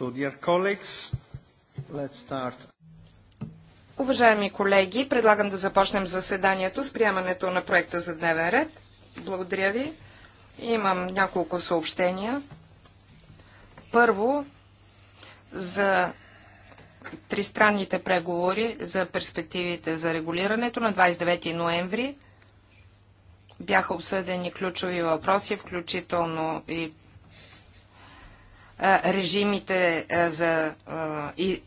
dear colleagues, Уважаеми колеги, предлагам да започнем заседанието с приемането на проекта за дневен ред. Благодаря ви. Имам няколко съобщения. Първо, за тристранните преговори за перспективите за регулирането на 29 ноември бяха обсъдени ключови въпроси, включително и режимите за и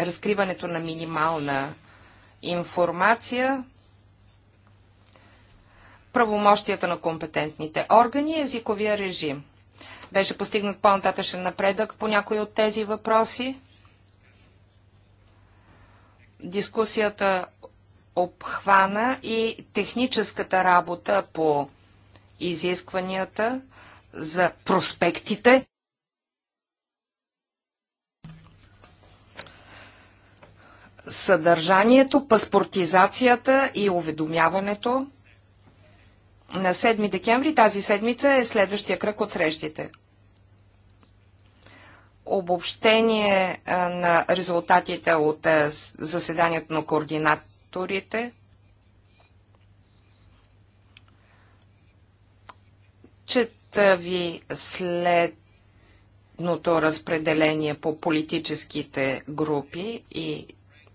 разкриването на минимална информация, правомощията на компетентните органи и езиковия режим. Беше постигнат по-нататъчен напредък по някои от тези въпроси. Дискусията обхвана и техническата работа по изискванията за проспектите. съдържанието, паспортизацията и уведомяването на 7 декември тази седмица е следващия кръг от срещите. Обобщение на резултатите от заседанието на координаторите. Чета ви след разпределение по политическите групи и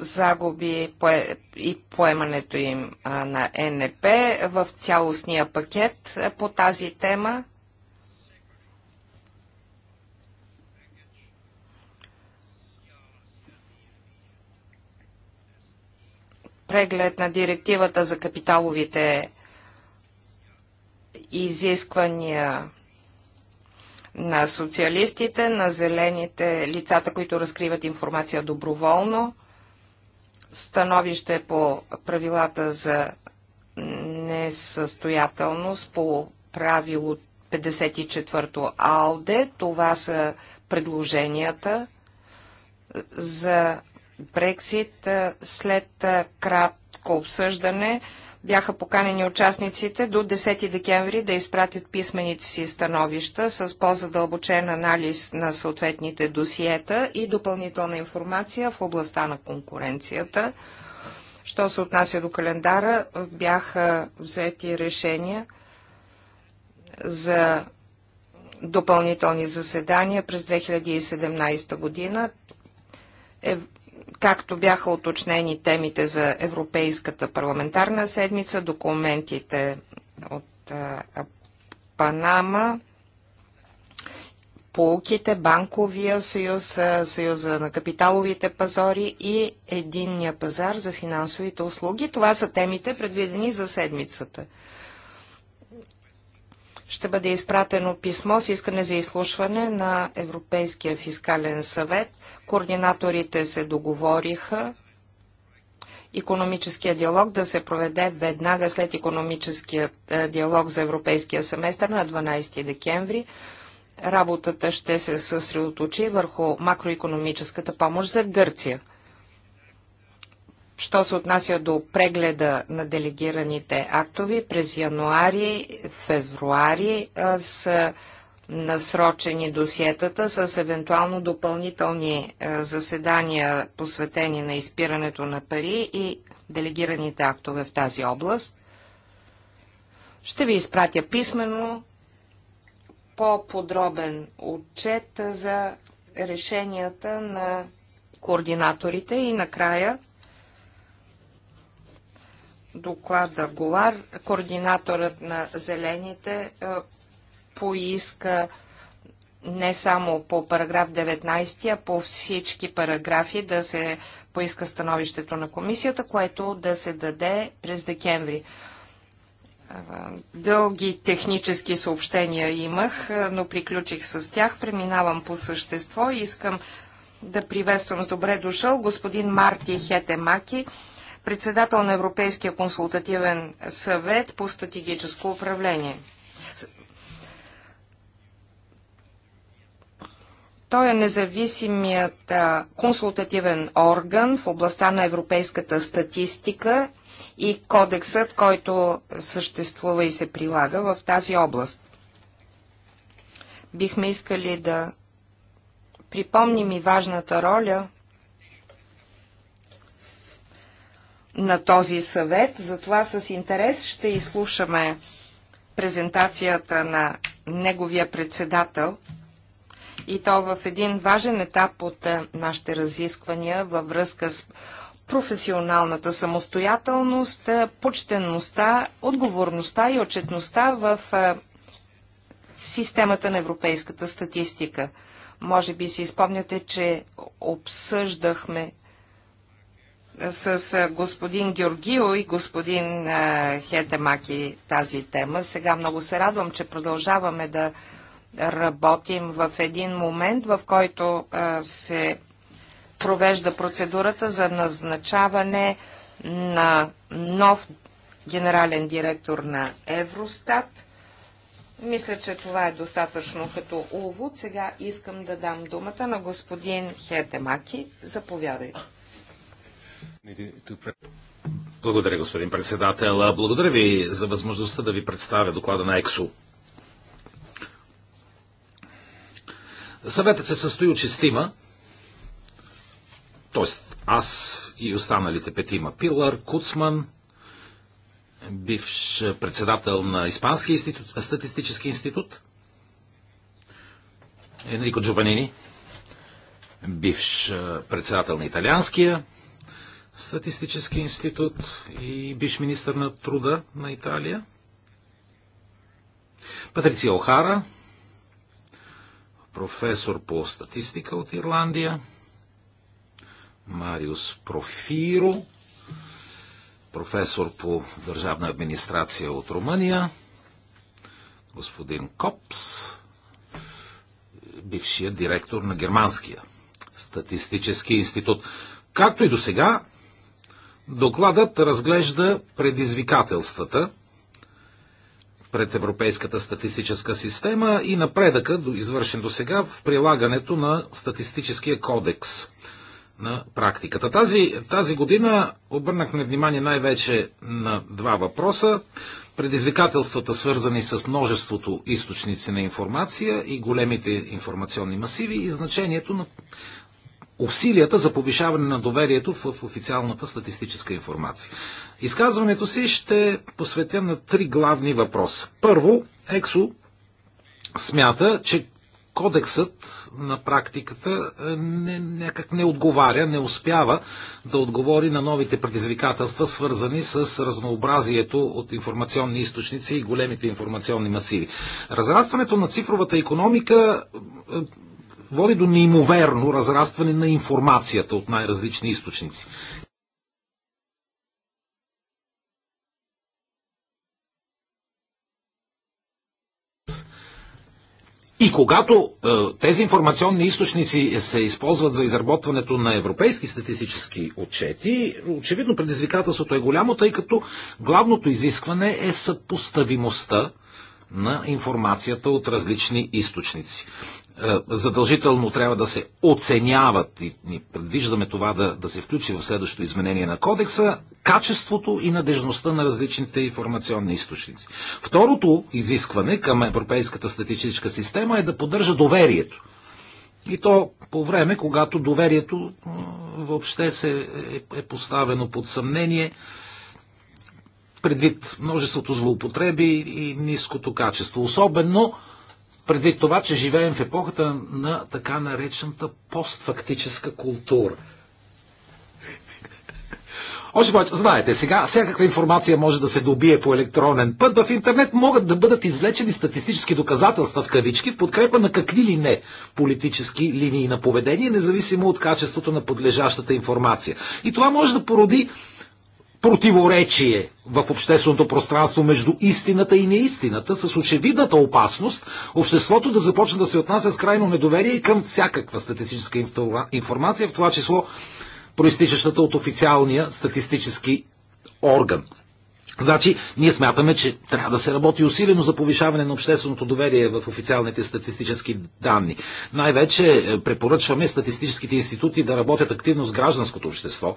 загуби и поемането им на НП в цялостния пакет е, по тази тема. Преглед на директивата за капиталовите изисквания на социалистите, на зелените лицата, които разкриват информация доброволно – становище по правилата за несъстоятелност по правило 54 то АЛДЕ. Това са предложенията за Брексит след кратко обсъждане бяха поканени участниците до 10 декември да изпратят писмените си становища с по-задълбочен анализ на съответните досиета и допълнителна информация в областта на конкуренцията. Що се отнася до календара, бяха взети решения за допълнителни заседания през 2017 година както бяха уточнени темите за Европейската парламентарна седмица, документите от а, Панама, полуките, банковия съюз, съюза на капиталовите пазори и единния пазар за финансовите услуги. Това са темите, предвидени за седмицата. Ще бъде изпратено писмо с искане за изслушване на Европейския фискален съвет – Координаторите се договориха економическия диалог да се проведе веднага след економическия е, диалог за европейския семестър на 12 декември. Работата ще се съсредоточи върху макроекономическата помощ за Гърция. Що се отнася до прегледа на делегираните актови, през януари, февруари с насрочени досиетата с евентуално допълнителни е, заседания, посветени на изпирането на пари и делегираните актове в тази област. Ще ви изпратя писменно по-подробен отчет за решенията на координаторите и накрая доклада Голар, координаторът на зелените, е, поиска не само по параграф 19, а по всички параграфи да се поиска становището на комисията, което да се даде през декември. Дълги технически съобщения имах, но приключих с тях. Преминавам по същество. Искам да приветствам с добре дошъл господин Марти Хетемаки, председател на Европейския консултативен съвет по стратегическо управление. Той е независимият консултативен орган в областта на европейската статистика и кодексът, който съществува и се прилага в тази област. Бихме искали да припомним и важната роля на този съвет. Затова с интерес ще изслушаме презентацията на неговия председател – и то в един важен етап от е, нашите разисквания във връзка с професионалната самостоятелност, е, почтенността, отговорността и отчетността в е, системата на европейската статистика. Може би си спомняте, че обсъждахме с господин Георгио и господин Хетемаки тази тема. Сега много се радвам, че продължаваме да работим в един момент, в който се провежда процедурата за назначаване на нов генерален директор на Евростат. Мисля, че това е достатъчно като увод. Сега искам да дам думата на господин Хетемаки. Заповядайте. Благодаря, господин председател. Благодаря ви за възможността да ви представя доклада на ЕКСО Съветът се състои от шестима, т.е. аз и останалите петима. Пилар, Куцман, бивш председател на Испанския институт, статистически институт, Енрико Джованини, бивш председател на Италианския статистически институт и бивш министър на труда на Италия, Патриция Охара, професор по статистика от Ирландия, Мариус Профиро, професор по държавна администрация от Румъния, господин Копс, бившият директор на Германския статистически институт. Както и до сега, докладът разглежда предизвикателствата, пред Европейската статистическа система и напредъка, извършен до сега, в прилагането на статистическия кодекс на практиката. Тази, тази година обърнахме внимание най-вече на два въпроса. Предизвикателствата, свързани с множеството източници на информация и големите информационни масиви и значението на усилията за повишаване на доверието в официалната статистическа информация. Изказването си ще посветя на три главни въпроса. Първо, ЕКСО смята, че кодексът на практиката е, не, някак не отговаря, не успява да отговори на новите предизвикателства, свързани с разнообразието от информационни източници и големите информационни масиви. Разрастването на цифровата економика е, води до неимоверно разрастване на информацията от най-различни източници. И когато е, тези информационни източници се използват за изработването на европейски статистически отчети, очевидно предизвикателството е голямо, тъй като главното изискване е съпоставимостта на информацията от различни източници. Е, задължително трябва да се оценяват и, ни предвиждаме това да, да се включи в следващото изменение на кодекса, качеството и надежността на различните информационни източници. Второто изискване към Европейската статистическа система е да поддържа доверието. И то по време, когато доверието въобще се е, е поставено под съмнение предвид множеството злоупотреби и ниското качество. Особено предвид това, че живеем в епохата на така наречената постфактическа култура. Още повече, знаете, сега всякаква информация може да се добие по електронен път. В интернет могат да бъдат извлечени статистически доказателства в кавички в подкрепа на какви ли не политически линии на поведение, независимо от качеството на подлежащата информация. И това може да породи противоречие в общественото пространство между истината и неистината, с очевидната опасност обществото да започне да се отнася с крайно недоверие и към всякаква статистическа информация, в това число проистичащата от официалния статистически орган. Значи, ние смятаме, че трябва да се работи усилено за повишаване на общественото доверие в официалните статистически данни. Най-вече е, препоръчваме статистическите институти да работят активно с гражданското общество,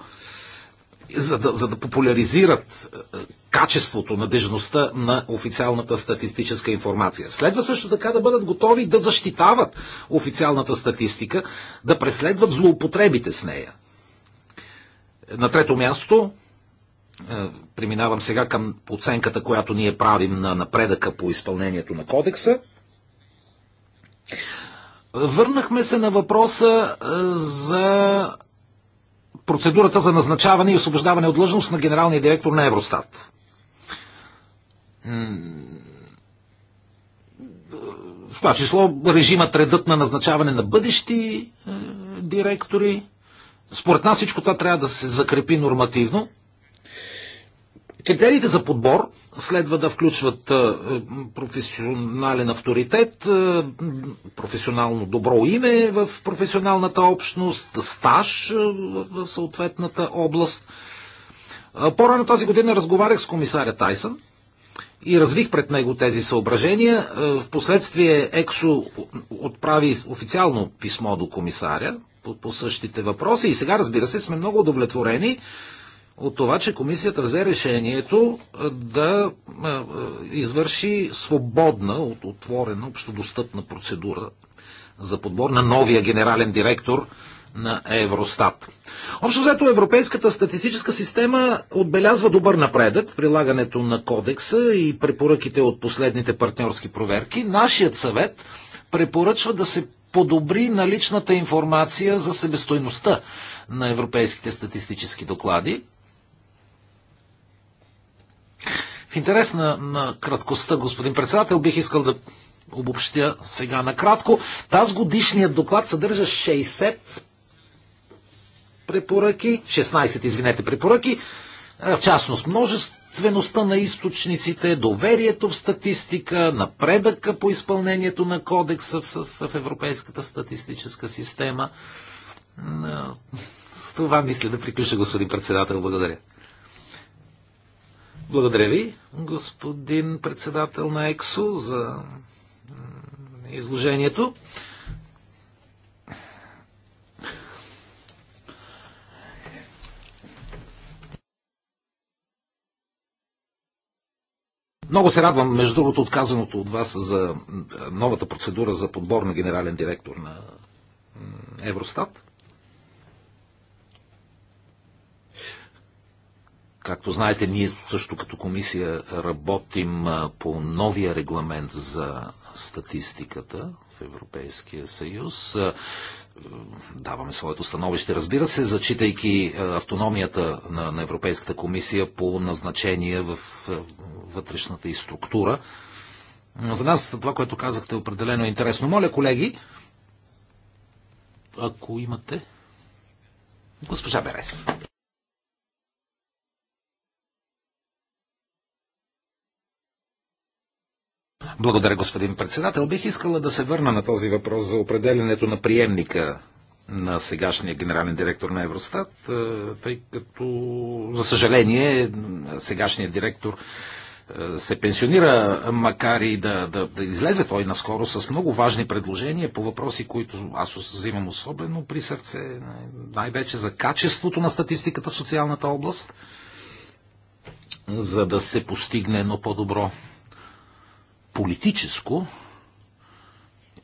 за да, за да популяризират е, качеството, надежността на официалната статистическа информация. Следва също така да бъдат готови да защитават официалната статистика, да преследват злоупотребите с нея. На трето място, е, преминавам сега към оценката, която ние правим на напредъка по изпълнението на кодекса. Върнахме се на въпроса е, за процедурата за назначаване и освобождаване от длъжност на генералния директор на Евростат. В това число режимът, редът на назначаване на бъдещи е, директори. Според нас всичко това трябва да се закрепи нормативно Критериите за подбор следва да включват е, професионален авторитет, е, професионално добро име в професионалната общност, стаж е, в съответната област. По-рано тази година разговарях с комисаря Тайсън и развих пред него тези съображения. Впоследствие ЕКСО отправи официално писмо до комисаря по, по същите въпроси и сега, разбира се, сме много удовлетворени, от това, че комисията взе решението да извърши свободна, отворена, общодостъпна процедура за подбор на новия генерален директор на Евростат. Общо взето Европейската статистическа система отбелязва добър напредък в прилагането на кодекса и препоръките от последните партньорски проверки. Нашият съвет препоръчва да се подобри наличната информация за себестойността на европейските статистически доклади, В интерес на, на краткостта, господин председател, бих искал да обобщя сега накратко. Таз годишният доклад съдържа 60 препоръки, 16, извинете, препоръки, в частност множествеността на източниците, доверието в статистика, напредъка по изпълнението на кодекса в, в Европейската статистическа система. С това мисля да приключа, господин председател. Благодаря. Благодаря ви, господин председател на ЕКСО, за изложението. Много се радвам, между другото, отказаното от вас за новата процедура за подбор на генерален директор на Евростат. Както знаете, ние също като комисия работим по новия регламент за статистиката в Европейския съюз. Даваме своето становище, разбира се, зачитайки автономията на, на Европейската комисия по назначение в вътрешната и структура. За нас това, което казахте, е определено интересно. Моля, колеги, ако имате. Госпожа Берес. Благодаря, господин председател. Бих искала да се върна на този въпрос за определенето на приемника на сегашния генерален директор на Евростат, е, тъй като, за съжаление, сегашният директор е, се пенсионира, макар и да, да, да излезе той наскоро с много важни предложения по въпроси, които аз взимам особено при сърце, най-вече за качеството на статистиката в социалната област, за да се постигне едно по-добро политическо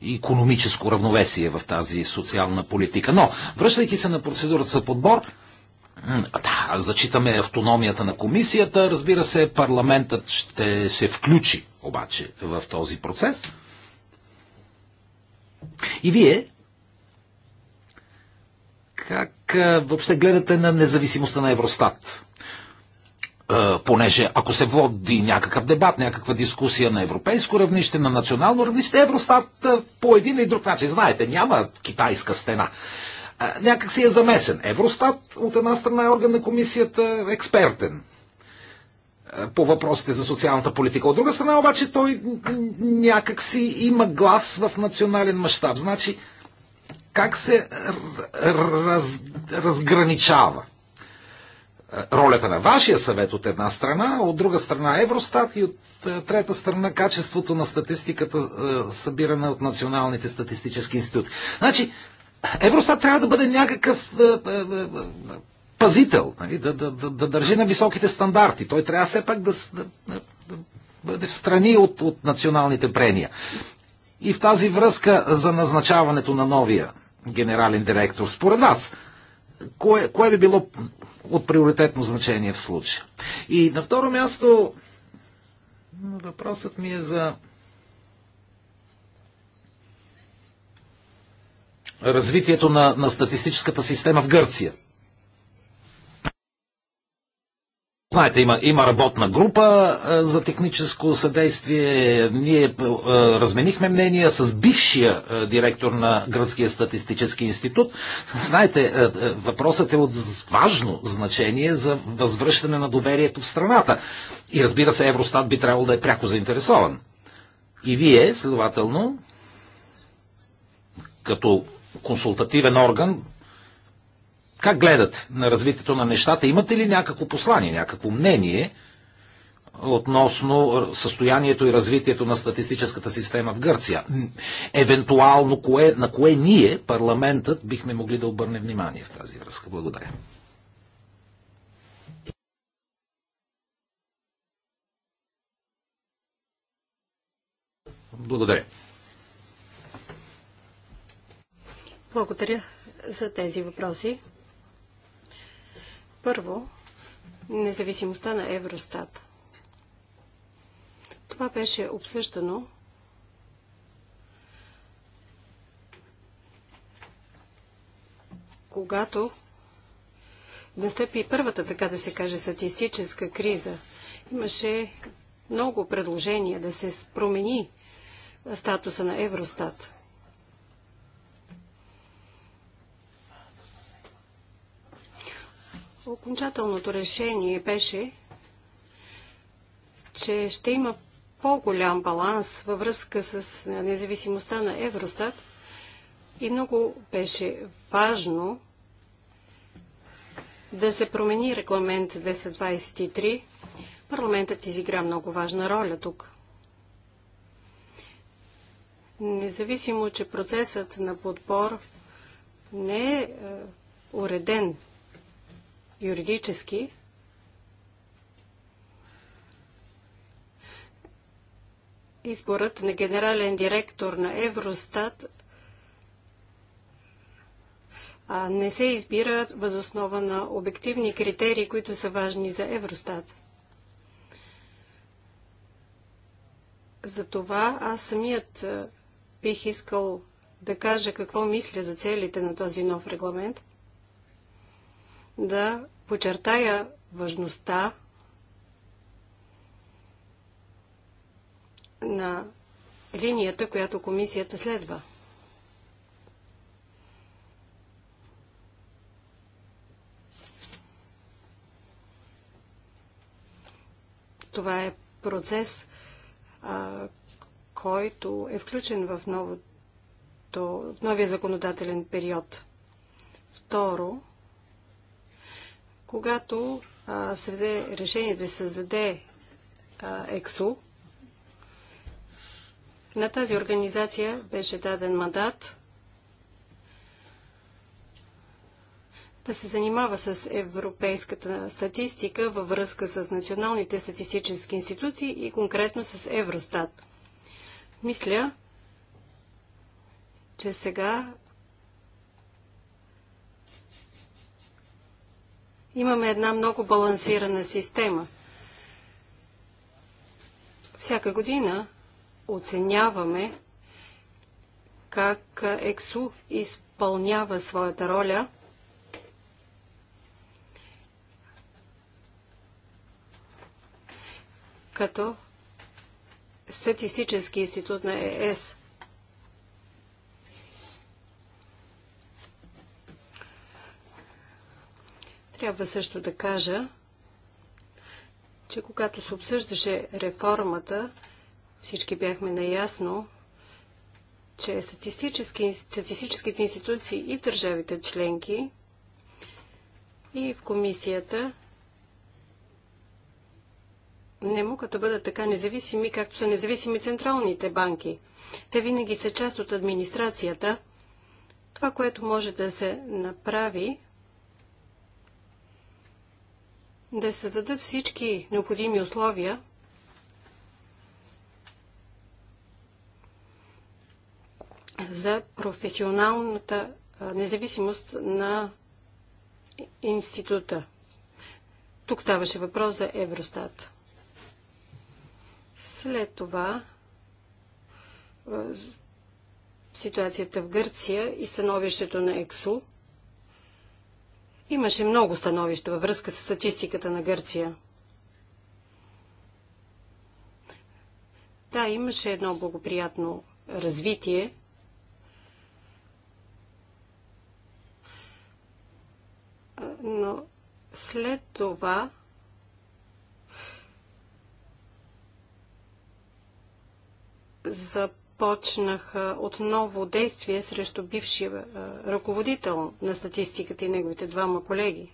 и економическо равновесие в тази социална политика. Но, връщайки се на процедурата за подбор, да, зачитаме автономията на комисията. Разбира се, парламентът ще се включи обаче в този процес. И вие, как въобще гледате на независимостта на Евростат? понеже ако се води някакъв дебат, някаква дискусия на европейско равнище, на национално равнище, Евростат по един или друг начин, знаете, няма китайска стена. Някак си е замесен. Евростат от една страна е орган на комисията експертен по въпросите за социалната политика. От друга страна обаче той някак си има глас в национален мащаб. Значи как се раз, разграничава? Е, ролята на вашия съвет от една страна, от друга страна Евростат и от е, трета страна качеството на статистиката, е, събирана от националните статистически институти. Значи, Евростат трябва да бъде някакъв пазител, нали? да, да, да, да държи на високите стандарти. Той трябва все пак да, да, да бъде в страни от, от националните прения. И в тази връзка за назначаването на новия генерален директор, според вас, кое, кое би било от приоритетно значение в случая. И на второ място въпросът ми е за развитието на, на статистическата система в Гърция. Знаете, има, има работна група а, за техническо съдействие. Ние а, разменихме мнения с бившия а, директор на Гръцкия статистически институт. Знаете, а, а, въпросът е от важно значение за възвръщане на доверието в страната. И разбира се, Евростат би трябвало да е пряко заинтересован. И вие, следователно, като консултативен орган, как гледат на развитието на нещата? Имате ли някакво послание, някакво мнение относно състоянието и развитието на статистическата система в Гърция? Евентуално кое, на кое ние, парламентът, бихме могли да обърнем внимание в тази връзка? Благодаря. Благодаря. Благодаря за тези въпроси. Първо, независимостта на Евростат. Това беше обсъждано когато настъпи първата, така да се каже, статистическа криза. Имаше много предложения да се промени статуса на Евростат. окончателното решение беше, че ще има по-голям баланс във връзка с независимостта на Евростат и много беше важно да се промени регламент 223. Парламентът изигра много важна роля тук. Независимо, че процесът на подбор не е, е уреден юридически изборът на генерален директор на Евростат не се избира възоснова на обективни критерии, които са важни за Евростат. Затова аз самият бих искал да кажа какво мисля за целите на този нов регламент – да подчертая важността на линията, която комисията следва. Това е процес, а, който е включен в, новото, в новия законодателен период. Второ, когато а, се взе решение да създаде а, ЕКСУ, на тази организация беше даден мандат да се занимава с европейската статистика във връзка с националните статистически институти и конкретно с Евростат. Мисля, че сега имаме една много балансирана система. Всяка година оценяваме как ЕКСУ изпълнява своята роля. като Статистически институт на ЕС. Трябва също да кажа, че когато се обсъждаше реформата, всички бяхме наясно, че статистически, статистическите институции и държавите членки и в комисията не могат да бъдат така независими, както са независими централните банки. Те винаги са част от администрацията. Това, което може да се направи, да се дадат всички необходими условия, за професионалната независимост на института. Тук ставаше въпрос за Евростат. След това ситуацията в Гърция и становището на ЕКСУ – Имаше много становища във връзка с статистиката на Гърция. Да, имаше едно благоприятно развитие. Но след това за започнаха отново действие срещу бившия ръководител на статистиката и неговите двама колеги.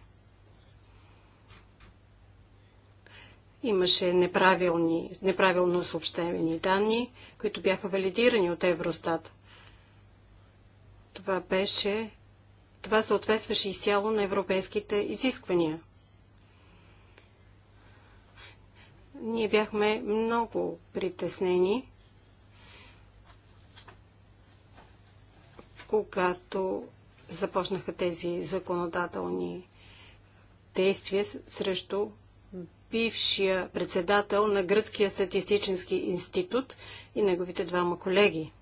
Имаше неправилно съобщени данни, които бяха валидирани от Евростат. Това беше това съответстваше изцяло на европейските изисквания. Ние бяхме много притеснени когато започнаха тези законодателни действия срещу бившия председател на Гръцкия статистически институт и неговите двама колеги.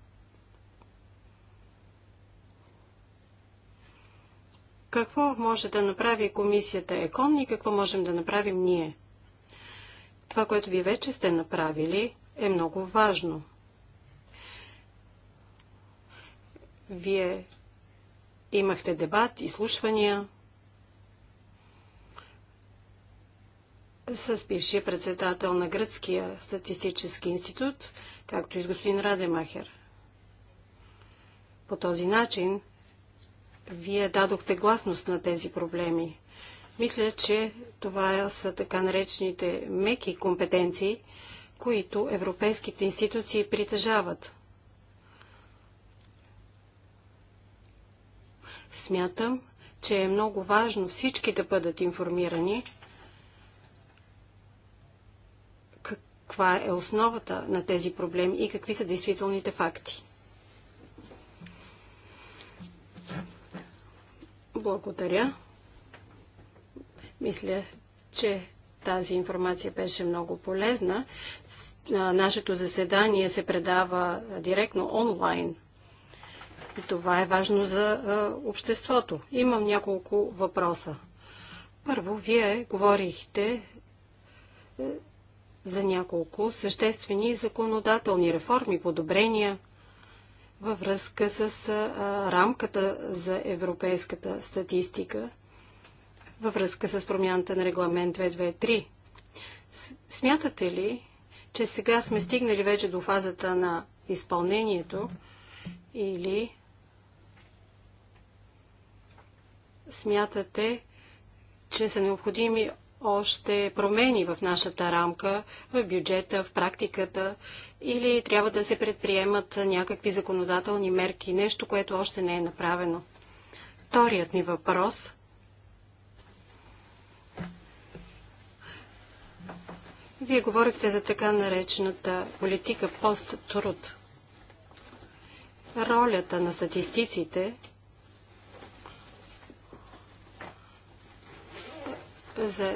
Какво може да направи комисията ЕКОН и какво можем да направим ние? Това, което вие вече сте направили, е много важно. Вие имахте дебат, изслушвания с бившия председател на Гръцкия статистически институт, както и с господин Радемахер. По този начин вие дадохте гласност на тези проблеми. Мисля, че това са така наречените меки компетенции, които европейските институции притежават. Смятам, че е много важно всички да бъдат информирани каква е основата на тези проблеми и какви са действителните факти. Благодаря. Мисля, че тази информация беше много полезна. Нашето заседание се предава директно онлайн и това е важно за а, обществото. Имам няколко въпроса. Първо, вие говорихте е, за няколко съществени законодателни реформи, подобрения във връзка с а, рамката за европейската статистика, във връзка с промяната на регламент 223. Смятате ли, че сега сме стигнали вече до фазата на изпълнението или смятате, че са необходими още промени в нашата рамка, в бюджета, в практиката или трябва да се предприемат някакви законодателни мерки, нещо, което още не е направено? Вторият ми въпрос. Вие говорихте за така наречената политика пост-труд. Ролята на статистиците за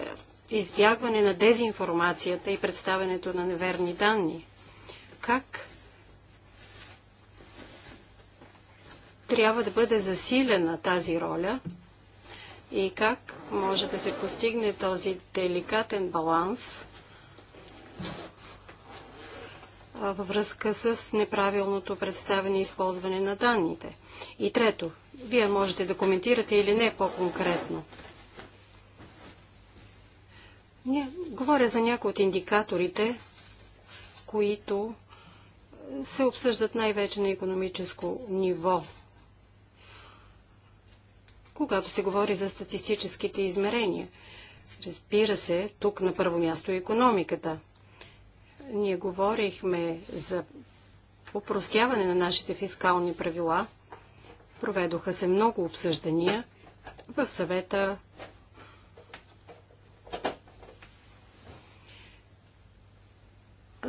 избягване на дезинформацията и представянето на неверни данни. Как трябва да бъде засилена тази роля и как може да се постигне този деликатен баланс във връзка с неправилното представяне и използване на данните. И трето, вие можете да коментирате или не по-конкретно не, говоря за някои от индикаторите, които се обсъждат най-вече на економическо ниво. Когато се говори за статистическите измерения, разбира се, тук на първо място е економиката. Ние говорихме за упростяване на нашите фискални правила. Проведоха се много обсъждания в съвета,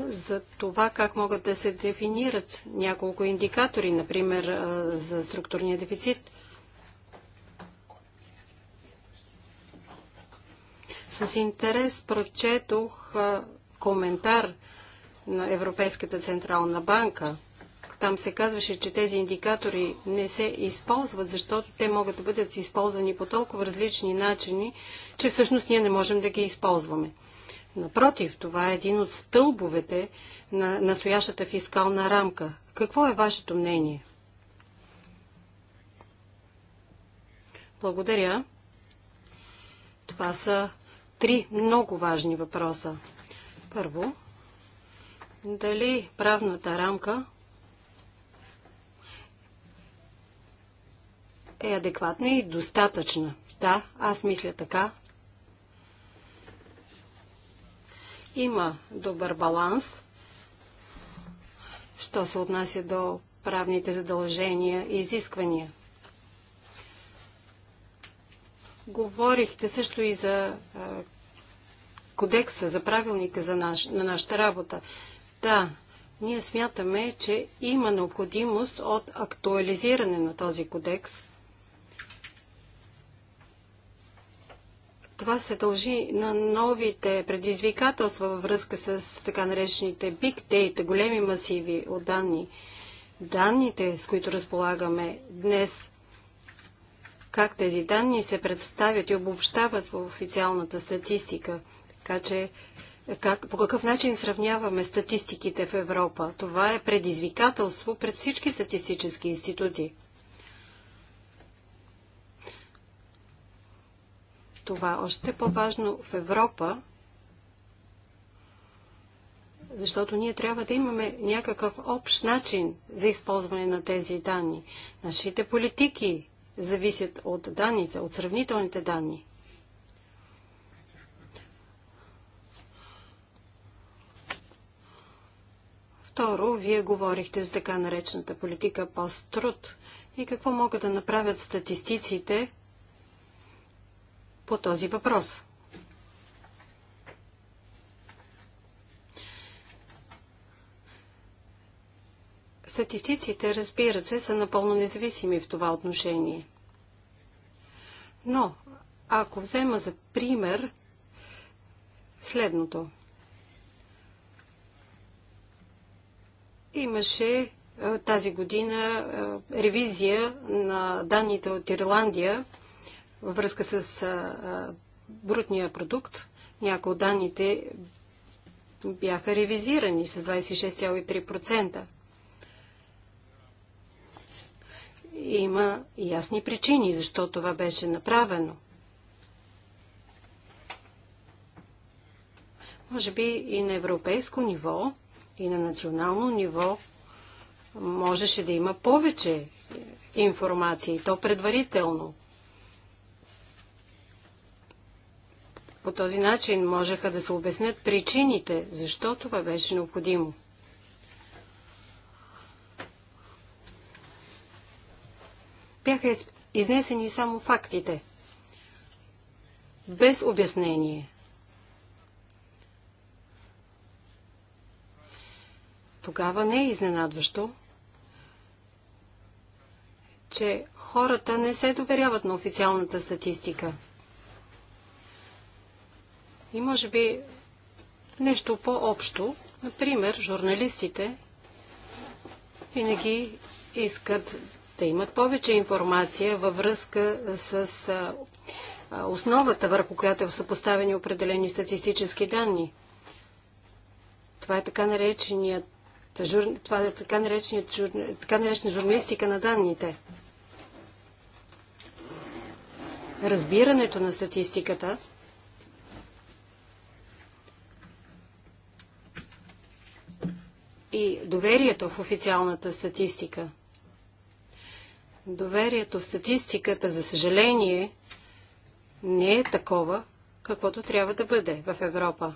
за това как могат да се дефинират няколко индикатори, например за структурния дефицит. С интерес прочетох коментар на Европейската централна банка. Там се казваше, че тези индикатори не се използват, защото те могат да бъдат използвани по толкова различни начини, че всъщност ние не можем да ги използваме. Напротив, това е един от стълбовете на настоящата фискална рамка. Какво е вашето мнение? Благодаря. Това са три много важни въпроса. Първо, дали правната рамка е адекватна и достатъчна? Да, аз мисля така. има добър баланс, що се отнася до правните задължения и изисквания. Говорихте също и за кодекса, за правилника за наш, на нашата работа. Да, ние смятаме, че има необходимост от актуализиране на този кодекс, Това се дължи на новите предизвикателства във връзка с така наречените big data, големи масиви от данни. Данните, с които разполагаме днес, как тези данни се представят и обобщават в официалната статистика. Така че как, по какъв начин сравняваме статистиките в Европа? Това е предизвикателство пред всички статистически институти. Това още по-важно в Европа, защото ние трябва да имаме някакъв общ начин за използване на тези данни. Нашите политики зависят от данните, от сравнителните данни. Второ, вие говорихте за така наречената политика пост-труд и какво могат да направят статистиците – по този въпрос. Статистиците, разбира се, са напълно независими в това отношение. Но, ако взема за пример следното. Имаше тази година ревизия на данните от Ирландия във връзка с брутния продукт. Някои от данните бяха ревизирани с 26,3%. Има ясни причини, защо това беше направено. Може би и на европейско ниво, и на национално ниво можеше да има повече информация, и то предварително – По този начин можеха да се обяснят причините, защо това беше необходимо. Бяха изнесени само фактите, без обяснение. Тогава не е изненадващо, че хората не се доверяват на официалната статистика – и може би нещо по-общо. Например, журналистите винаги искат да имат повече информация във връзка с основата, върху която са поставени определени статистически данни. Това е така наречения това е така, нареченият, така наречена журналистика на данните. Разбирането на статистиката и доверието в официалната статистика. Доверието в статистиката, за съжаление, не е такова, каквото трябва да бъде в Европа.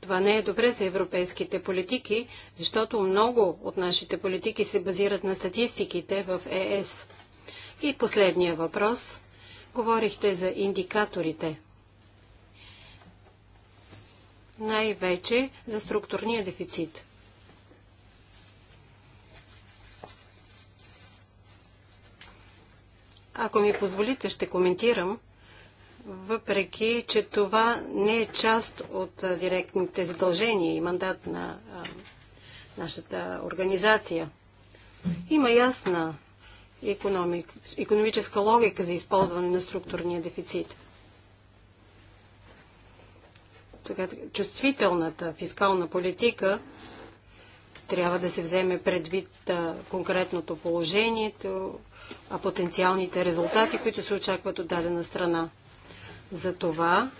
Това не е добре за европейските политики, защото много от нашите политики се базират на статистиките в ЕС. И последния въпрос. Говорихте за индикаторите най-вече за структурния дефицит. Ако ми позволите, ще коментирам, въпреки че това не е част от директните задължения и мандат на а, нашата организация. Има ясна економическа логика за използване на структурния дефицит – така, чувствителната фискална политика трябва да се вземе предвид а, конкретното положението, а потенциалните резултати, които се очакват от дадена страна. За това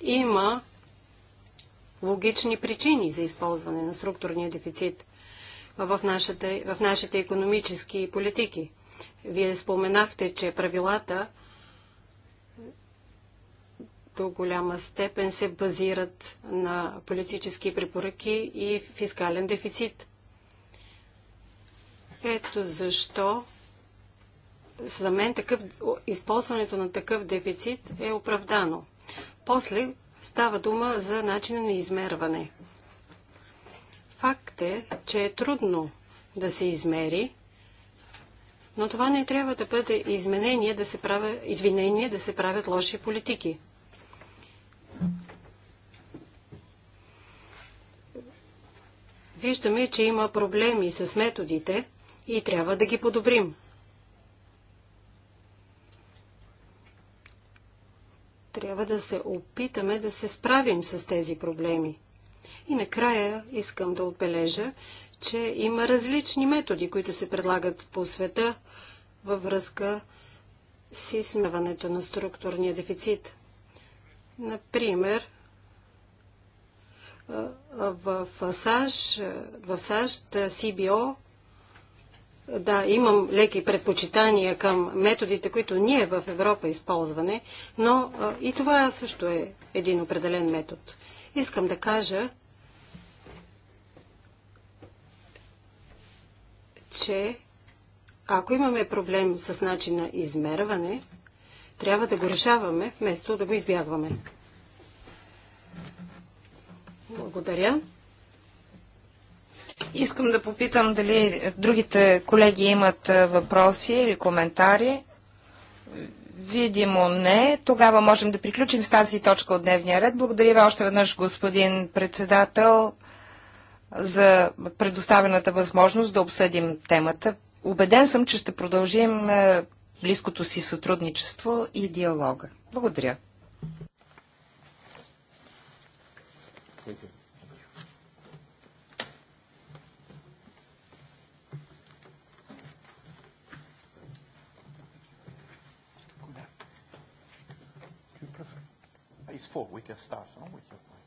има логични причини за използване на структурния дефицит в, нашата, в нашите економически политики. Вие споменахте, че правилата до голяма степен се базират на политически препоръки и фискален дефицит. Ето защо за мен такъв, използването на такъв дефицит е оправдано. После става дума за начина на измерване. Факт е, че е трудно да се измери, но това не трябва да бъде изменение да се извинение да се правят лоши политики. Виждаме, че има проблеми с методите и трябва да ги подобрим. Трябва да се опитаме да се справим с тези проблеми. И накрая искам да отбележа, че има различни методи, които се предлагат по света във връзка с измеването на структурния дефицит. Например, в САЩ, в САЩ CBO, да, имам леки предпочитания към методите, които ние в Европа използваме, но и това също е един определен метод. Искам да кажа, че ако имаме проблем с начина измерване, трябва да го решаваме, вместо да го избягваме. Благодаря. Искам да попитам дали другите колеги имат е, въпроси или коментари. Видимо не. Тогава можем да приключим с тази точка от дневния ред. Благодаря ви още веднъж, господин председател, за предоставената възможност да обсъдим темата. Убеден съм, че ще продължим е, близкото си сътрудничество и диалога. Благодаря. four, we can start no, with your point.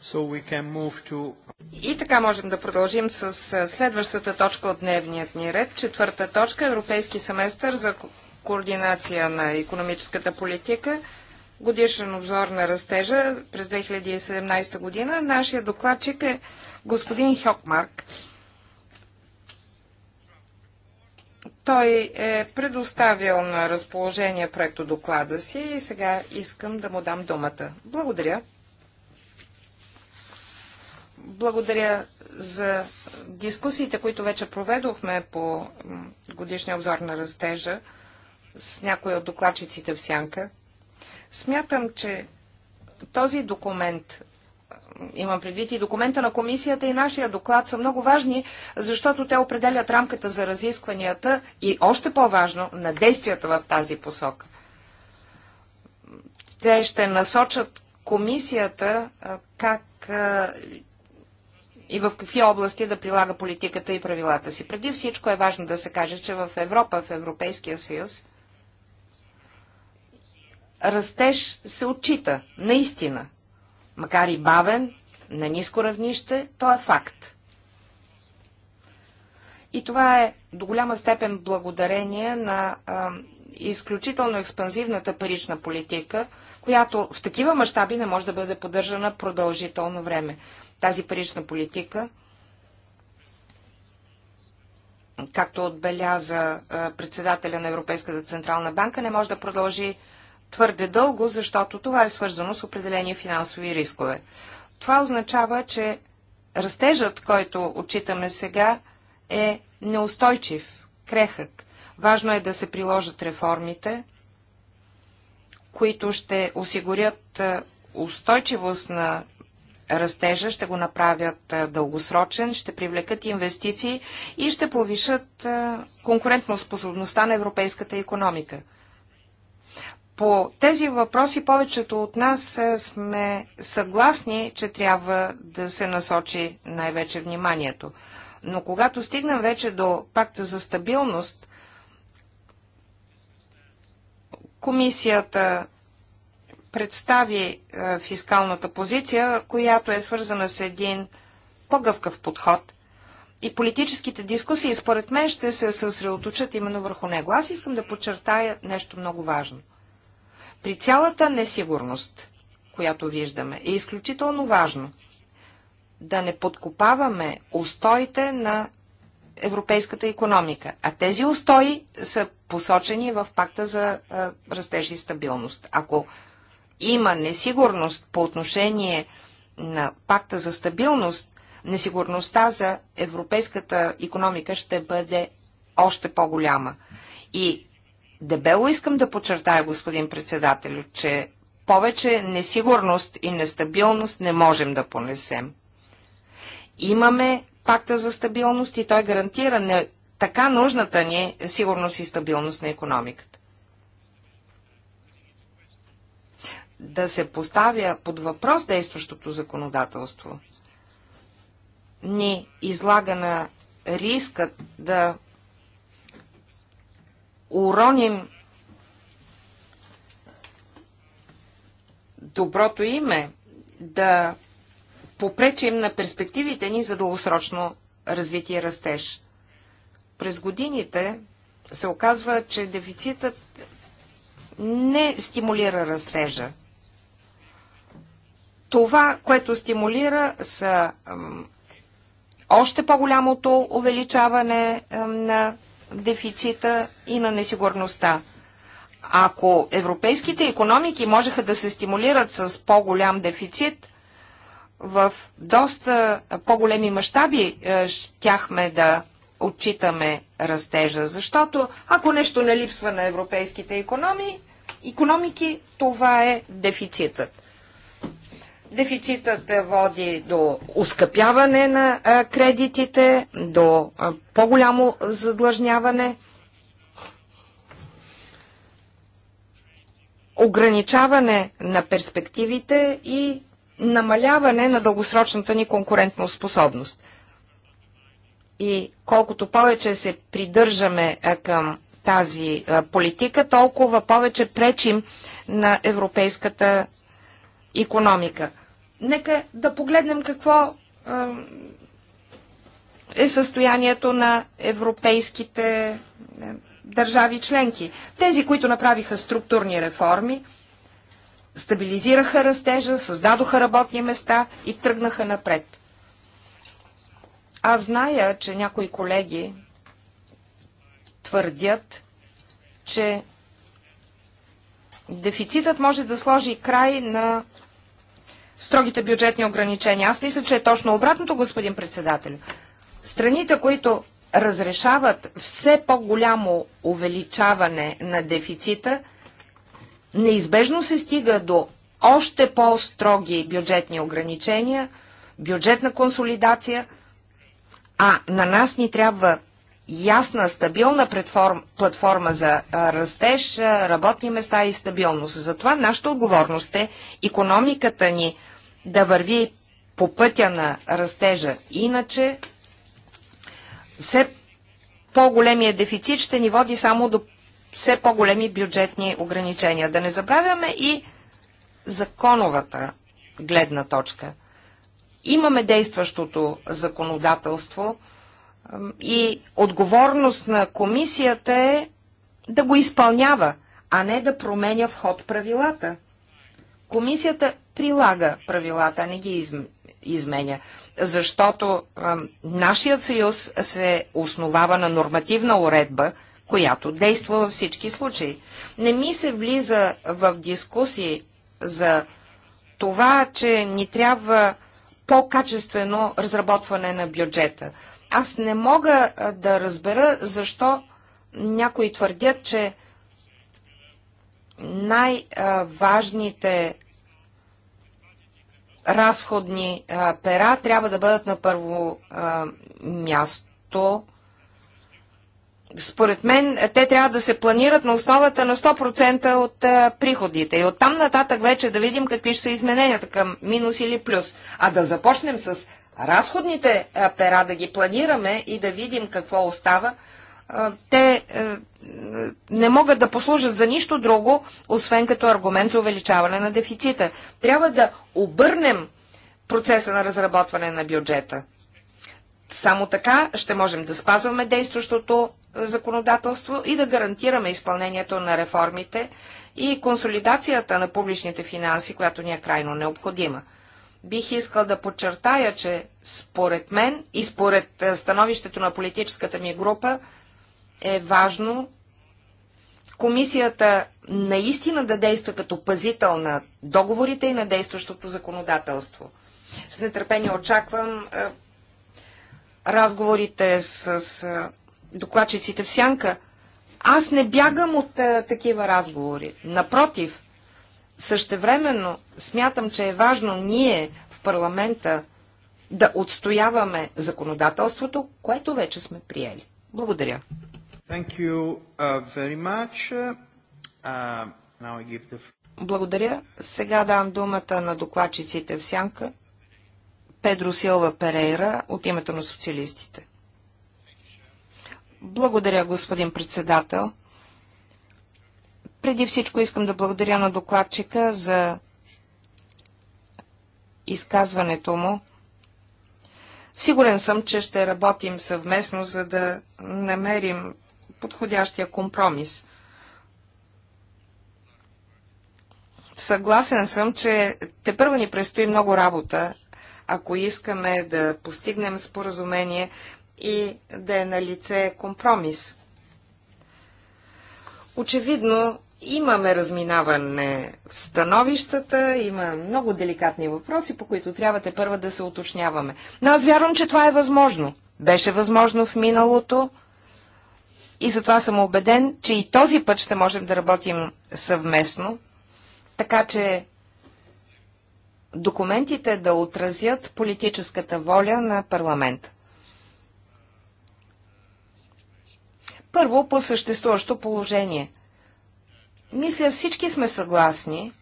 So we can move to... И така можем да продължим с следващата точка от дневният ни ред. Четвърта точка – Европейски семестър за координация на економическата политика, годишен обзор на растежа през 2017 година. Нашия докладчик е господин Хьокмарк. Той е предоставил на разположение проекто доклада си и сега искам да му дам думата. Благодаря. Благодаря за дискусиите, които вече проведохме по годишния обзор на растежа с някои от докладчиците в сянка. Смятам, че този документ, имам предвид и документа на комисията и нашия доклад са много важни, защото те определят рамката за разискванията и още по-важно на действията в тази посока. Те ще насочат комисията как и в какви области да прилага политиката и правилата си. Преди всичко е важно да се каже, че в Европа, в Европейския съюз, растеж се отчита, наистина. Макар и бавен, на ниско равнище, то е факт. И това е до голяма степен благодарение на а, изключително експанзивната парична политика, която в такива мащаби не може да бъде поддържана продължително време. Тази парична политика, както отбеляза председателя на Европейската централна банка, не може да продължи твърде дълго, защото това е свързано с определени финансови рискове. Това означава, че растежът, който отчитаме сега, е неустойчив, крехък. Важно е да се приложат реформите, които ще осигурят е, устойчивост на растежа, ще го направят е, дългосрочен, ще привлекат инвестиции и ще повишат е, способността на европейската економика. По тези въпроси повечето от нас е, сме съгласни, че трябва да се насочи най-вече вниманието. Но когато стигнем вече до пакта за стабилност, комисията представи е, фискалната позиция, която е свързана с един по-гъвкав подход. И политическите дискусии, според мен, ще се съсредоточат именно върху него. Аз искам да подчертая нещо много важно – при цялата несигурност, която виждаме, е изключително важно да не подкопаваме устоите на европейската економика. А тези устои са посочени в пакта за растеж и стабилност. Ако има несигурност по отношение на пакта за стабилност, несигурността за европейската економика ще бъде още по-голяма. И Дебело искам да подчертая, господин председател, че повече несигурност и нестабилност не можем да понесем. Имаме пакта за стабилност и той гарантира не, така нужната ни сигурност и стабилност на економиката. Да се поставя под въпрос действащото законодателство ни излага на рискът да уроним доброто име, да попречим на перспективите ни за дългосрочно развитие и растеж. През годините се оказва, че дефицитът не стимулира растежа. Това, което стимулира, са още по-голямото увеличаване на дефицита и на несигурността. Ако европейските економики можеха да се стимулират с по-голям дефицит, в доста по-големи мащаби е, щяхме да отчитаме растежа, защото ако нещо не липсва на европейските економии, економики, това е дефицитът. Дефицитът е води до ускъпяване на кредитите, до по-голямо задлъжняване, ограничаване на перспективите и намаляване на дългосрочната ни конкурентна способност. И колкото повече се придържаме към тази политика, толкова повече пречим на европейската економика. Нека да погледнем какво е състоянието на европейските е, държави членки. Тези, които направиха структурни реформи, стабилизираха растежа, създадоха работни места и тръгнаха напред. Аз зная, че някои колеги твърдят, че дефицитът може да сложи край на строгите бюджетни ограничения. Аз мисля, че е точно обратното, господин председател. Страните, които разрешават все по-голямо увеличаване на дефицита, неизбежно се стига до още по-строги бюджетни ограничения, бюджетна консолидация, а на нас ни трябва ясна, стабилна платформа за растеж, работни места и стабилност. Затова нашата отговорност е економиката ни да върви по пътя на растежа. Иначе все по-големия дефицит ще ни води само до все по-големи бюджетни ограничения. Да не забравяме и законовата гледна точка. Имаме действащото законодателство и отговорност на комисията е да го изпълнява, а не да променя в ход правилата. Комисията прилага правилата, не ги изм... изменя. Защото а, нашият съюз се основава на нормативна уредба, която действа във всички случаи. Не ми се влиза в дискусии за това, че ни трябва по-качествено разработване на бюджета. Аз не мога да разбера защо някои твърдят, че най-важните разходни а, пера трябва да бъдат на първо а, място. Според мен те трябва да се планират на основата на 100% от а, приходите. И оттам нататък вече да видим какви ще са измененията към минус или плюс. А да започнем с разходните а, пера, да ги планираме и да видим какво остава те е, не могат да послужат за нищо друго, освен като аргумент за увеличаване на дефицита. Трябва да обърнем процеса на разработване на бюджета. Само така ще можем да спазваме действащото е, законодателство и да гарантираме изпълнението на реформите и консолидацията на публичните финанси, която ни е крайно необходима. Бих искал да подчертая, че според мен и според е, становището на политическата ми група, е важно комисията наистина да действа като пазител на договорите и на действащото законодателство. С нетърпение очаквам е, разговорите с, с е, докладчиците в сянка. Аз не бягам от е, такива разговори. Напротив, същевременно смятам, че е важно ние в парламента да отстояваме законодателството, което вече сме приели. Благодаря. Thank you uh, very much. Uh, now I give the... Благодаря. Сега давам думата на докладчиците в сянка. Педро Силва Перейра от името на социалистите. Благодаря, господин председател. Преди всичко искам да благодаря на докладчика за изказването му. Сигурен съм, че ще работим съвместно, за да намерим подходящия компромис. Съгласен съм, че те първо ни предстои много работа, ако искаме да постигнем споразумение и да е на лице компромис. Очевидно, имаме разминаване в становищата, има много деликатни въпроси, по които трябва те първа да се уточняваме. Но аз вярвам, че това е възможно. Беше възможно в миналото. И затова съм убеден, че и този път ще можем да работим съвместно, така че документите да отразят политическата воля на парламент. Първо по съществуващо положение. Мисля всички сме съгласни,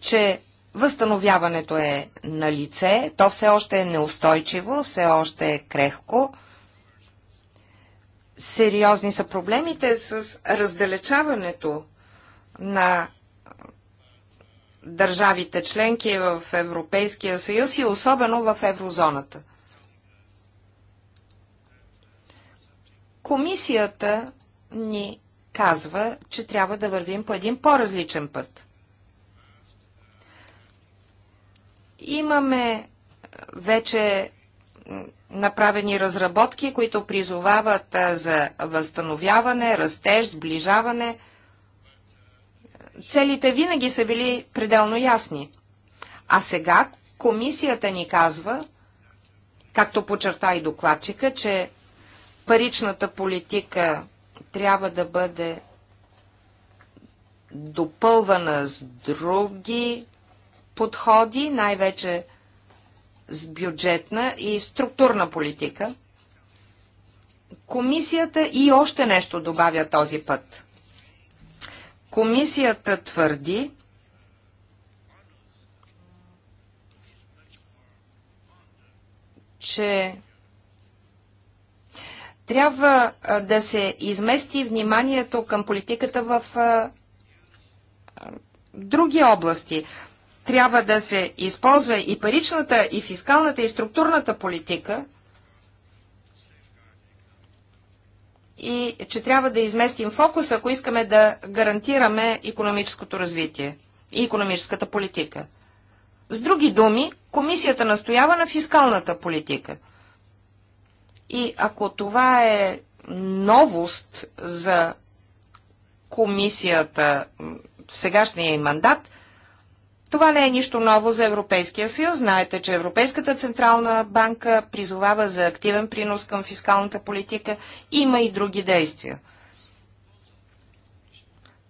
че възстановяването е на лице, то все още е неустойчиво, все още е крехко – сериозни са проблемите с раздалечаването на държавите членки в Европейския съюз и особено в еврозоната. Комисията ни казва, че трябва да вървим по един по-различен път. Имаме вече направени разработки, които призовават за възстановяване, растеж, сближаване. Целите винаги са били пределно ясни. А сега комисията ни казва, както почерта и докладчика, че паричната политика трябва да бъде допълвана с други подходи, най-вече с бюджетна и структурна политика. Комисията и още нещо добавя този път. Комисията твърди, че трябва да се измести вниманието към политиката в други области трябва да се използва и паричната, и фискалната, и структурната политика, и че трябва да изместим фокус, ако искаме да гарантираме економическото развитие и економическата политика. С други думи, комисията настоява на фискалната политика. И ако това е новост за комисията в сегашния мандат, това не е нищо ново за Европейския съюз. Знаете, че Европейската централна банка призовава за активен принос към фискалната политика. Има и други действия.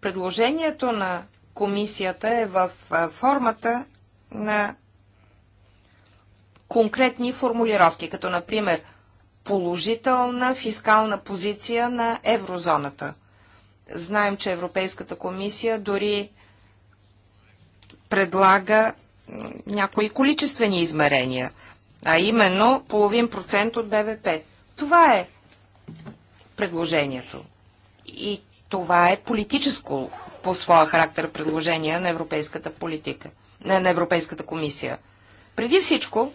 Предложението на комисията е в формата на конкретни формулировки, като например положителна фискална позиция на еврозоната. Знаем, че Европейската комисия дори предлага някои количествени измерения, а именно половин процент от БВП. Това е предложението. И това е политическо по своя характер предложение на европейската политика, на Европейската комисия. Преди всичко,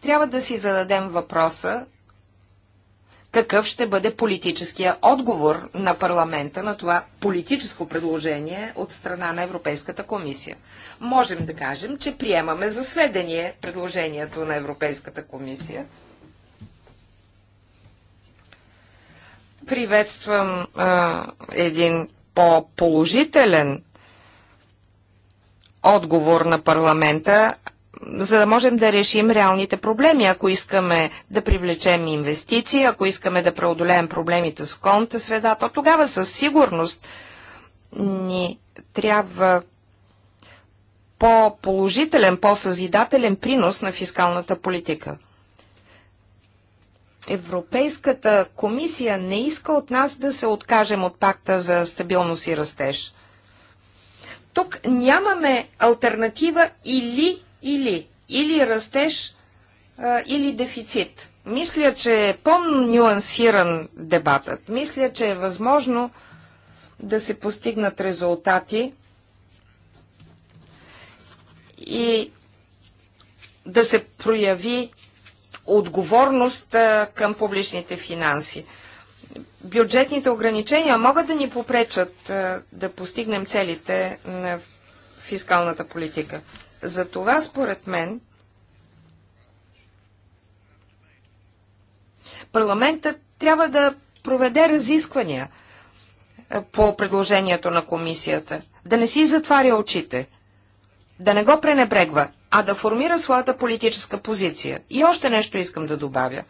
трябва да си зададем въпроса какъв ще бъде политическия отговор на парламента на това политическо предложение от страна на Европейската комисия можем да кажем, че приемаме за сведение предложението на Европейската комисия. Приветствам а, един по-положителен отговор на парламента, за да можем да решим реалните проблеми. Ако искаме да привлечем инвестиции, ако искаме да преодолеем проблемите с околната среда, то тогава със сигурност ни трябва по-положителен, по-съзидателен принос на фискалната политика. Европейската комисия не иска от нас да се откажем от пакта за стабилност и растеж. Тук нямаме альтернатива или или или растеж или дефицит. Мисля, че е по-нюансиран дебатът. Мисля, че е възможно да се постигнат резултати, и да се прояви отговорност към публичните финанси. Бюджетните ограничения могат да ни попречат да постигнем целите на фискалната политика. Затова, според мен, парламентът трябва да проведе разисквания по предложението на комисията. Да не си затваря очите да не го пренебрегва, а да формира своята политическа позиция. И още нещо искам да добавя.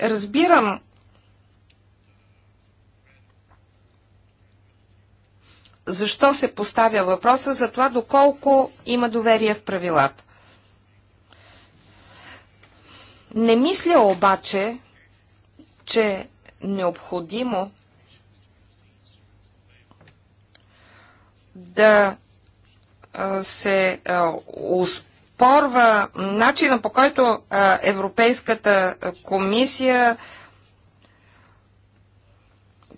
Разбирам защо се поставя въпроса за това доколко има доверие в правилата. Не мисля обаче, че е необходимо да се успорва начина по който Европейската комисия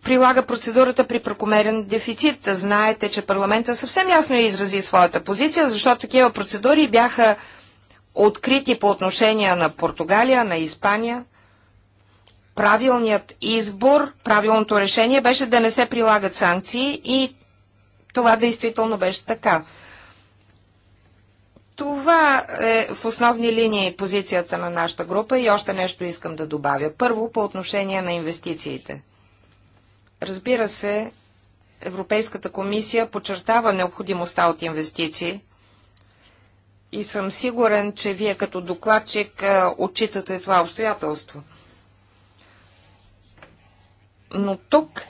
прилага процедурата при прекомерен дефицит. Знаете, че парламента съвсем ясно изрази своята позиция, защото такива процедури бяха открити по отношение на Португалия, на Испания. Правилният избор, правилното решение беше да не се прилагат санкции и това действително беше така. Това е в основни линии позицията на нашата група и още нещо искам да добавя. Първо, по отношение на инвестициите. Разбира се, Европейската комисия подчертава необходимостта от инвестиции и съм сигурен, че вие като докладчик отчитате това обстоятелство. Но тук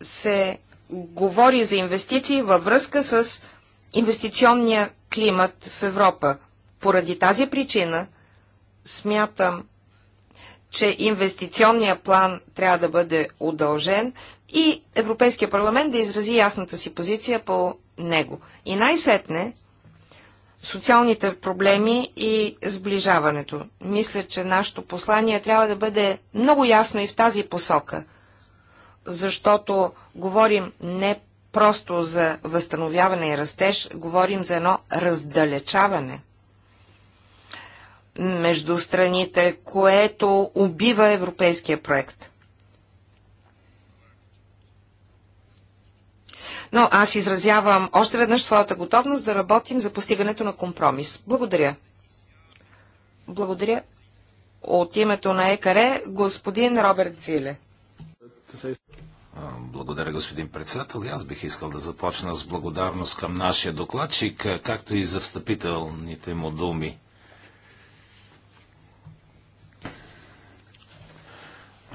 се говори за инвестиции във връзка с инвестиционния климат в Европа. Поради тази причина смятам, че инвестиционния план трябва да бъде удължен и Европейския парламент да изрази ясната си позиция по него. И най-сетне социалните проблеми и сближаването. Мисля, че нашето послание трябва да бъде много ясно и в тази посока, защото говорим не просто за възстановяване и растеж, говорим за едно раздалечаване между страните, което убива европейския проект. Но аз изразявам още веднъж своята готовност да работим за постигането на компромис. Благодаря. Благодаря. От името на ЕКАРЕ господин Роберт Зиле. Благодаря, господин председател. И аз бих искал да започна с благодарност към нашия докладчик, както и за встъпителните му думи.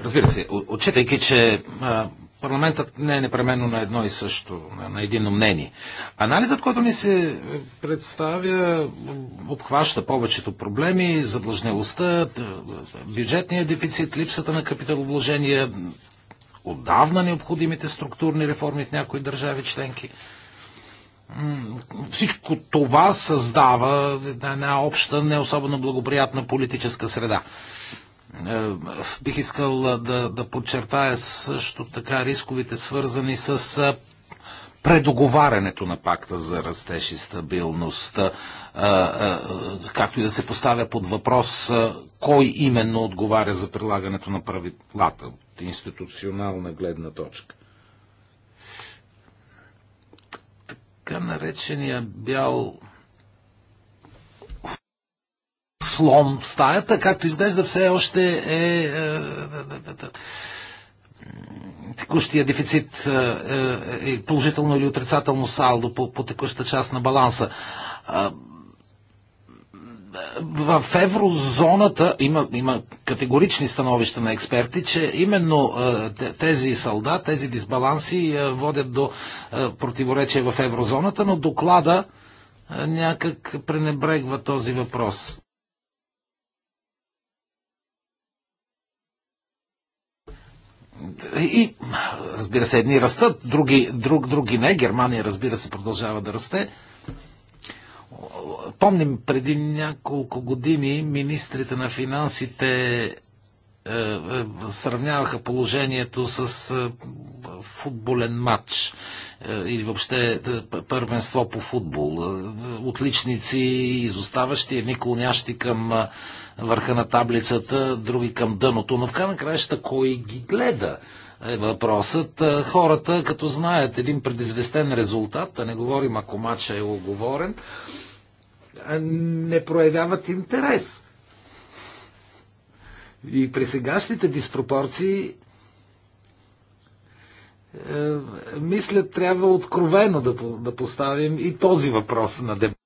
Разбира се, отчитайки, че парламентът не е непременно на едно и също, на едино мнение. Анализът, който ни се е, представя, обхваща повечето проблеми, задлъжнелостта, бюджетния дефицит, липсата на капиталовложения, отдавна необходимите структурни реформи в някои държави членки. Всичко това създава една обща, не особено благоприятна политическа среда. Е, бих искал да, да подчертая също така рисковите, свързани с е, предоговарянето на пакта за растеж и стабилност, е, както и да се поставя под въпрос кой именно отговаря за прилагането на правилата институционална гледна точка. Така наречения бял слон в стаята, както изглежда, все още е, е, е, е текущия дефицит, положително или отрицателно салдо по, по текущата част на баланса в еврозоната има, има категорични становища на експерти, че именно е, тези салда, тези дисбаланси е, водят до е, противоречия в еврозоната, но доклада някак пренебрегва този въпрос. И, разбира се, едни растат, други, друг, други не. Германия, разбира се, продължава да расте. Помним, преди няколко години министрите на финансите е, е, сравняваха положението с е, футболен матч или въобще първенство по футбол. Отличници, изоставащи, едни клонящи към върха на таблицата, други към дъното. Но в крайна краища кой ги гледа? е въпросът. Хората, като знаят един предизвестен резултат, да не говорим ако матча е оговорен, не проявяват интерес. И при сегашните диспропорции е, мисля, трябва откровено да, поставим и този въпрос на дебат.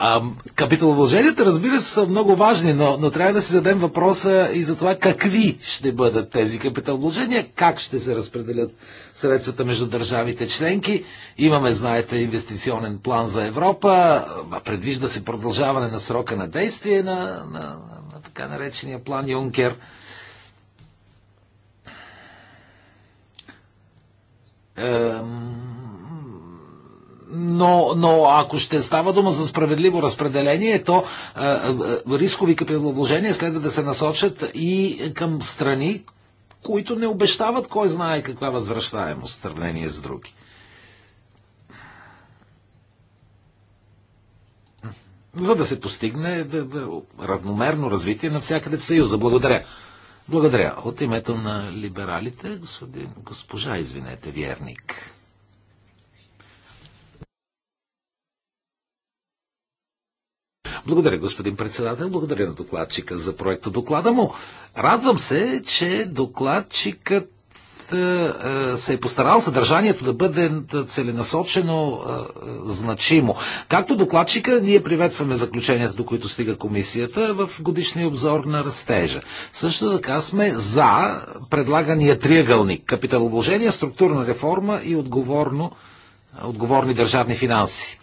А, капиталовложенията, разбира се, са много важни, но, но трябва да си зададем въпроса и за това какви ще бъдат тези капиталовложения, как ще се разпределят средствата между държавите членки. Имаме, знаете, инвестиционен план за Европа, предвижда се продължаване на срока на действие на, на, на, на така наречения план Юнкер. Ем но, но ако ще става дума за справедливо разпределение, то а, е, а, е, е, рискови капиталовложения следва да се насочат и към страни, които не обещават кой знае каква възвръщаемост в сравнение с други. За да се постигне да, да, равномерно развитие навсякъде в Съюза. Благодаря. Благодаря. От името на либералите, господин, госпожа, извинете, Верник. Благодаря, господин председател. Благодаря на докладчика за проекта доклада му. Радвам се, че докладчикът е, е, се е постарал съдържанието да бъде целенасочено е, значимо. Както докладчика, ние приветстваме заключенията, до които стига комисията в годишния обзор на растежа. Също така сме за предлагания триъгълник капиталовложение, структурна реформа и отговорно, отговорни държавни финанси.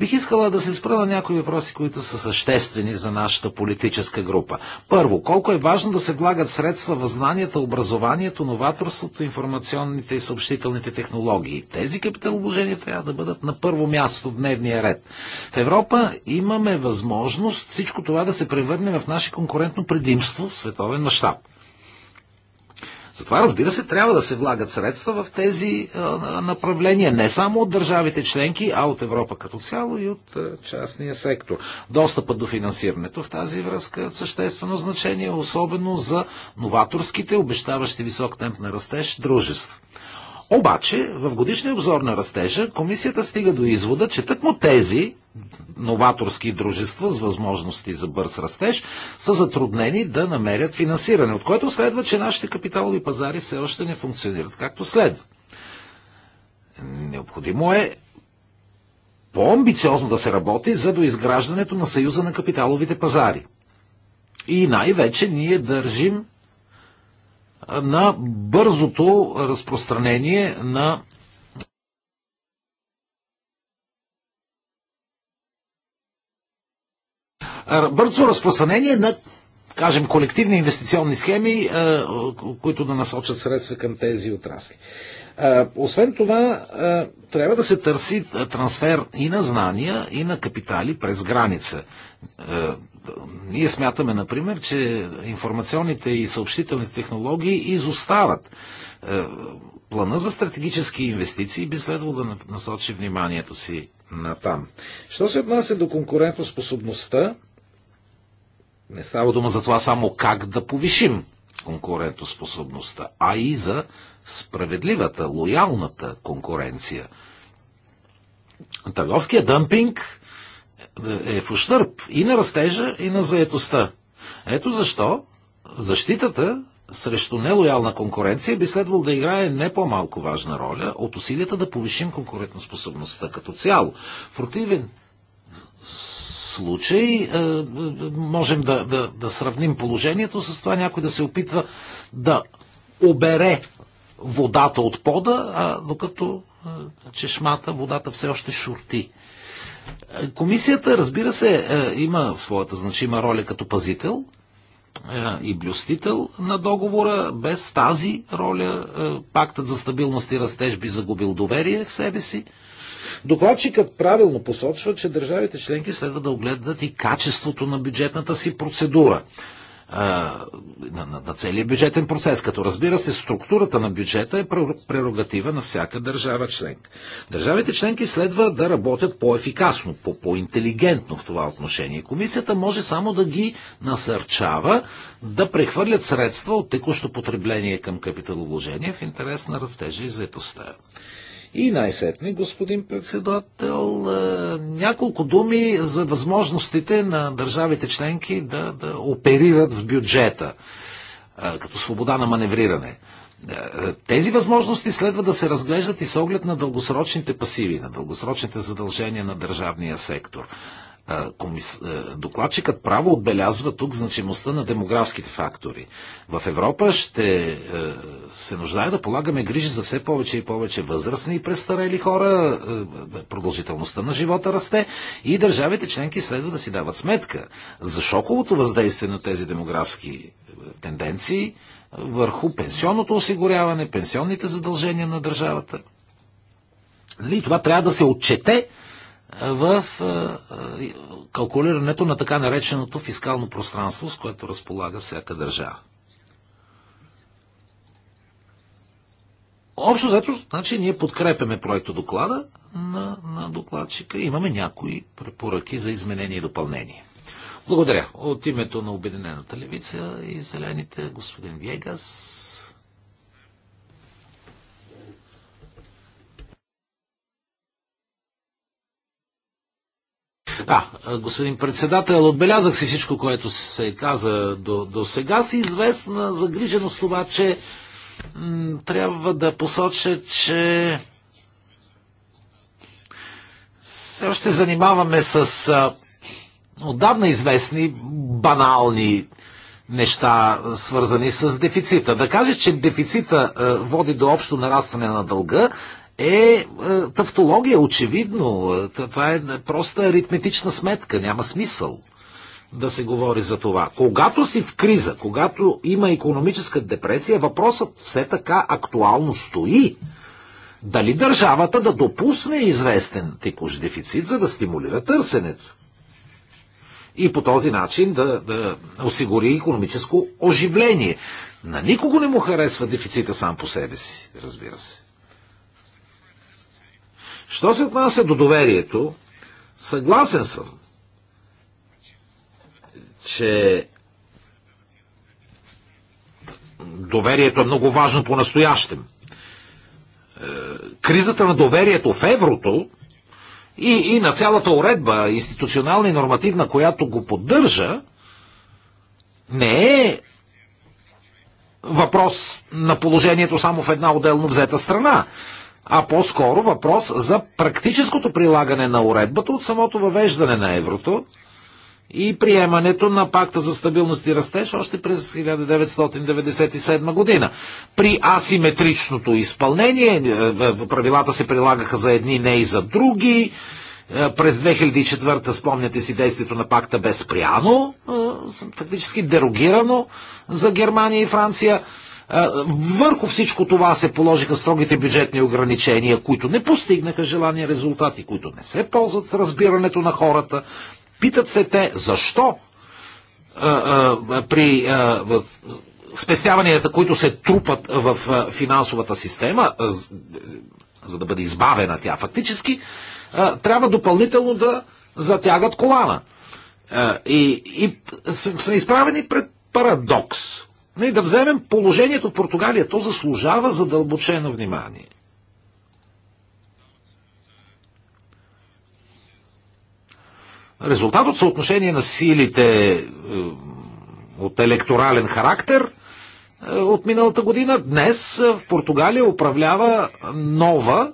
Бих искала да се спра на някои въпроси, които са съществени за нашата политическа група. Първо, колко е важно да се влагат средства в знанията, образованието, новаторството, информационните и съобщителните технологии. Тези капиталовложения трябва да бъдат на първо място в дневния ред. В Европа имаме възможност всичко това да се превърне в наше конкурентно предимство в световен мащаб. Затова, разбира се, трябва да се влагат средства в тези направления, не само от държавите членки, а от Европа като цяло и от частния сектор. Достъпът до финансирането в тази връзка е съществено значение, особено за новаторските, обещаващи висок темп на растеж дружества. Обаче, в годишния обзор на растежа, комисията стига до извода, че тъкмо тези новаторски дружества с възможности за бърз растеж са затруднени да намерят финансиране, от което следва, че нашите капиталови пазари все още не функционират както следва. Необходимо е по-амбициозно да се работи за доизграждането на Съюза на капиталовите пазари. И най-вече ние държим на бързото разпространение на бързо разпространение на кажем, колективни инвестиционни схеми, е, които да насочат средства към тези отрасли. Е, освен това, е, трябва да се търси трансфер и на знания, и на капитали през граница. Е, ние смятаме, например, че информационните и съобщителните технологии изостават. Е, плана за стратегически инвестиции би следвало да насочи вниманието си на там. Що се отнася до конкурентоспособността, не става дума за това само как да повишим конкурентоспособността, а и за справедливата, лоялната конкуренция. Търговския дъмпинг е в ущърп и на растежа, и на заетостта. Ето защо защитата срещу нелоялна конкуренция би следвало да играе не по-малко важна роля от усилията да повишим конкурентоспособността като цяло. В противен случай е, е, можем да, да, да сравним положението с това някой да се опитва да обере водата от пода, а докато е, чешмата водата все още шурти Комисията, разбира се, е, има своята значима роля като пазител е, и блюстител на договора. Без тази роля е, пактът за стабилност и растеж би загубил доверие в себе си. Докладчикът правилно посочва, че държавите членки следва да огледат и качеството на бюджетната си процедура на, на, на целия бюджетен процес, като разбира се структурата на бюджета е прерогатива на всяка държава членка. Държавите членки следва да работят по-ефикасно, по-интелигентно -по в това отношение. Комисията може само да ги насърчава да прехвърлят средства от текущо потребление към капиталовложение в интерес на растежа и заетостта. И най-сетне, господин председател, е, няколко думи за възможностите на държавите членки да, да оперират с бюджета е, като свобода на маневриране. Е, тези възможности следва да се разглеждат и с оглед на дългосрочните пасиви, на дългосрочните задължения на държавния сектор комис... докладчикът право отбелязва тук значимостта на демографските фактори. В Европа ще се нуждае да полагаме грижи за все повече и повече възрастни и престарели хора, продължителността на живота расте и държавите членки следва да си дават сметка за шоковото въздействие на тези демографски е, тенденции върху пенсионното осигуряване, пенсионните задължения на държавата. И нали, това трябва да се отчете в калкулирането на така нареченото фискално пространство, с което разполага всяка държава. Общо взето, значи, ние подкрепяме проекта доклада на, на докладчика. Имаме някои препоръки за изменение и допълнение. Благодаря. От името на Обединената левица и Зелените, господин Вегас. Да, господин председател, отбелязах си всичко, което се каза до, до сега. Си известна загриженост това, че трябва да посоча, че все още занимаваме с а, отдавна известни банални неща, свързани с дефицита. Да кажа, че дефицита а, води до общо нарастване на дълга е, е тавтология, очевидно. Това е просто аритметична сметка, няма смисъл да се говори за това. Когато си в криза, когато има економическа депресия, въпросът все така актуално стои. Дали държавата да допусне известен текущ дефицит, за да стимулира търсенето? И по този начин да, да осигури економическо оживление. На никого не му харесва дефицита сам по себе си, разбира се. Що се отнася до доверието, съгласен съм, че доверието е много важно по-настоящем. Е, кризата на доверието в еврото и, и на цялата уредба, институционална и нормативна, която го поддържа, не е въпрос на положението само в една отделно взета страна а по-скоро въпрос за практическото прилагане на уредбата от самото въвеждане на еврото и приемането на пакта за стабилност и растеж още през 1997 година. При асиметричното изпълнение е, е, правилата се прилагаха за едни, не и за други. Е, през 2004 спомняте си действието на пакта безпряно, фактически дерогирано за Германия и Франция. Върху всичко това се положиха строгите бюджетни ограничения, които не постигнаха желания резултати, които не се ползват с разбирането на хората. Питат се те защо при спестяванията, които се трупат в финансовата система, за да бъде избавена тя фактически, трябва допълнително да затягат колана. И, и сме изправени пред парадокс. И да вземем положението в Португалия. То заслужава задълбочено внимание. Резултат от съотношение на силите е, от електорален характер е, от миналата година днес е, в Португалия управлява нова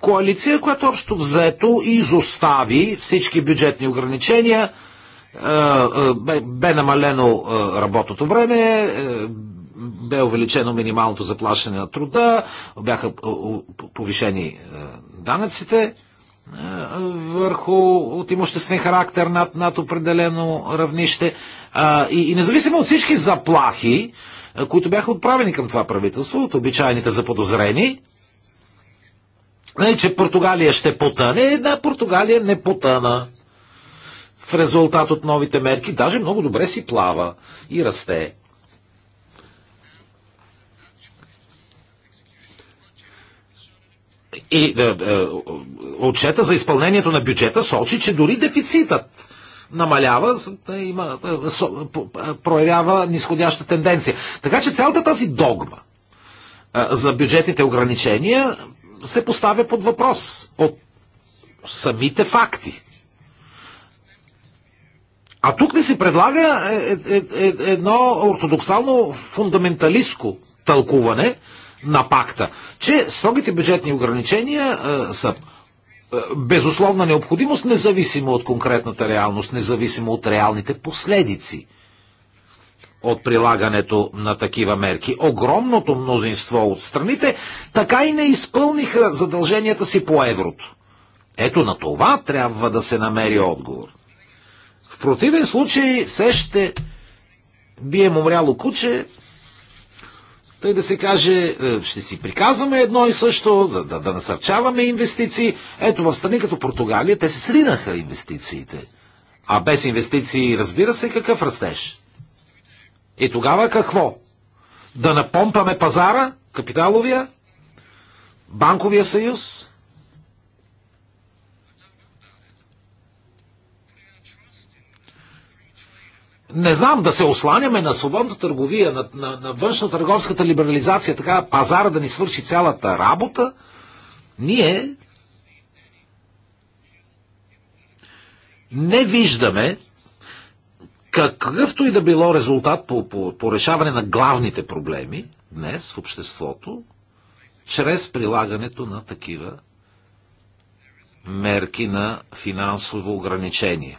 коалиция, която общо взето изостави всички бюджетни ограничения – бе намалено работното време, е, бе увеличено минималното заплащане на труда, бяха повишени данъците върху от имуществен характер над, над определено равнище. И, и независимо от всички заплахи, които бяха отправени към това правителство от обичайните заподозрени, значи, че Португалия ще потъне, да, Португалия не потъна в резултат от новите мерки. Даже много добре си плава и расте. И е, е, отчета за изпълнението на бюджета сочи, че дори дефицитът намалява, е, има, е, со, е, проявява нисходяща тенденция. Така че цялата тази догма е, за бюджетните ограничения се поставя под въпрос от самите факти. А тук не се предлага е, е, е, едно ортодоксално фундаменталистко тълкуване на пакта, че строгите бюджетни ограничения са безусловна необходимост, независимо от конкретната реалност, независимо от реалните последици от прилагането на такива мерки. Огромното мнозинство от страните така и не изпълниха задълженията си по еврото. Ето на това трябва да се намери отговор противен случай все ще бием умряло куче, тъй да се каже, е, ще си приказваме едно и също, да, да, да насърчаваме инвестиции. Ето в страни като Португалия те се сринаха инвестициите. А без инвестиции, разбира се, какъв растеж? И тогава какво? Да напомпаме пазара, капиталовия, банковия съюз? не знам, да се осланяме на свободната търговия, на, на, на външно-търговската либерализация, така пазара да ни свърши цялата работа, ние не виждаме какъвто и да било резултат по, по, по решаване на главните проблеми днес в обществото, чрез прилагането на такива мерки на финансово ограничение.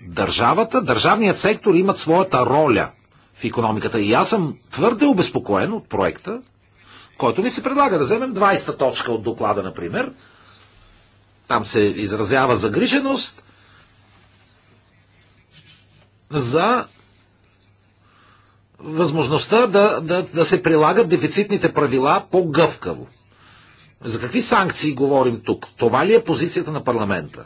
Държавата, държавният сектор имат своята роля в економиката. И аз съм твърде обезпокоен от проекта, който ми се предлага. Да вземем 20-та точка от доклада, например. Там се изразява загриженост за възможността да, да, да се прилагат дефицитните правила по-гъвкаво. За какви санкции говорим тук? Това ли е позицията на парламента?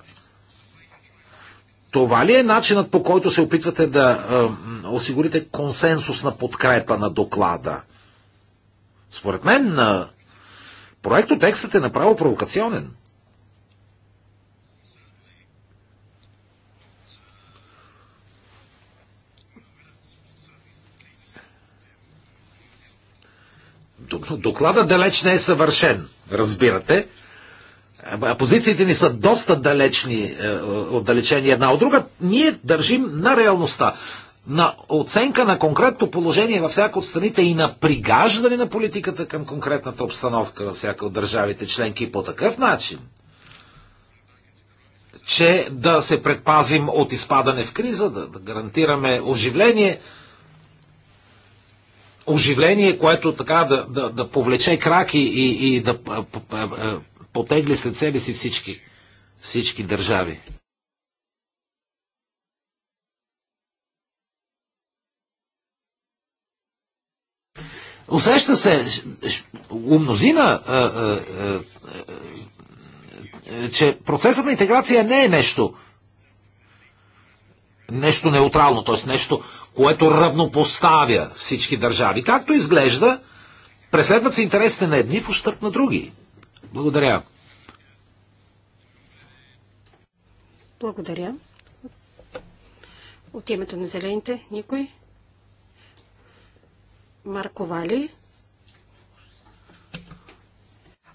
Това ли е начинът по който се опитвате да е, осигурите консенсусна подкрепа на доклада? Според мен, на проектотекстът е направо провокационен. Доклада далеч не е съвършен, разбирате позициите ни са доста далечни, е, е, отдалечени една от друга, ние държим на реалността на оценка на конкретно положение във всяка от страните и на пригаждане на политиката към конкретната обстановка във всяка от държавите членки по такъв начин, че да се предпазим от изпадане в криза, да, да гарантираме оживление, оживление, което така да, да, да повлече краки и, и, и да потегли след себе си всички, всички държави. Усеща се у мнозина, а, а, а, че процесът на интеграция не е нещо нещо неутрално, т.е. нещо, което равнопоставя всички държави. Както изглежда, преследват се интересите на едни в ущърп на други. Благодаря. Благодаря. От името на зелените никой? Марко Вали?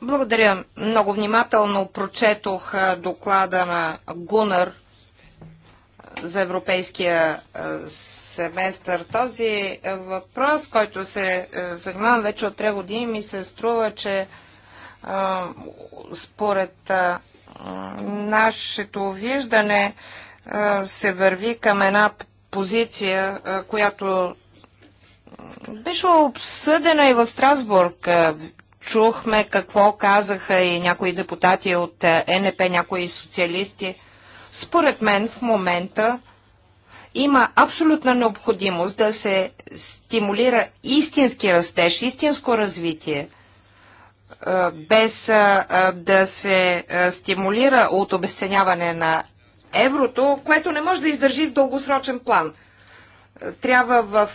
Благодаря. Много внимателно прочетох доклада на Гунър за европейския семестър. Този въпрос, който се занимавам вече от 3 години, ми се струва, че според нашето виждане се върви към една позиция, която беше обсъдена и в Страсбург. Чухме какво казаха и някои депутати от НП, някои социалисти. Според мен в момента има абсолютна необходимост да се стимулира истински растеж, истинско развитие – без да се стимулира от обесценяване на еврото, което не може да издържи в дългосрочен план. Трябва в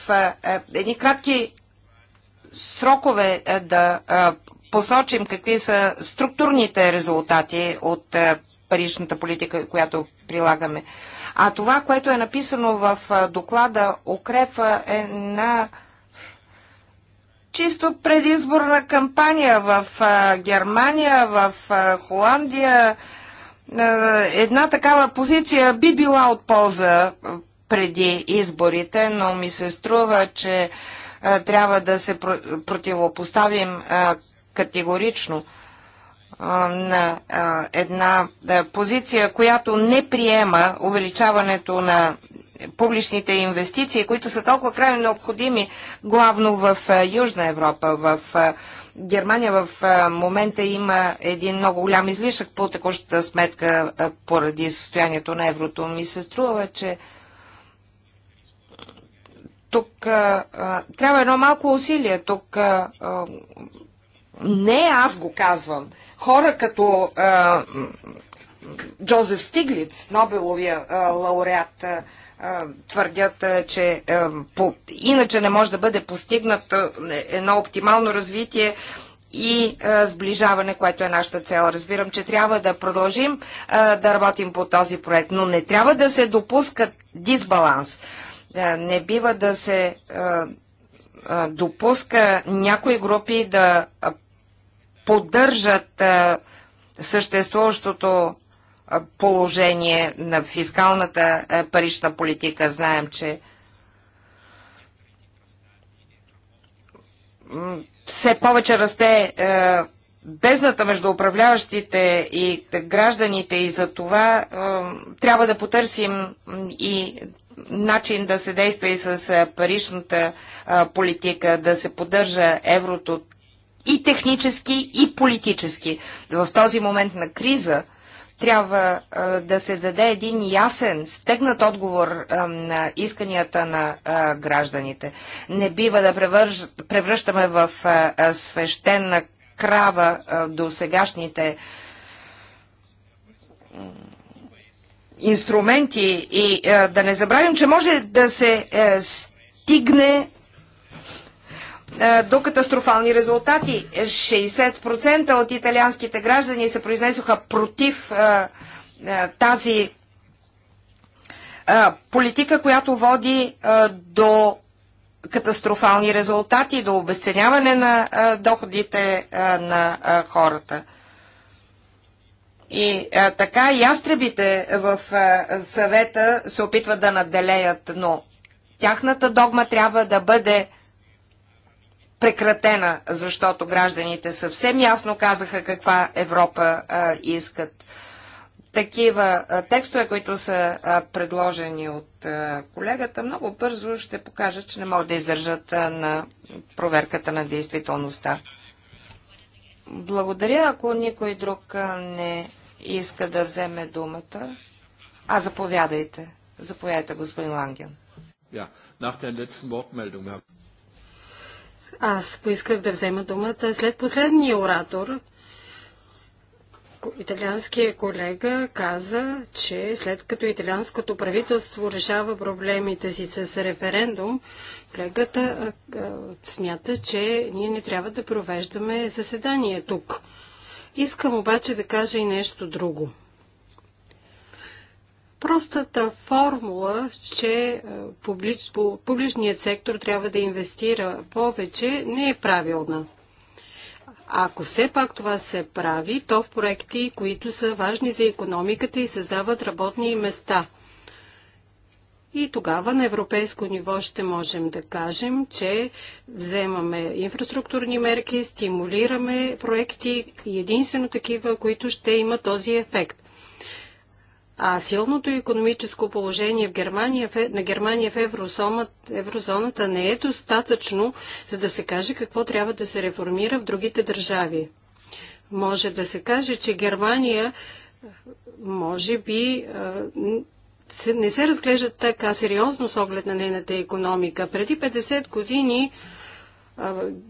едни кратки срокове да посочим какви са структурните резултати от паричната политика, която прилагаме. А това, което е написано в доклада, укрепва е на чисто предизборна кампания в а, Германия, в а, Холандия. Една такава позиция би била от полза преди изборите, но ми се струва, че а, трябва да се про противопоставим а, категорично а, на една позиция, която не приема увеличаването на публичните инвестиции, които са толкова крайно необходими, главно в е, Южна Европа, в е, Германия в е, момента има един много голям излишък по текущата сметка поради състоянието на еврото. Ми се струва, че тук а, трябва едно малко усилие. Тук а, не аз го казвам. Хора като а, Джозеф Стиглиц, Нобеловия лауреат, твърдят, че по, иначе не може да бъде постигнат едно оптимално развитие и сближаване, което е нашата цел. Разбирам, че трябва да продължим да работим по този проект, но не трябва да се допуска дисбаланс. не бива да се допуска някои групи да поддържат съществуващото положение на фискалната парична политика. Знаем, че все повече расте е, бездната между управляващите и гражданите и за това е, трябва да потърсим и начин да се действа и с е, паричната политика, да се поддържа еврото и технически, и политически. В този момент на криза трябва да се даде един ясен, стегнат отговор на исканията на гражданите. Не бива да превърж... превръщаме в свещена крава до сегашните инструменти и да не забравим, че може да се е, стигне е, до катастрофални резултати. 60% е, от италианските граждани се произнесоха против е, тази политика, която води до катастрофални резултати, до обесценяване на доходите на хората. И а, така и ястребите в а, съвета се опитват да наделеят, но тяхната догма трябва да бъде прекратена, защото гражданите съвсем ясно казаха каква Европа а, искат. Такива а, текстове, които са а, предложени от а, колегата, много бързо ще покажат, че не могат да издържат а, на проверката на действителността. Благодаря, ако никой друг а, не иска да вземе думата. А, заповядайте. Заповядайте, господин Ланген. Yeah. Аз поисках да взема думата след последния оратор. Италианския колега каза, че след като италианското правителство решава проблемите си с референдум, колегата смята, че ние не трябва да провеждаме заседание тук. Искам обаче да кажа и нещо друго простата формула, че е, публич, публичният сектор трябва да инвестира повече, не е правилна. Ако все пак това се прави, то в проекти, които са важни за економиката и създават работни места. И тогава на европейско ниво ще можем да кажем, че вземаме инфраструктурни мерки, стимулираме проекти и единствено такива, които ще имат този ефект – а силното економическо положение в Германия, е- на Германия в еврозоната не е достатъчно, за да се каже какво трябва да се реформира в другите държави. Може да се каже, че Германия може би не се разглежда така сериозно с оглед на нейната економика. Преди 50 години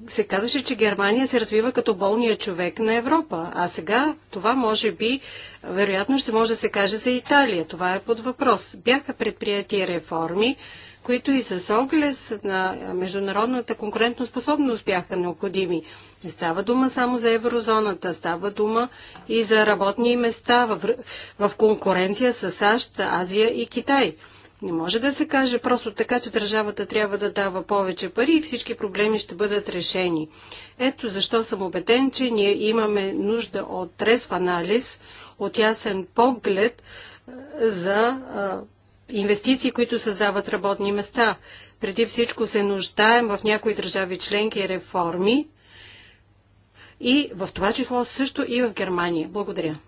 се казваше, че Германия се развива като болния човек на Европа. А сега това може би, вероятно ще може да се каже за Италия. Това е под въпрос. Бяха предприяти реформи, които и с оглед на международната конкурентоспособност бяха необходими. Не става дума само за еврозоната, става дума и за работни места в, в конкуренция с САЩ, Азия и Китай. Не може да се каже просто така, че държавата трябва да дава повече пари и всички проблеми ще бъдат решени. Ето защо съм убеден, че ние имаме нужда от трезв анализ, от ясен поглед за инвестиции, които създават работни места. Преди всичко се нуждаем в някои държави членки реформи и в това число също и в Германия. Благодаря.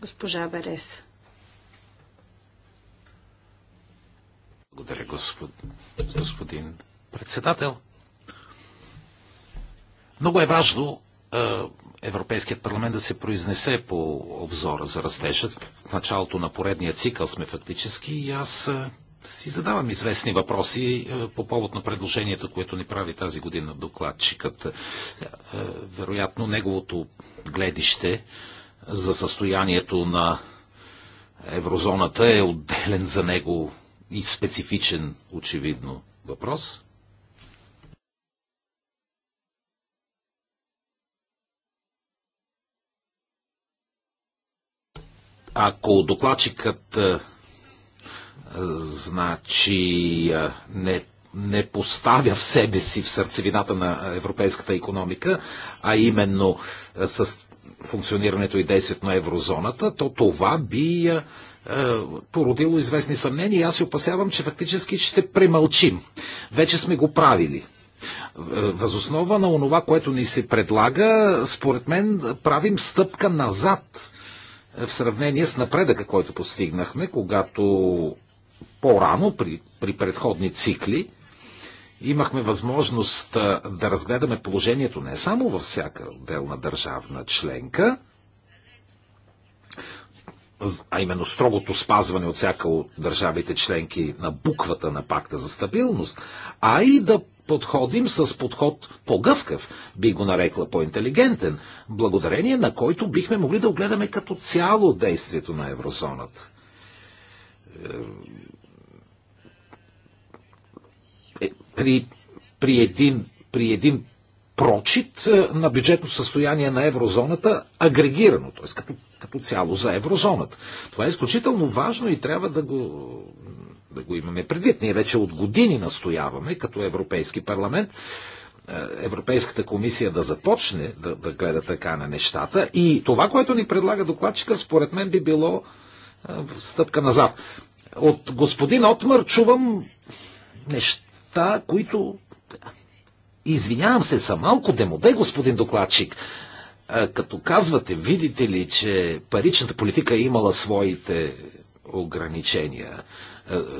Госпожа Береса, Благодаря, господ... господин председател. Много е важно е, Европейският парламент да се произнесе по обзора за растежа. В началото на поредния цикъл сме фактически и аз е, си задавам известни въпроси е, по повод на предложението, което ни прави тази година докладчикът. Вероятно, неговото гледище за състоянието на еврозоната е отделен за него и специфичен, очевидно, въпрос. Ако докладчикът е, значи е, не, не поставя в себе си в сърцевината на европейската економика, а именно е, с функционирането и действието на еврозоната, то това би е, породило известни съмнения и аз се опасявам, че фактически ще премълчим. Вече сме го правили. Е, възоснова на онова, което ни се предлага, според мен правим стъпка назад е, в сравнение с напредъка, който постигнахме, когато по-рано, при, при предходни цикли, имахме възможност да разгледаме положението не само във всяка отделна държавна членка, а именно строгото спазване от всяка от държавите членки на буквата на пакта за стабилност, а и да подходим с подход по-гъвкав, би го нарекла по-интелигентен, благодарение на който бихме могли да огледаме като цяло действието на еврозоната. Е, при, при, един, при един прочит е, на бюджетно състояние на еврозоната агрегирано, т.е. Като, като цяло за еврозоната. Това е изключително важно и трябва да го, да го имаме предвид. Ние вече от години настояваме като Европейски парламент е, Европейската комисия да започне да, да гледа така на нещата и това, което ни предлага докладчика, според мен би било е, стъпка назад. От господин Отмър чувам неща, които Извинявам се, са малко демоде, господин докладчик. Като казвате, видите ли, че паричната политика е имала своите ограничения.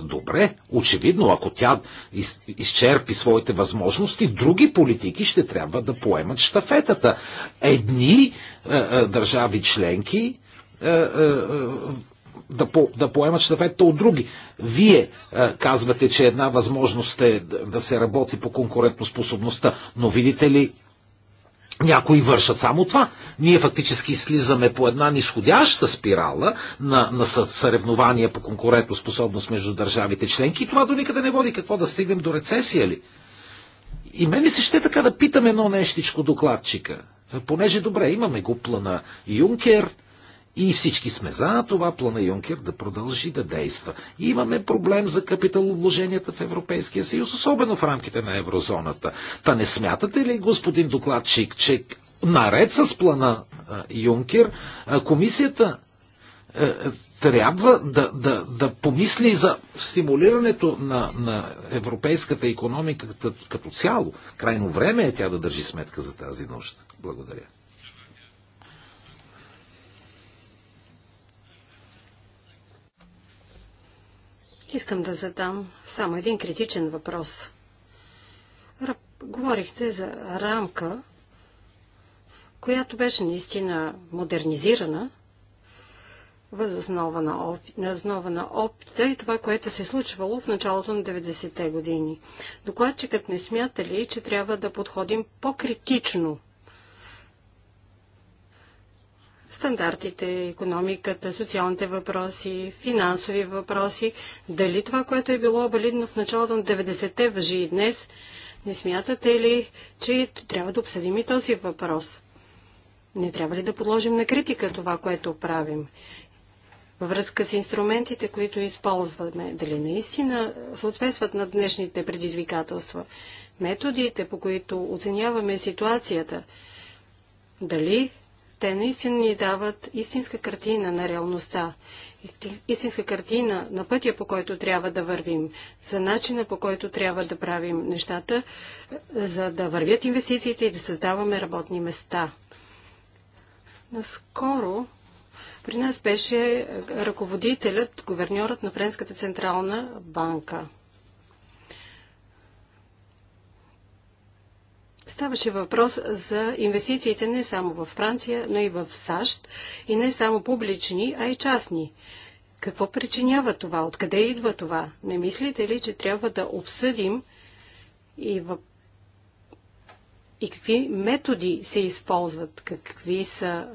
Добре, очевидно, ако тя из, изчерпи своите възможности, други политики ще трябва да поемат штафетата. Едни е, е, държави членки е, да, по, да поемат щафетата от други. Вие а, е, казвате, че една възможност е да се работи по конкурентоспособността, но видите ли, някои вършат само това. Ние фактически слизаме по една нисходяща спирала на, на съревнования по конкурентоспособност между държавите членки и това до никъде не води. Какво да стигнем до рецесия ли? И мен ми се ще така да питам едно нещичко докладчика. Е, понеже добре, имаме го плана Юнкер, и всички сме за това плана Юнкер да продължи да действа. И имаме проблем за капиталовложенията в Европейския съюз, особено в рамките на еврозоната. Та не смятате ли, господин докладчик, че наред с плана Юнкер, комисията трябва да, да, да помисли за стимулирането на, на европейската економика като, като цяло. Крайно време е тя да държи сметка за тази нужда. Благодаря. Искам да задам само един критичен въпрос. Говорихте за рамка, която беше наистина модернизирана, възоснова на, опит, на на опита и това, което се е случвало в началото на 90-те години. Докладчикът не смята ли, че трябва да подходим по-критично стандартите, економиката, социалните въпроси, финансови въпроси, дали това, което е било валидно в началото на 90-те, въжи и днес, не смятате ли, че трябва да обсъдим и този въпрос? Не трябва ли да подложим на критика това, което правим? Във връзка с инструментите, които използваме, дали наистина съответстват на днешните предизвикателства? Методите, по които оценяваме ситуацията, дали те наистина ни дават истинска картина на реалността, истинска картина на пътя, по който трябва да вървим, за начина, по който трябва да правим нещата, за да вървят инвестициите и да създаваме работни места. Наскоро при нас беше ръководителят, говерньорът на Френската централна банка. Ставаше въпрос за инвестициите не само във Франция, но и в САЩ, и не само публични, а и частни. Какво причинява това? Откъде идва това? Не мислите ли, че трябва да обсъдим и, в... и какви методи се използват, какви са,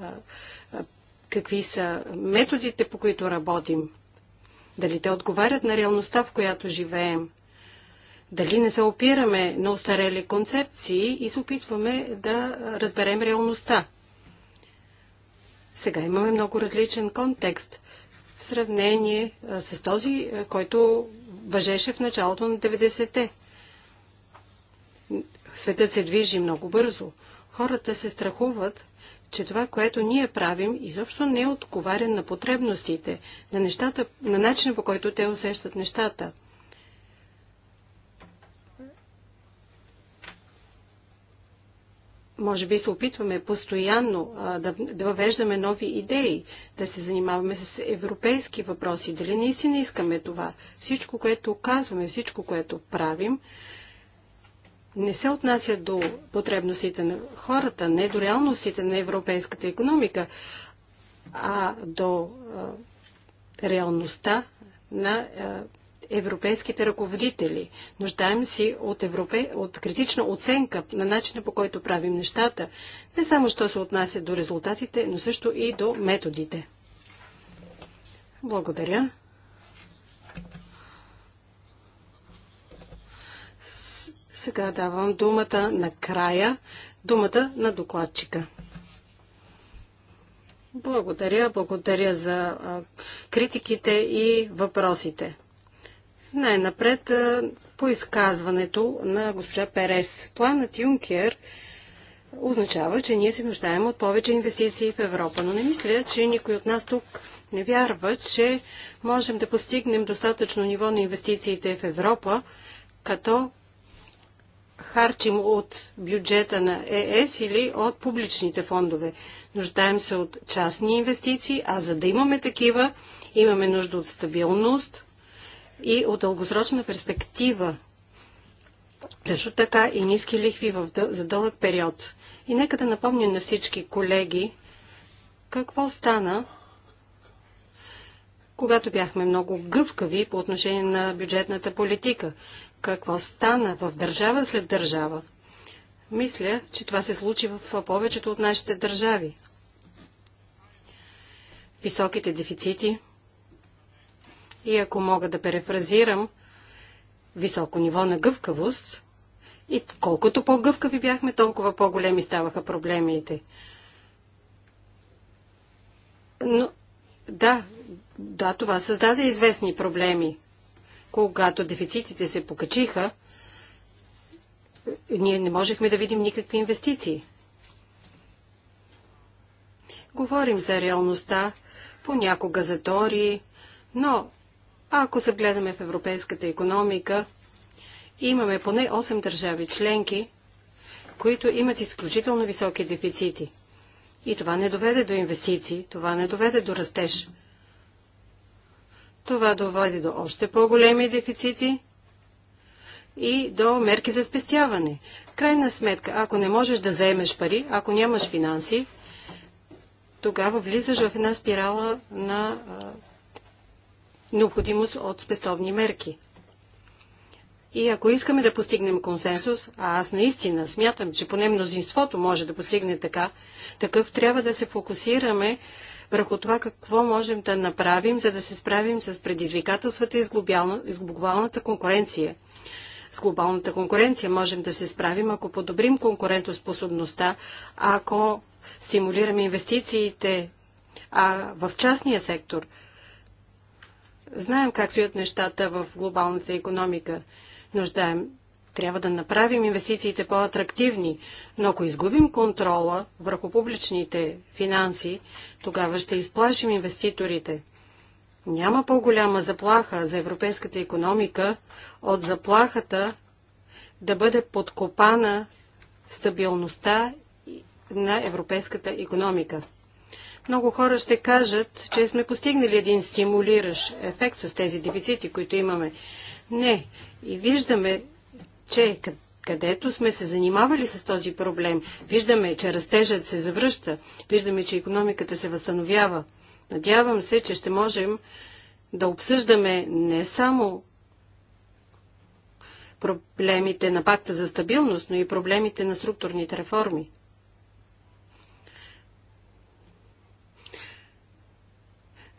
какви са методите, по които работим? Дали те отговарят на реалността, в която живеем? дали не се опираме на устарели концепции и се опитваме да разберем реалността. Сега имаме много различен контекст в сравнение с този, който въжеше в началото на 90-те. Светът се движи много бързо. Хората се страхуват, че това, което ние правим, изобщо не е отговаря на потребностите, на, нещата, на начина по който те усещат нещата – може би се опитваме постоянно а, да, да въвеждаме нови идеи, да се занимаваме с европейски въпроси. Дали наистина искаме това? Всичко, което казваме, всичко, което правим, не се отнася до потребностите на хората, не до реалностите на европейската економика, а до а, реалността на а, европейските ръководители. Нуждаем си от, европе... от критична оценка на начина по който правим нещата, не само що се отнася до резултатите, но също и до методите. Благодаря. Сега давам думата на края, думата на докладчика. Благодаря, благодаря за критиките и въпросите. Най-напред по изказването на госпожа Перес. Планът Юнкер означава, че ние се нуждаем от повече инвестиции в Европа. Но не мисля, че никой от нас тук не вярва, че можем да постигнем достатъчно ниво на инвестициите в Европа, като харчим от бюджета на ЕС или от публичните фондове. Нуждаем се от частни инвестиции, а за да имаме такива, имаме нужда от стабилност, и от дългосрочна перспектива. Също така и ниски лихви в, за дълъг период. И нека да напомня на всички колеги какво стана, когато бяхме много гъвкави по отношение на бюджетната политика. Какво стана в държава след държава. Мисля, че това се случи в повечето от нашите държави. Високите дефицити, и ако мога да перефразирам, високо ниво на гъвкавост. И колкото по-гъвкави бяхме, толкова по-големи ставаха проблемите. Но, да, да, това създаде известни проблеми. Когато дефицитите се покачиха, ние не можехме да видим никакви инвестиции. Говорим за реалността, понякога за теории, но а ако се вгледаме в европейската економика, имаме поне 8 държави членки, които имат изключително високи дефицити. И това не доведе до инвестиции, това не доведе до растеж. Това доведе до още по-големи дефицити и до мерки за спестяване. Крайна сметка, ако не можеш да заемеш пари, ако нямаш финанси, тогава влизаш в една спирала на необходимост от спестовни мерки. И ако искаме да постигнем консенсус, а аз наистина смятам, че поне мнозинството може да постигне така, такъв трябва да се фокусираме върху това какво можем да направим, за да се справим с предизвикателствата и с, с глобалната конкуренция. С глобалната конкуренция можем да се справим, ако подобрим конкурентоспособността, ако стимулираме инвестициите а в частния сектор – Знаем как стоят нещата в глобалната економика. Нуждаем трябва да направим инвестициите по-атрактивни, но ако изгубим контрола върху публичните финанси, тогава ще изплашим инвеститорите. Няма по-голяма заплаха за европейската економика от заплахата да бъде подкопана стабилността на европейската економика. Много хора ще кажат, че сме постигнали един стимулиращ ефект с тези дефицити, които имаме. Не. И виждаме, че където сме се занимавали с този проблем, виждаме, че растежът се завръща, виждаме, че економиката се възстановява. Надявам се, че ще можем да обсъждаме не само проблемите на пакта за стабилност, но и проблемите на структурните реформи.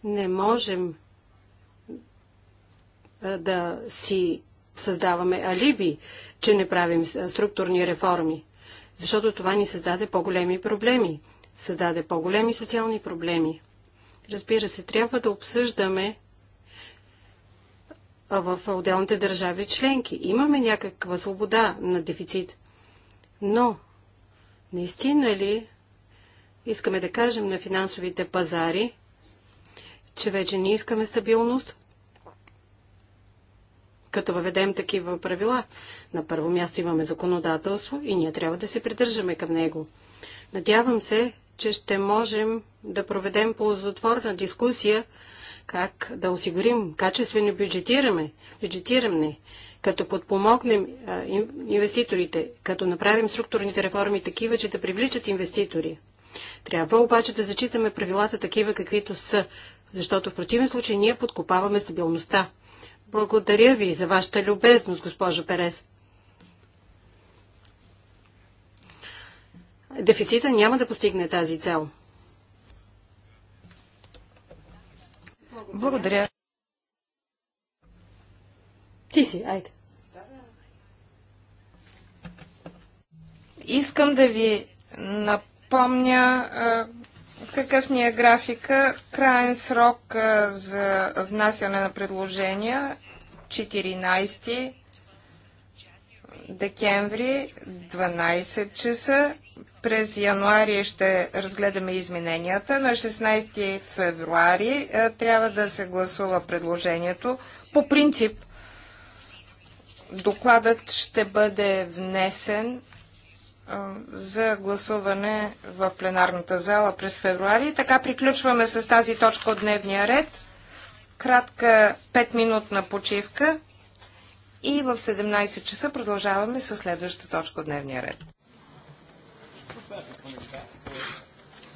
Не можем да си създаваме алиби, че не правим структурни реформи, защото това ни създаде по-големи проблеми, създаде по-големи социални проблеми. Разбира се, трябва да обсъждаме в отделните държави членки. Имаме някаква свобода на дефицит. Но, наистина ли искаме да кажем на финансовите пазари, че вече не искаме стабилност, като въведем такива правила. На първо място имаме законодателство и ние трябва да се придържаме към него. Надявам се, че ще можем да проведем ползотворна дискусия как да осигурим качествено бюджетиране, бюджетиране като подпомогнем инвеститорите, като направим структурните реформи такива, че да привличат инвеститори. Трябва обаче да зачитаме правилата такива, каквито са, защото в противен случай ние подкопаваме стабилността. Благодаря ви за вашата любезност, госпожо Перес. Дефицита няма да постигне тази цел. Благодаря. Ти си, айде. Искам да ви напомня какъв ни е графика? Краен срок за внасяне на предложения 14 декември 12 часа. През януари ще разгледаме измененията. На 16 февруари трябва да се гласува предложението. По принцип, докладът ще бъде внесен за гласуване в пленарната зала през февруари. Така приключваме с тази точка от дневния ред. Кратка 5-минутна почивка и в 17 часа продължаваме с следващата точка от дневния ред.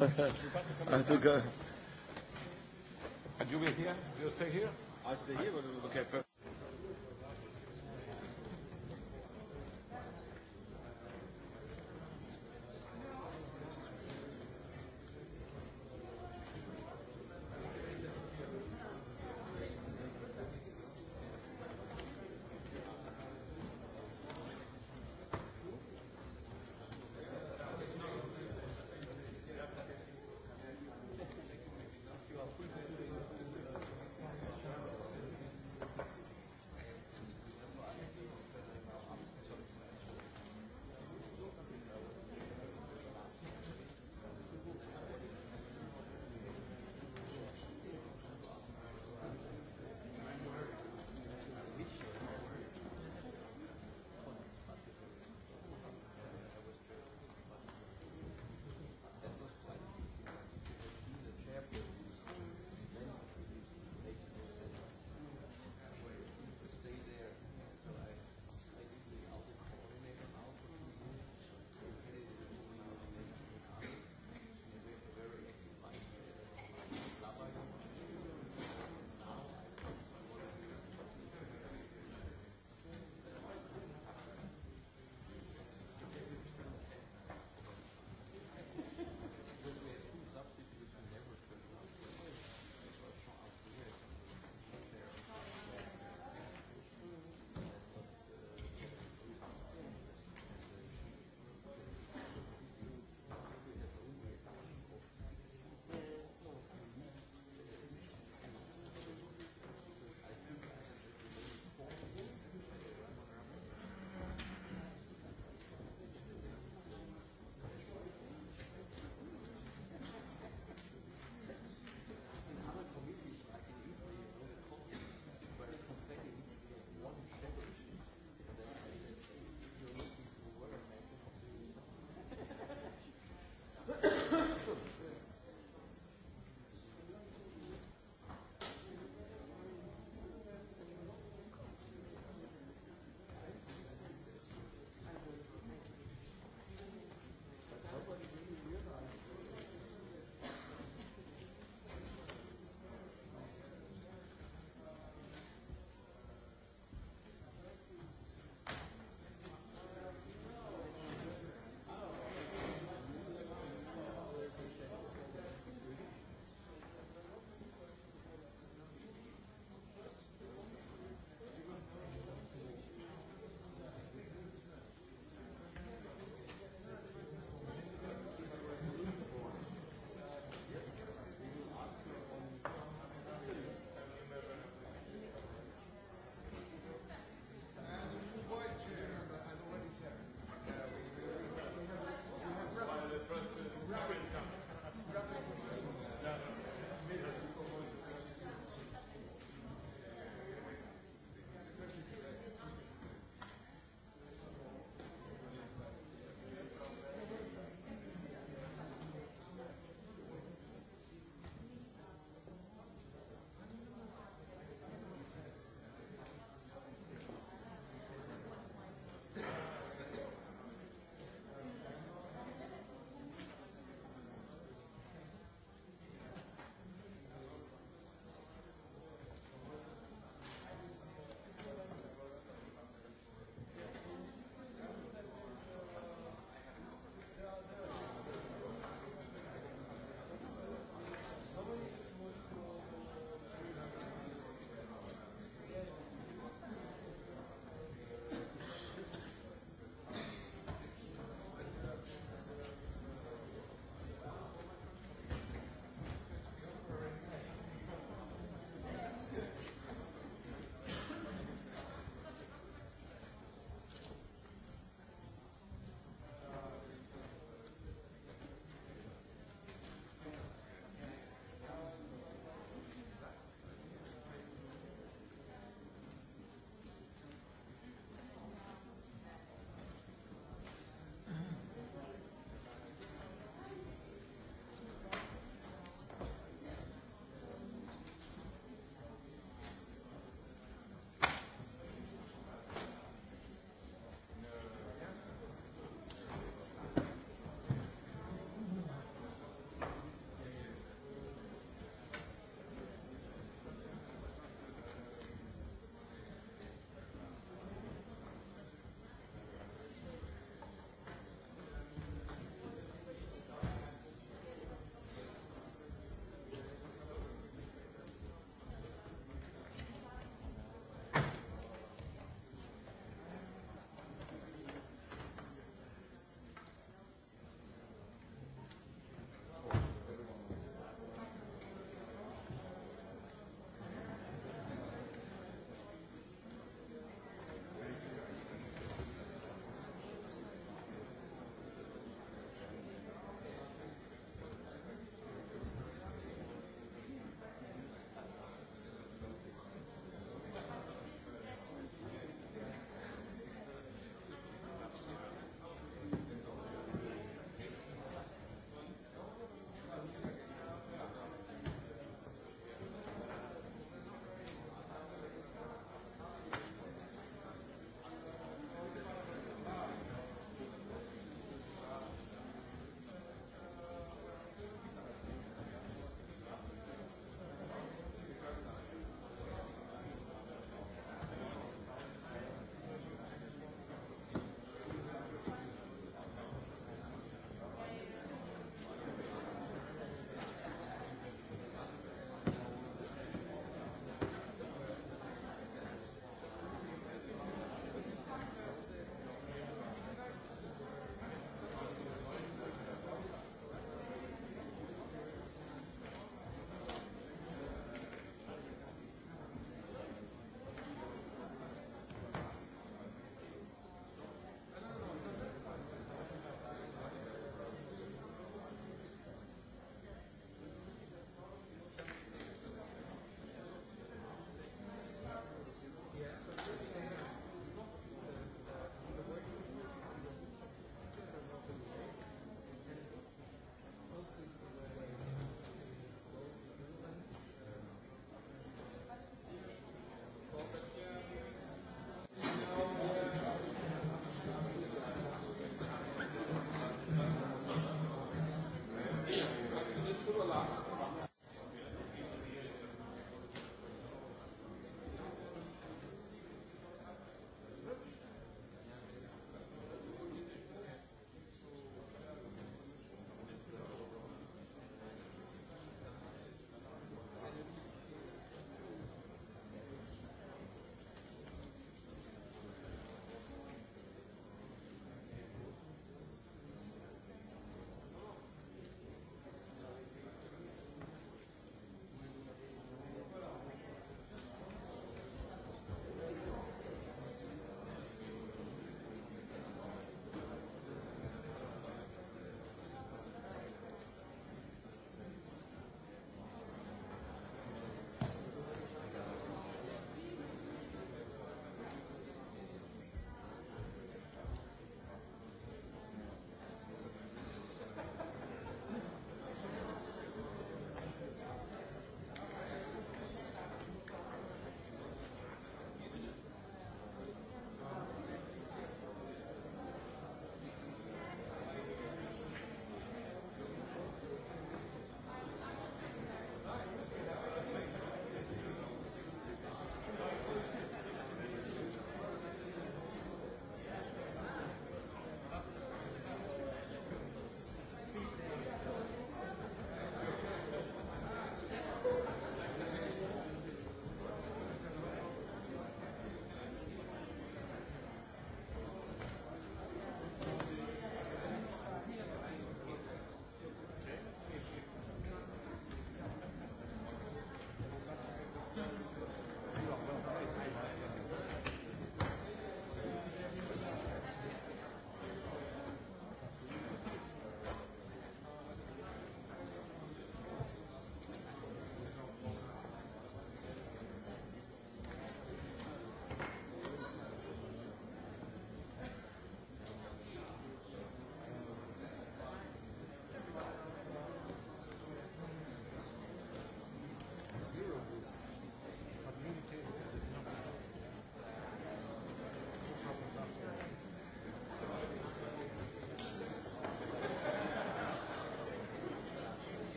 I think I... And here? You'll stay here? I'll stay here. Okay, perfect.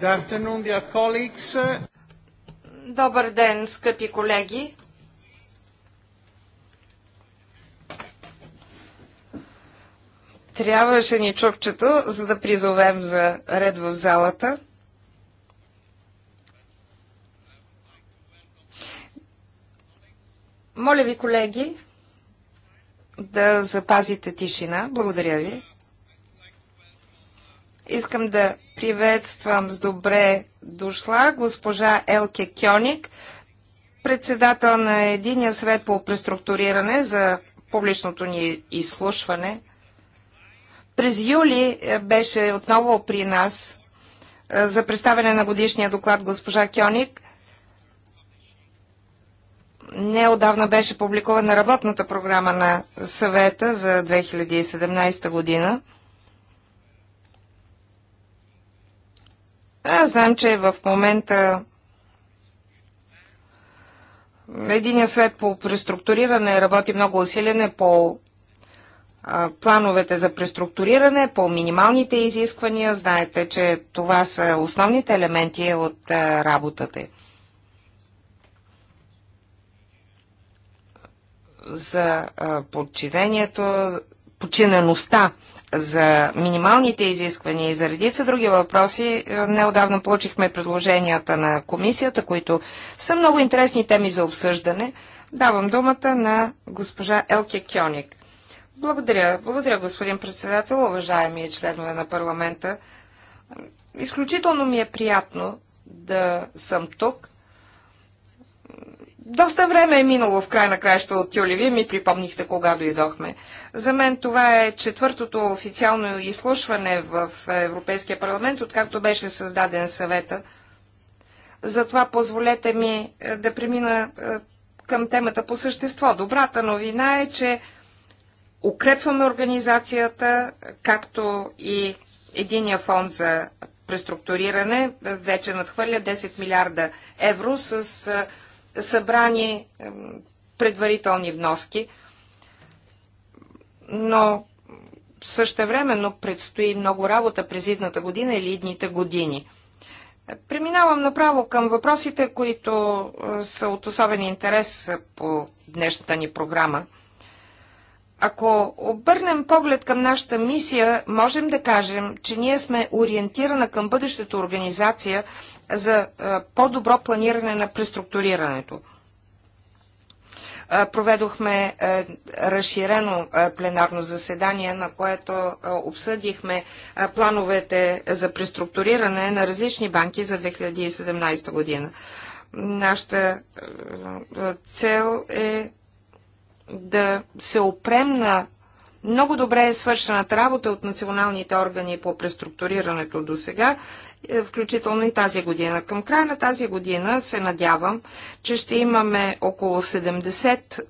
Good afternoon, dear colleagues. Добър ден, скъпи колеги. Трябваше ни чукчето, за да призовем за ред в залата. Моля ви, колеги, да запазите тишина. Благодаря ви. Искам да Приветствам с добре дошла госпожа Елке Кьоник, председател на Единия съвет по преструктуриране за публичното ни изслушване. През юли е, беше отново при нас е, за представяне на годишния доклад госпожа Кьоник. Неодавна беше публикувана работната програма на съвета за 2017 година. Аз знам, че в момента Единия свет по преструктуриране работи много усилено по а, плановете за преструктуриране, по минималните изисквания. Знаете, че това са основните елементи от а, работата. За а, подчинението, подчинеността за минималните изисквания и за редица други въпроси, е, неодавна получихме предложенията на комисията, които са много интересни теми за обсъждане. Давам думата на госпожа Елке Кьоник. Благодаря, благодаря господин председател, уважаеми членове на парламента. Изключително ми е приятно да съм тук доста време е минало в край на краища от юли. Вие ми припомнихте кога дойдохме. За мен това е четвъртото официално изслушване в Европейския парламент, откакто беше създаден съвета. Затова позволете ми е, да премина е, към темата по същество. Добрата новина е, че укрепваме организацията, както и единия фонд за преструктуриране вече надхвърля 10 милиарда евро с е, събрани предварителни вноски, но същевременно предстои много работа през идната година или идните години. Преминавам направо към въпросите, които е, са от особен интерес е, по днешната ни програма – ако обърнем поглед към нашата мисия, можем да кажем, че ние сме ориентирана към бъдещата организация за по-добро планиране на преструктурирането. Проведохме разширено пленарно заседание, на което обсъдихме плановете за преструктуриране на различни банки за 2017 година. Нашата цел е да се опрем на много добре е свършената работа от националните органи по преструктурирането до сега, е, включително и тази година. Към края на тази година се надявам, че ще имаме около 70 е,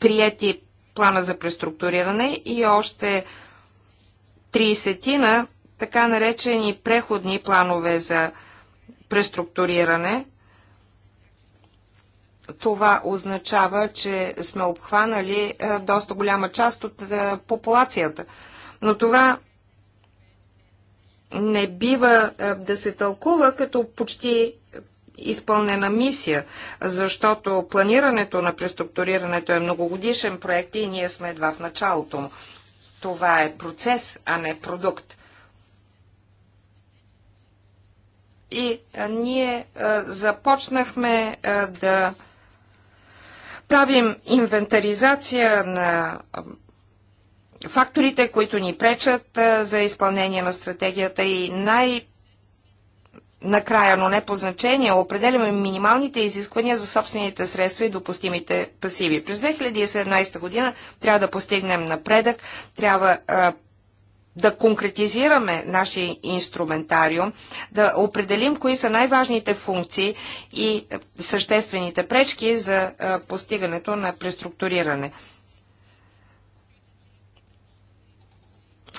прияти плана за преструктуриране и още 30 на така наречени преходни планове за преструктуриране – това означава, че сме обхванали е, доста голяма част от е, популацията. Но това не бива е, да се тълкува като почти изпълнена мисия, защото планирането на преструктурирането е многогодишен проект и ние сме едва в началото му. Това е процес, а не продукт. И ние започнахме да правим инвентаризация на факторите, които ни пречат за изпълнение на стратегията и най- накрая, но не по значение, определяме минималните изисквания за собствените средства и допустимите пасиви. През 2017 година трябва да постигнем напредък, трябва а, да конкретизираме нашия инструментариум, да определим кои са най-важните функции и съществените пречки за е, постигането на преструктуриране.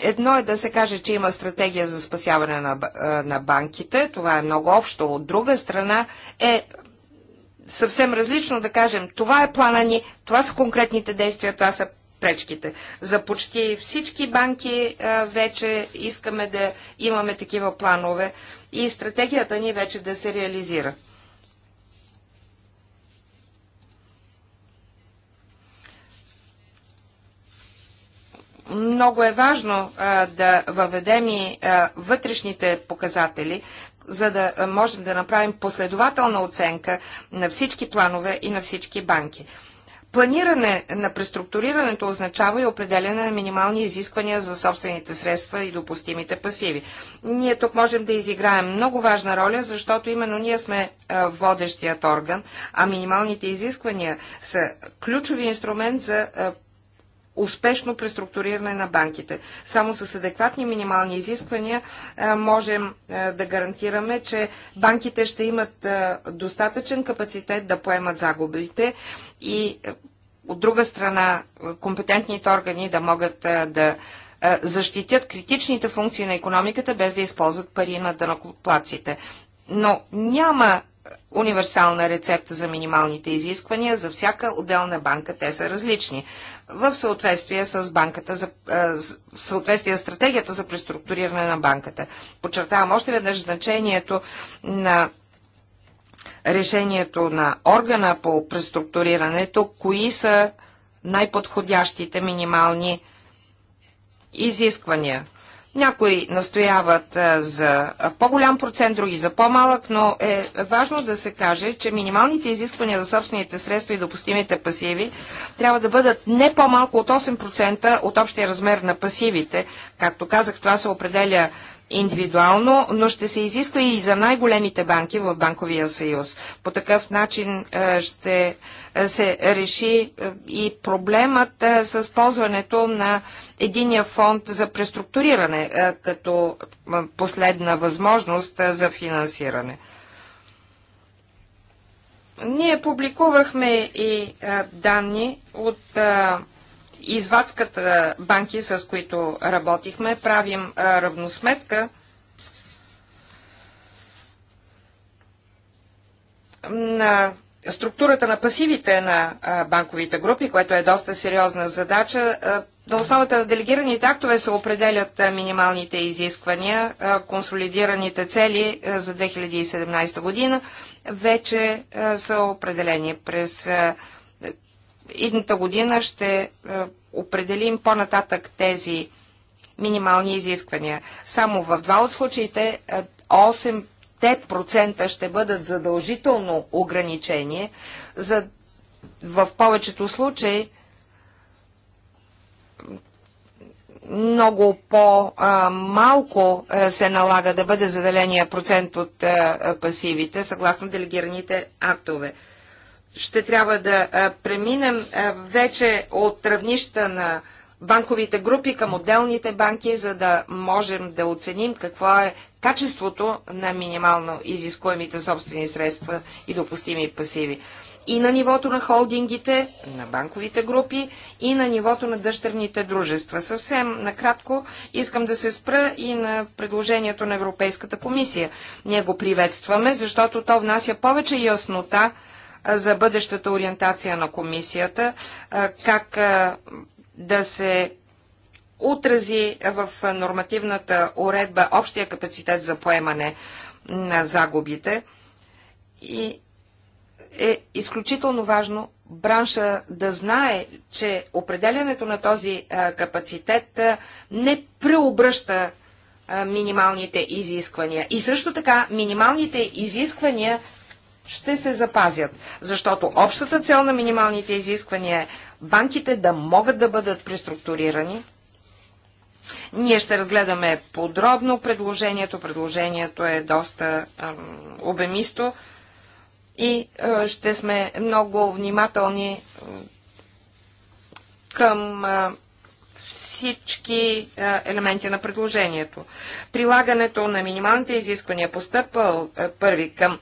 Едно е да се каже, че има стратегия за спасяване на, е, на банките, това е много общо. От друга страна е съвсем различно да кажем, това е плана ни, това са конкретните действия, това са пречките. За почти всички банки а, вече искаме да имаме такива планове и стратегията ни вече да се реализира. Много е важно а, да въведем и а, вътрешните показатели, за да можем да направим последователна оценка на всички планове и на всички банки. Планиране на преструктурирането означава и определяне на минимални изисквания за собствените средства и допустимите пасиви. Ние тук можем да изиграем много важна роля, защото именно ние сме водещият орган, а минималните изисквания са ключови инструмент за успешно преструктуриране на банките. Само с адекватни минимални изисквания можем да гарантираме, че банките ще имат достатъчен капацитет да поемат загубите и от друга страна компетентните органи да могат да защитят критичните функции на економиката, без да използват пари на дъноплаците. Но няма универсална рецепта за минималните изисквания. За всяка отделна банка те са различни в съответствие с банката, за, в съответствие с стратегията за преструктуриране на банката. Подчертавам още веднъж значението на решението на органа по преструктурирането, кои са най-подходящите минимални изисквания. Някои настояват за по-голям процент, други за по-малък, но е важно да се каже, че минималните изисквания за собствените средства и допустимите пасиви трябва да бъдат не по-малко от 8% от общия размер на пасивите. Както казах, това се определя индивидуално, но ще се изисква и за най-големите банки в Банковия съюз. По такъв начин е, ще е, се реши е, и проблемът с ползването на единия фонд за преструктуриране като последна възможност за финансиране. Ние публикувахме и данни от извадската банки, с които работихме, правим равносметка на структурата на пасивите на банковите групи, което е доста сериозна задача. На основата на делегираните актове се определят минималните изисквания, консолидираните цели за 2017 година вече са определени през Идната година ще е, определим по-нататък тези минимални изисквания. Само в два от случаите 8% е, те процента ще бъдат задължително ограничение, за в повечето случаи много по-малко е, се налага да бъде заделения процент от пасивите, съгласно делегираните актове ще трябва да преминем вече от равнища на банковите групи към отделните банки, за да можем да оценим какво е качеството на минимално изискуемите собствени средства и допустими пасиви. И на нивото на холдингите, на банковите групи и на нивото на дъщерните дружества. Съвсем накратко искам да се спра и на предложението на Европейската комисия. Ние го приветстваме, защото то внася повече яснота за бъдещата ориентация на комисията, как да се отрази в нормативната уредба общия капацитет за поемане на загубите. И е изключително важно бранша да знае, че определянето на този капацитет не преобръща минималните изисквания. И също така минималните изисквания ще се запазят, защото общата цел на минималните изисквания е банките да могат да бъдат преструктурирани. Ние ще разгледаме подробно предложението. Предложението е доста обемисто и ще сме много внимателни към всички елементи на предложението. Прилагането на минималните изисквания постъпва първи към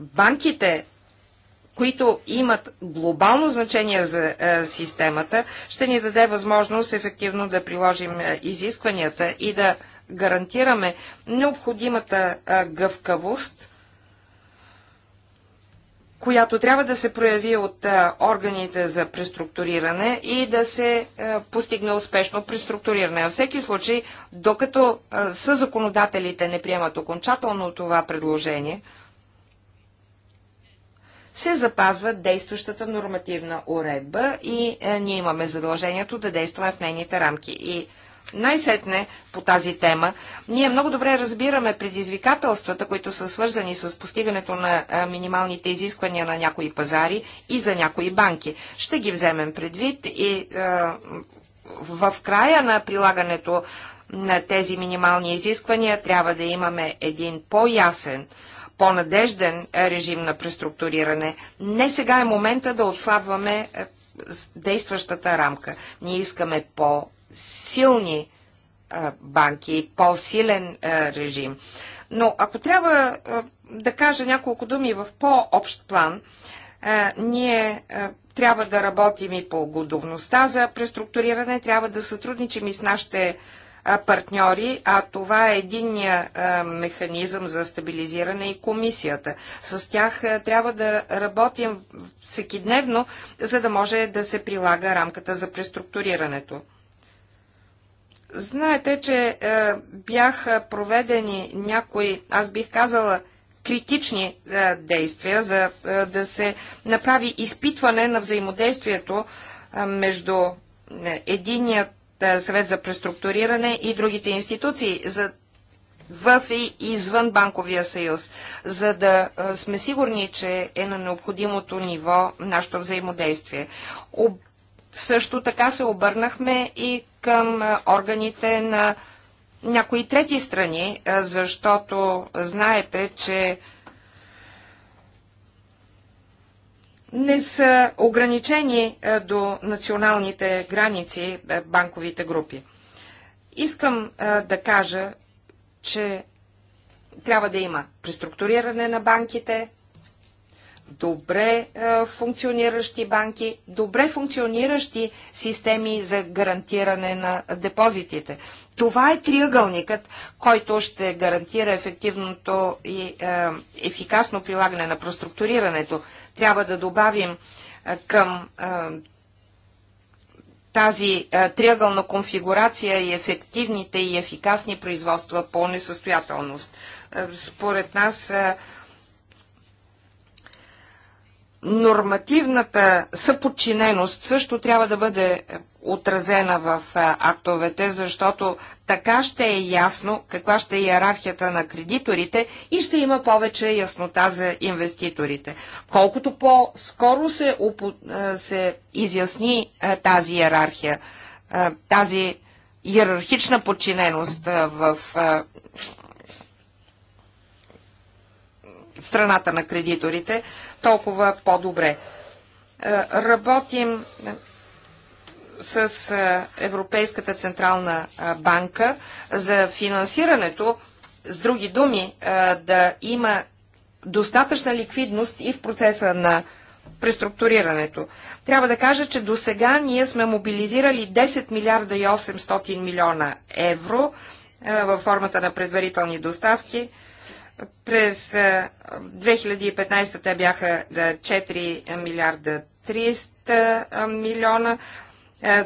банките, които имат глобално значение за е, системата, ще ни даде възможност ефективно да приложим е, изискванията и да гарантираме необходимата е, гъвкавост, която трябва да се прояви от органите за преструктуриране и да се постигне успешно преструктуриране. Във всеки случай, докато съ законодателите не приемат окончателно това предложение, се запазва действащата нормативна уредба и е, ние имаме задължението да действаме в нейните рамки. И най-сетне по тази тема, ние много добре разбираме предизвикателствата, които са свързани с постигането на е, минималните изисквания на някои пазари и за някои банки. Ще ги вземем предвид и е, в края на прилагането на тези минимални изисквания трябва да имаме един по-ясен по-надежден е, режим на преструктуриране. Не сега е момента да отслабваме е, действащата рамка. Ние искаме по-силни е, банки, по-силен режим. Но ако трябва да кажа няколко думи в по-общ план, ние трябва да работим и по годовността за преструктуриране, трябва да сътрудничим и с нашите партньори, а това е единния механизъм за стабилизиране и комисията. С тях трябва да работим всеки дневно, за да може да се прилага рамката за преструктурирането. Знаете, че бяха проведени някои, аз бих казала, критични действия, за да се направи изпитване на взаимодействието между единият е, съвет за преструктуриране и другите институции за в и извън банковия съюз, за да е, сме сигурни, че е на необходимото ниво нашето взаимодействие. Об... Също така се обърнахме и към е, органите на някои трети страни, защото знаете, че не са ограничени е, до националните граници е, банковите групи. Искам е, да кажа, че трябва да има преструктуриране на банките, добре е, функциониращи банки, добре функциониращи системи за гарантиране на депозитите. Това е триъгълникът, който ще гарантира ефективното и е, ефикасно прилагане на проструктурирането. Трябва да добавим е, към тази триъгълна конфигурация и ефективните и ефикасни производства по несъстоятелност. Според нас нормативната съподчиненост също трябва да бъде отразена в актовете, защото така ще е ясно каква ще е иерархията на кредиторите и ще има повече яснота за инвеститорите. Колкото по-скоро се, се изясни тази иерархия, тази иерархична подчиненост в страната на кредиторите, толкова по-добре. Е, работим с е, Европейската централна е, банка за финансирането, с други думи, да има достатъчна ликвидност и в процеса на преструктурирането. Трябва да кажа, че до сега ние сме мобилизирали 10 милиарда и 800 милиона евро във формата на предварителни доставки през 2015 те бяха 4 милиарда 300 милиона.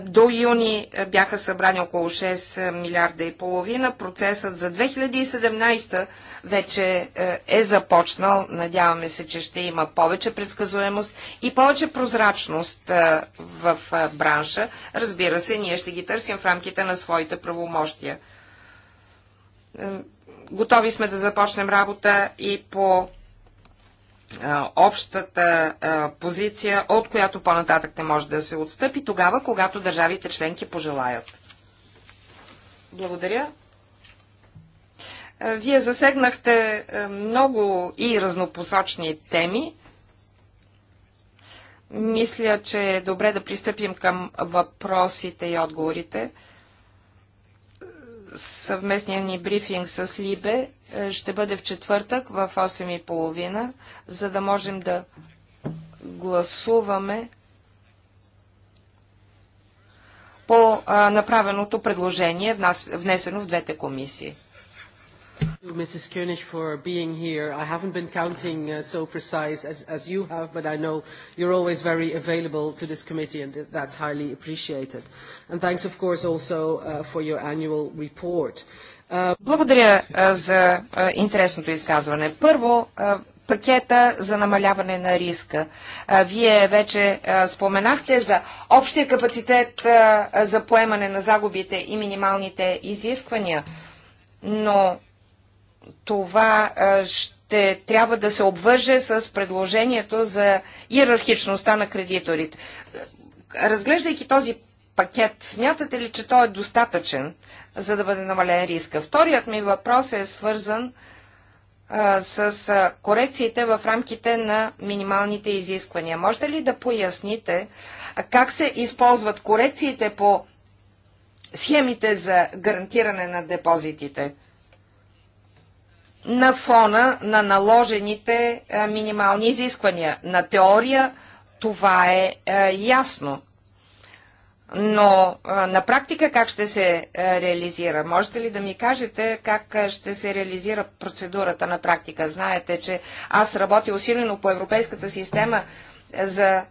До юни бяха събрани около 6 милиарда и половина. Процесът за 2017 вече е започнал. Надяваме се, че ще има повече предсказуемост и повече прозрачност в бранша. Разбира се, ние ще ги търсим в рамките на своите правомощия. Готови сме да започнем работа и по общата позиция, от която по-нататък не може да се отстъпи, тогава, когато държавите членки пожелаят. Благодаря. Вие засегнахте много и разнопосочни теми. Мисля, че е добре да пристъпим към въпросите и отговорите съвместния ни брифинг с Либе е, ще бъде в четвъртък в 8.30, за да можем да гласуваме по направеното предложение, внесено в двете комисии to Mrs. Koenig for being here. I haven't been counting uh, so precise as, as you have, but I know you're always very available to this committee, and that's highly appreciated. And thanks, of course, also uh, for your annual report. Благодаря за интересното изказване. Първо, пакета за намаляване на риска. вие вече споменахте за общия капацитет за поемане на загубите и минималните изисквания, но това ще трябва да се обвърже с предложението за иерархичността на кредиторите. Разглеждайки този пакет, смятате ли, че той е достатъчен, за да бъде намален риска? Вторият ми въпрос е свързан а, с а, корекциите в рамките на минималните изисквания. Можете ли да поясните а, как се използват корекциите по схемите за гарантиране на депозитите? на фона на наложените е, минимални изисквания. На теория това е, е ясно. Но е, на практика как ще се реализира? Можете ли да ми кажете как ще се реализира процедурата на практика? Знаете, че аз работя усилено по Европейската система за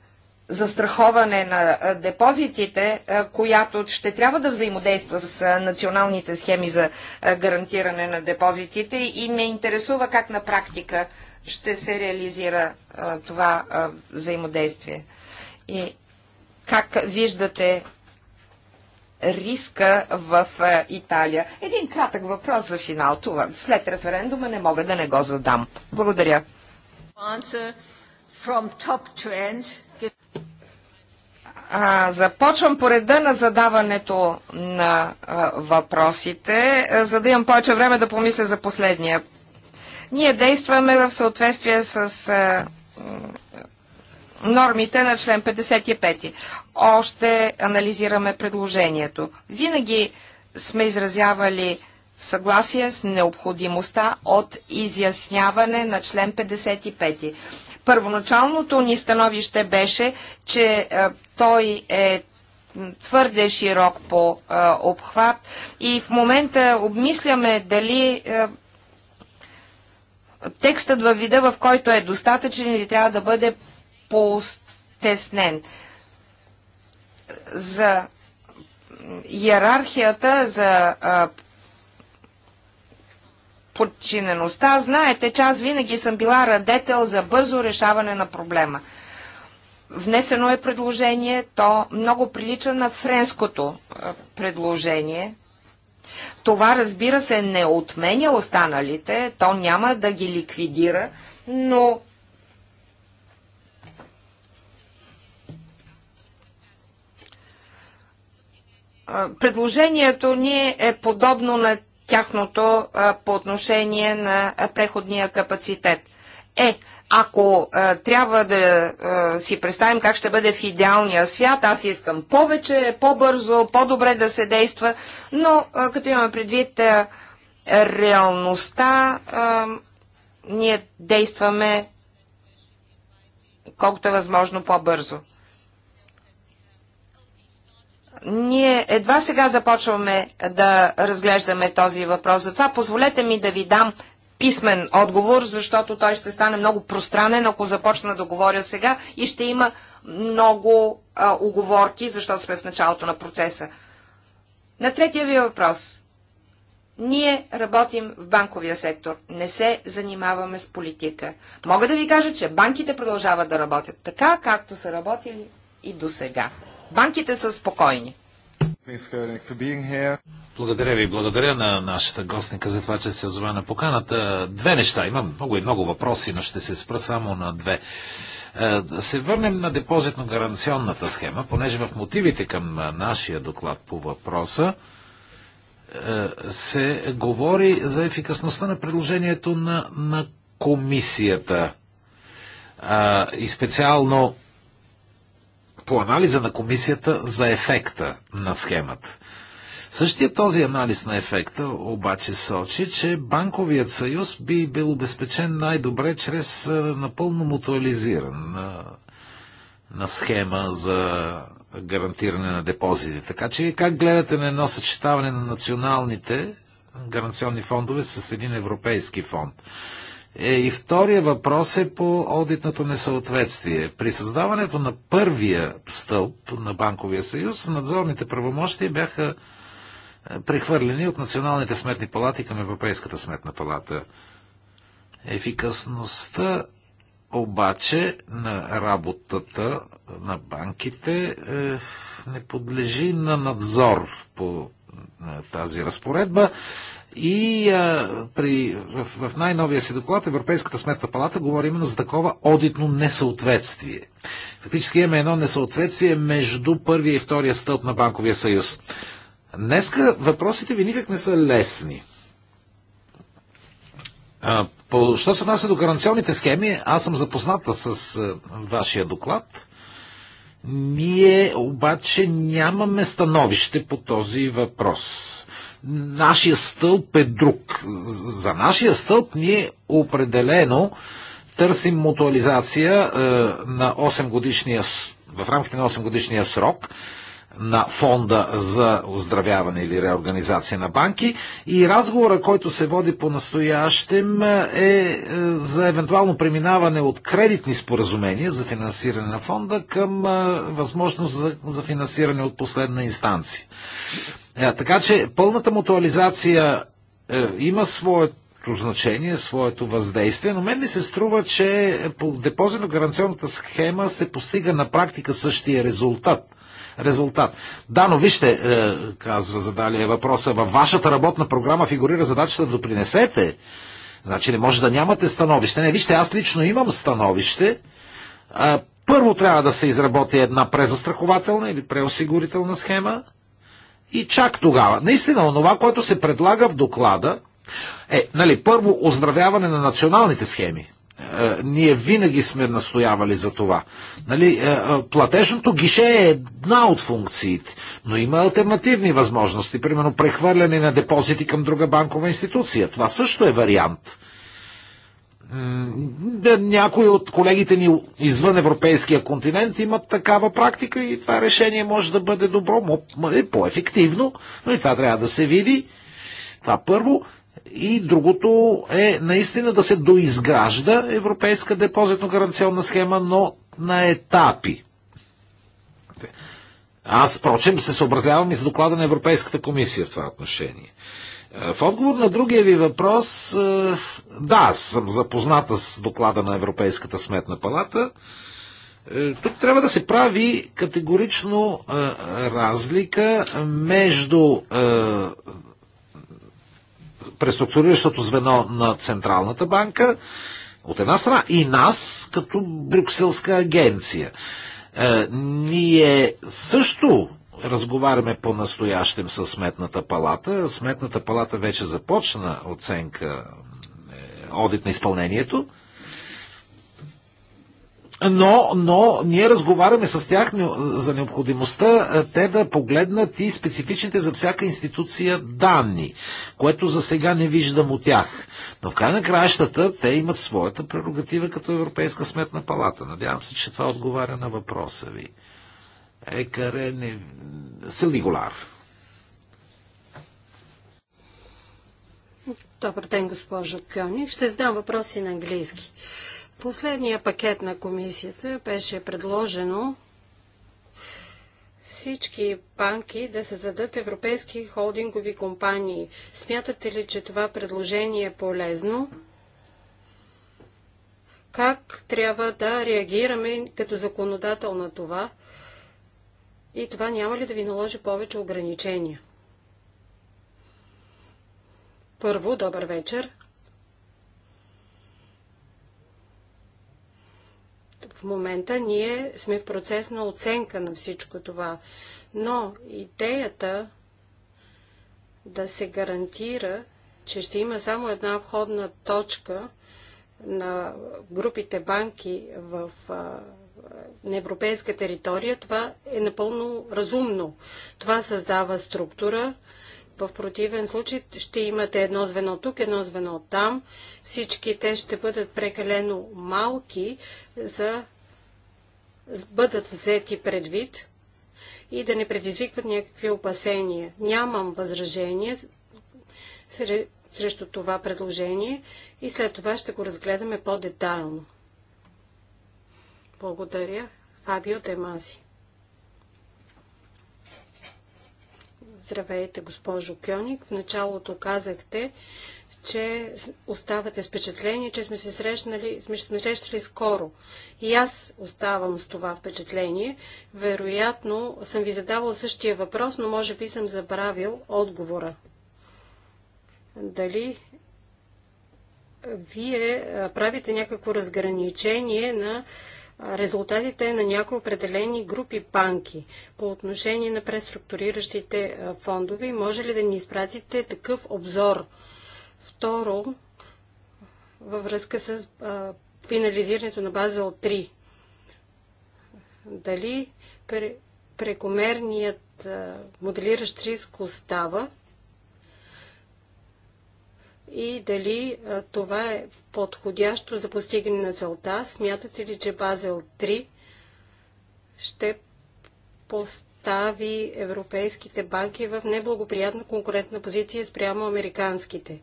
застраховане на депозитите, която ще трябва да взаимодейства с националните схеми за гарантиране на депозитите и ме интересува как на практика ще се реализира това взаимодействие. И как виждате риска в Италия? Един кратък въпрос за финал. Това след референдума не мога да не го задам. Благодаря. А, започвам по реда на задаването на а, въпросите, а, за да имам повече време да помисля за последния. Ние действаме в съответствие с а, нормите на член 55. Още анализираме предложението. Винаги сме изразявали съгласие с необходимостта от изясняване на член 55. Първоначалното ни становище беше, че е, той е твърде широк по е, обхват и в момента обмисляме дали е, текстът във вида, в който е достатъчен или трябва да бъде по За иерархията, за а, подчинеността, знаете, че аз винаги съм била радетел за бързо решаване на проблема. Внесено е предложение, то много прилича на френското предложение. Това, разбира се, не отменя останалите, то няма да ги ликвидира, но предложението ни е подобно на тяхното по отношение на преходния капацитет. Е, ако а, трябва да а, си представим как ще бъде в идеалния свят, аз искам повече, по-бързо, по-добре да се действа, но а, като имаме предвид а, реалността, а, ние действаме колкото е възможно по-бързо. Ние едва сега започваме да разглеждаме този въпрос. Затова позволете ми да ви дам писмен отговор, защото той ще стане много пространен, ако започна да говоря сега и ще има много а, оговорки, защото сме в началото на процеса. На третия ви въпрос. Ние работим в банковия сектор. Не се занимаваме с политика. Мога да ви кажа, че банките продължават да работят така, както са работили и до сега банките са спокойни. Благодаря ви, благодаря на нашата гостника за това, че се озова на поканата. Две неща, имам много и много въпроси, но ще се спра само на две. Е, да се върнем на депозитно-гаранционната схема, понеже в мотивите към нашия доклад по въпроса е, се говори за ефикасността на предложението на, на комисията и специално по анализа на комисията за ефекта на схемата. Същия този анализ на ефекта обаче сочи, че банковият съюз би бил обезпечен най-добре чрез напълно мутуализиран на, на схема за гарантиране на депозити. Така че как гледате на едно съчетаване на националните гаранционни фондове с един европейски фонд? Е, и втория въпрос е по одитното несъответствие. При създаването на първия стълб на Банковия съюз, надзорните правомощия бяха е, прехвърлени от националните сметни палати към Европейската сметна палата. Ефикасността обаче на работата на банките е, не подлежи на надзор по тази разпоредба. И а, при, в, в най-новия си доклад Европейската сметна палата говори именно за такова одитно несъответствие. Фактически имаме едно несъответствие между първия и втория стълб на Банковия съюз. Днеска въпросите ви никак не са лесни. А, по, що се отнася до гаранционните схеми, аз съм запозната с а, вашия доклад. Ние обаче нямаме становище по този въпрос. Нашия стълб е друг. За нашия стълб ние определено търсим мутуализация е, на 8 годишния, в рамките на 8 годишния срок на фонда за оздравяване или реорганизация на банки и разговора, който се води по настоящем е, е за евентуално преминаване от кредитни споразумения за финансиране на фонда към е, възможност за, за финансиране от последна инстанция. Е, така че пълната мутуализация е, има своето значение, своето въздействие, но мен ми се струва, че по депозитно-гаранционната схема се постига на практика същия резултат – резултат. Да, но вижте, е, казва задалия въпроса, във вашата работна програма фигурира задачата да допринесете. Значи не може да нямате становище. Не, вижте, аз лично имам становище. Е, първо трябва да се изработи една презастрахователна или преосигурителна схема и чак тогава. Наистина, онова, което се предлага в доклада, е, нали, първо, оздравяване на националните схеми. Е, е ние винаги сме настоявали за това. Нали, е, е, платежното гише е една от функциите, но има альтернативни възможности, примерно прехвърляне на депозити към друга банкова институция. Това също е вариант. Да, някои от колегите ни извън европейския континент имат такава практика и това решение може да бъде добро, е по-ефективно, но и това трябва да се види. Това първо. И другото е наистина да се доизгражда европейска депозитно-гаранционна схема, но на етапи. Аз, впрочем, се съобразявам и с доклада на Европейската комисия в това отношение. Е, в отговор на другия ви въпрос, е, да, съм запозната с доклада на Европейската сметна палата. Е, тук трябва да се прави категорично разлика между преструктуриращото звено на Централната банка от една страна и нас като Брюкселска агенция. ние също разговаряме по-настоящем с Сметната палата. Сметната палата вече започна оценка, е, одит на изпълнението. Но, но ние разговаряме с тях за необходимостта е, те да погледнат и специфичните за всяка институция данни, което за сега не виждам от тях. Но в край на краищата те имат своята прерогатива като Европейска сметна палата. Надявам се, че това отговаря на въпроса ви. Екаре не... Силви Голар. Добър ден, госпожо Кьони. Ще задам въпроси на английски. Последния пакет на комисията беше предложено всички банки да създадат европейски холдингови компании. Смятате ли, че това предложение е полезно? Как трябва да реагираме като законодател на това? И това няма ли да ви наложи повече ограничения? Първо, добър вечер. В момента ние сме в процес на оценка на всичко това, но идеята да се гарантира, че ще има само една обходна точка на групите банки в на европейска територия, това е напълно разумно. Това създава структура. В противен случай ще имате едно звено тук, едно звено там. Всички те ще бъдат прекалено малки за бъдат взети предвид и да не предизвикват някакви опасения. Нямам възражение срещу това предложение и след това ще го разгледаме по-детайлно. Благодаря. Фабио Демази. Здравейте, госпожо Кьоник. В началото казахте, че оставате с впечатление, че сме се срещнали, сме, сме срещали скоро. И аз оставам с това впечатление. Вероятно съм ви задавал същия въпрос, но може би съм забравил отговора. Дали вие правите някакво разграничение на резултатите на някои определени групи банки по отношение на преструктуриращите е, фондове? Може ли да ни изпратите такъв обзор? Второ, във връзка с а, е, финализирането на Базел 3. Дали пр прекомерният а, е, моделиращ риск остава и дали това е подходящо за постигане на целта. Смятате ли, че Базел 3 ще постави европейските банки в неблагоприятна конкурентна позиция спрямо американските?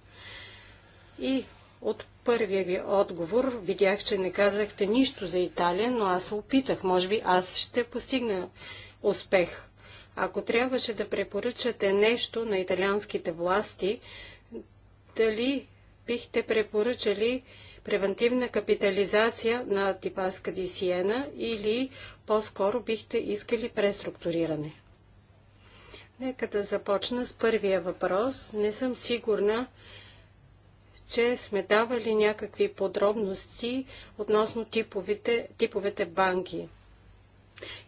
И от първия ви отговор видях, че не казахте нищо за Италия, но аз се опитах. Може би аз ще постигна успех. Ако трябваше да препоръчате нещо на италианските власти, дали бихте препоръчали превентивна капитализация на Типаска Дисиена или по-скоро бихте искали преструктуриране? Нека да започна с първия въпрос. Не съм сигурна, че сме давали някакви подробности относно типовите, типовете банки.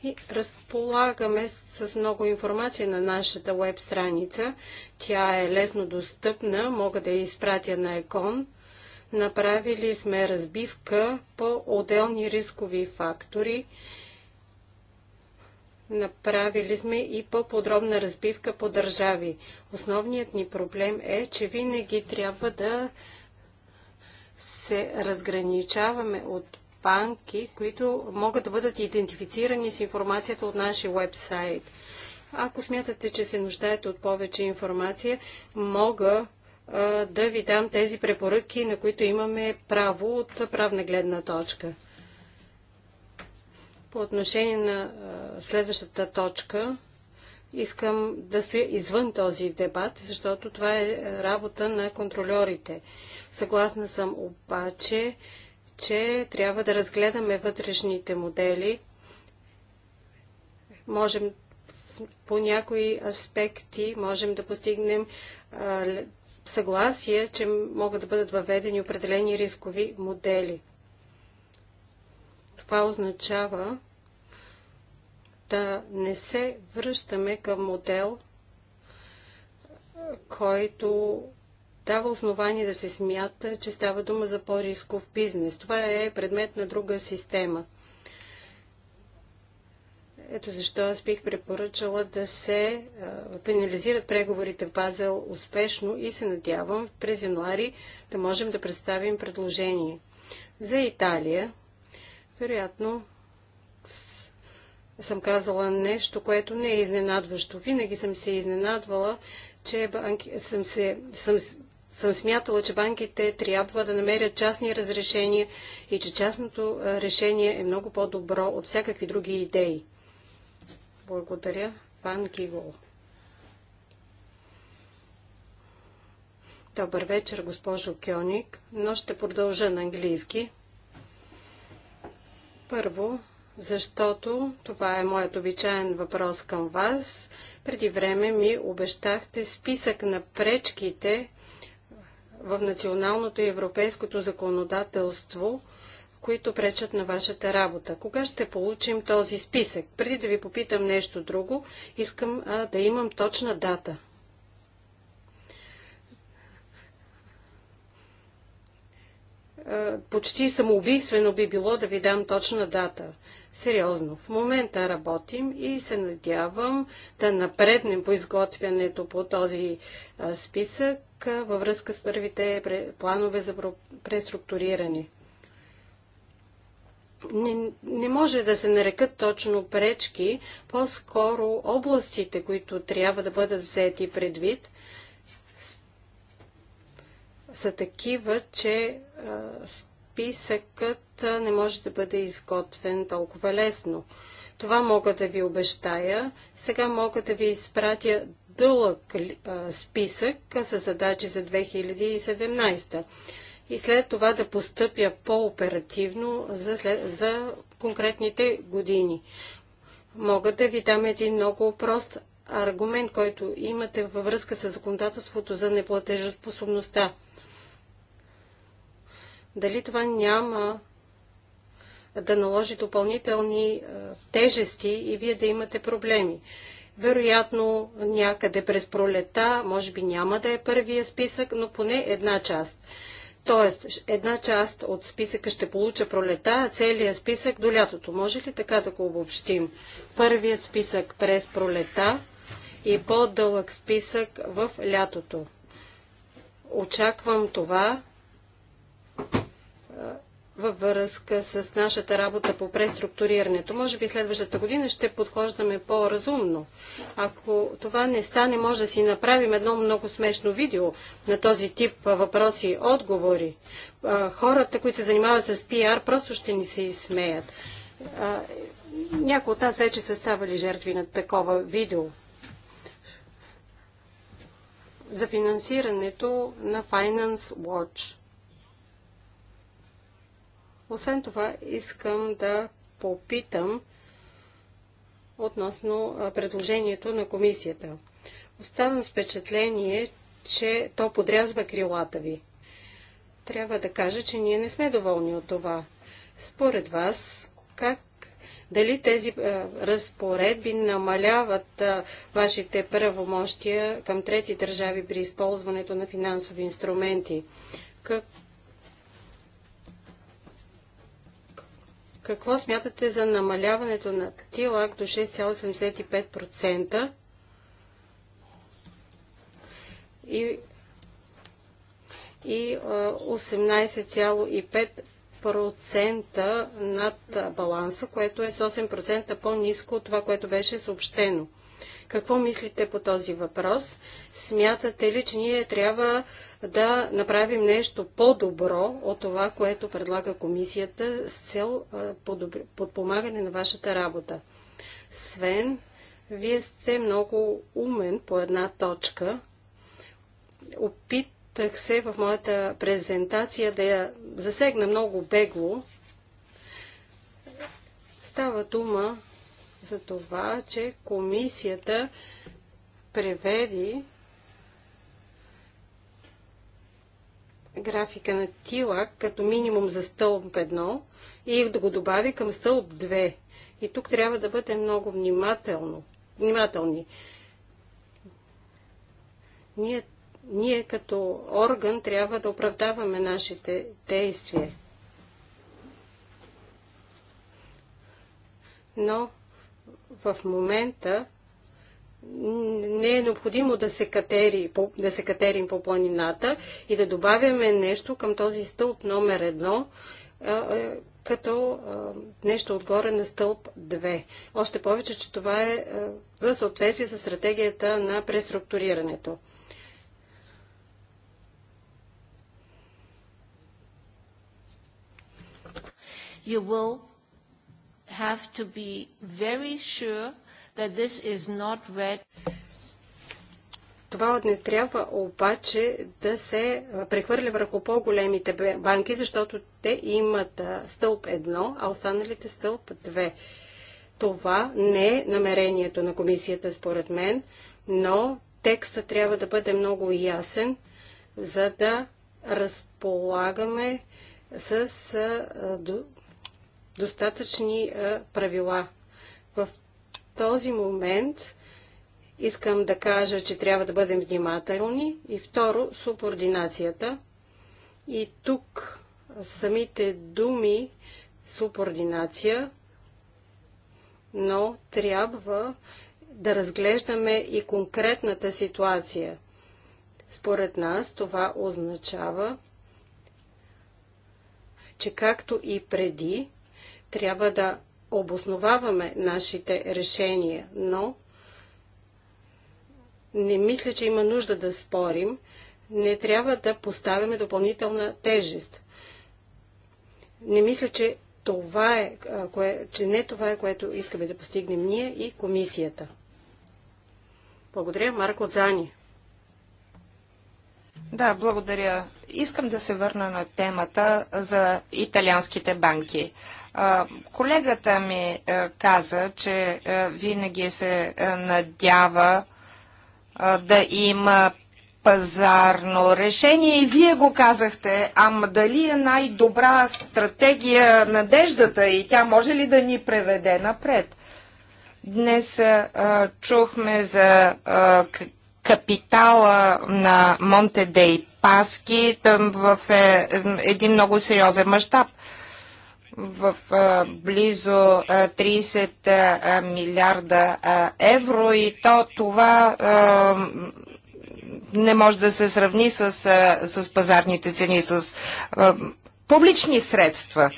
И разполагаме с много информация на нашата веб страница. Тя е лесно достъпна, мога да я изпратя на ЕКОН. Направили сме разбивка по отделни рискови фактори. Направили сме и по-подробна разбивка по държави. Основният ни проблем е, че винаги трябва да се разграничаваме от банки, които могат да бъдат идентифицирани с информацията от нашия вебсайт. Ако смятате, че се нуждаете от повече информация, мога а, да ви дам тези препоръки, на които имаме право от правна гледна точка. По отношение на а, следващата точка, искам да стоя извън този дебат, защото това е работа на контролерите. Съгласна съм обаче, че трябва да разгледаме вътрешните модели. Можем по някои аспекти можем да постигнем съгласие, че могат да бъдат въведени определени рискови модели. Това означава да не се връщаме към модел, който дава основание да се смята, че става дума за по-рисков бизнес. Това е предмет на друга система. Ето защо аз бих препоръчала да се финализират преговорите в Базел успешно и се надявам през януари да можем да представим предложение. За Италия, вероятно, съм казала нещо, което не е изненадващо. Винаги съм се изненадвала, че банки, съм, се, съм съм смятала, че банките трябва да намерят частни разрешения и че частното решение е много по-добро от всякакви други идеи. Благодаря. Ван Гигол. Добър вечер, госпожо Кьоник, но ще продължа на английски. Първо, защото това е моят обичайен въпрос към вас. Преди време ми обещахте списък на пречките, в националното и европейското законодателство, които пречат на вашата работа. Кога ще получим този списък? Преди да ви попитам нещо друго, искам а, да имам точна дата. А, почти самоубийствено би било да ви дам точна дата. Сериозно, в момента работим и се надявам да напреднем по изготвянето по този а, списък мярка във връзка с първите планове за преструктуриране. Не, не може да се нарекат точно пречки, по-скоро областите, които трябва да бъдат взети предвид, са такива, че списъкът не може да бъде изготвен толкова лесно. Това мога да ви обещая. Сега мога да ви изпратя дълъг списък с задачи за 2017 и след това да постъпя по-оперативно за, след, за конкретните години. Мога да ви дам един много прост аргумент, който имате във връзка с законодателството за неплатежоспособността. Дали това няма да наложи допълнителни тежести и вие да имате проблеми? Вероятно някъде през пролета, може би няма да е първия списък, но поне една част. Тоест, една част от списъка ще получа пролета, а целият списък до лятото. Може ли така да го обобщим? Първият списък през пролета и по-дълъг списък в лятото. Очаквам това във връзка с нашата работа по преструктурирането. Може би следващата година ще подхождаме по-разумно. Ако това не стане, може да си направим едно много смешно видео на този тип въпроси и отговори. Хората, които се занимават с пиар, просто ще ни се изсмеят. Някои от нас вече са ставали жертви на такова видео за финансирането на Finance Watch. Освен това, искам да попитам относно предложението на комисията. Оставам с впечатление, че то подрязва крилата ви. Трябва да кажа, че ние не сме доволни от това. Според вас, как дали тези а, разпоредби намаляват а, вашите правомощия към трети държави при използването на финансови инструменти? Как, Какво смятате за намаляването на ТИЛАК до 6,75%? И, и 18,5% над баланса, което е с 8% по-низко от това, което беше съобщено. Какво мислите по този въпрос? Смятате ли, че ние трябва да направим нещо по-добро от това, което предлага комисията с цел подпомагане на вашата работа? Свен, вие сте много умен по една точка. Опитах се в моята презентация да я засегна много бегло. Става дума за това, че комисията преведи графика на Тилак като минимум за стълб 1 и да го добави към стълб 2. И тук трябва да бъде много внимателно, внимателни. Ние, ние като орган трябва да оправдаваме нашите действия. Но в момента не е необходимо да се, катери, да се катерим по планината и да добавяме нещо към този стълб номер едно, като нещо отгоре на стълб 2. Още повече, че това е в съответствие с стратегията на преструктурирането. You will have to be very sure that this is not read. Това не трябва обаче да се прехвърля върху по-големите банки, защото те имат стълб 1, а останалите стълб 2. Това не е намерението на комисията, според мен, но текста трябва да бъде много ясен, за да разполагаме с достатъчни правила. В този момент искам да кажа, че трябва да бъдем внимателни и второ, субординацията. И тук самите думи субординация, но трябва да разглеждаме и конкретната ситуация. Според нас това означава, че както и преди, трябва да обосноваваме нашите решения, но не мисля, че има нужда да спорим. Не трябва да поставяме допълнителна тежест. Не мисля, че това е, кое, че не това е, което искаме да постигнем ние и комисията. Благодаря, Марко Дзани. Да, благодаря. Искам да се върна на темата за италианските банки. Колегата ми е, каза, че е, винаги се е, надява да има пазарно решение и вие го казахте, ама дали е най-добра стратегия надеждата и тя може ли да ни преведе напред? Днес а, чухме за а, капитала на Монтедей Паски в е, един много сериозен мащаб в близо 30 милиарда евро и то това не може да се сравни с, с пазарните цени, с публични средства.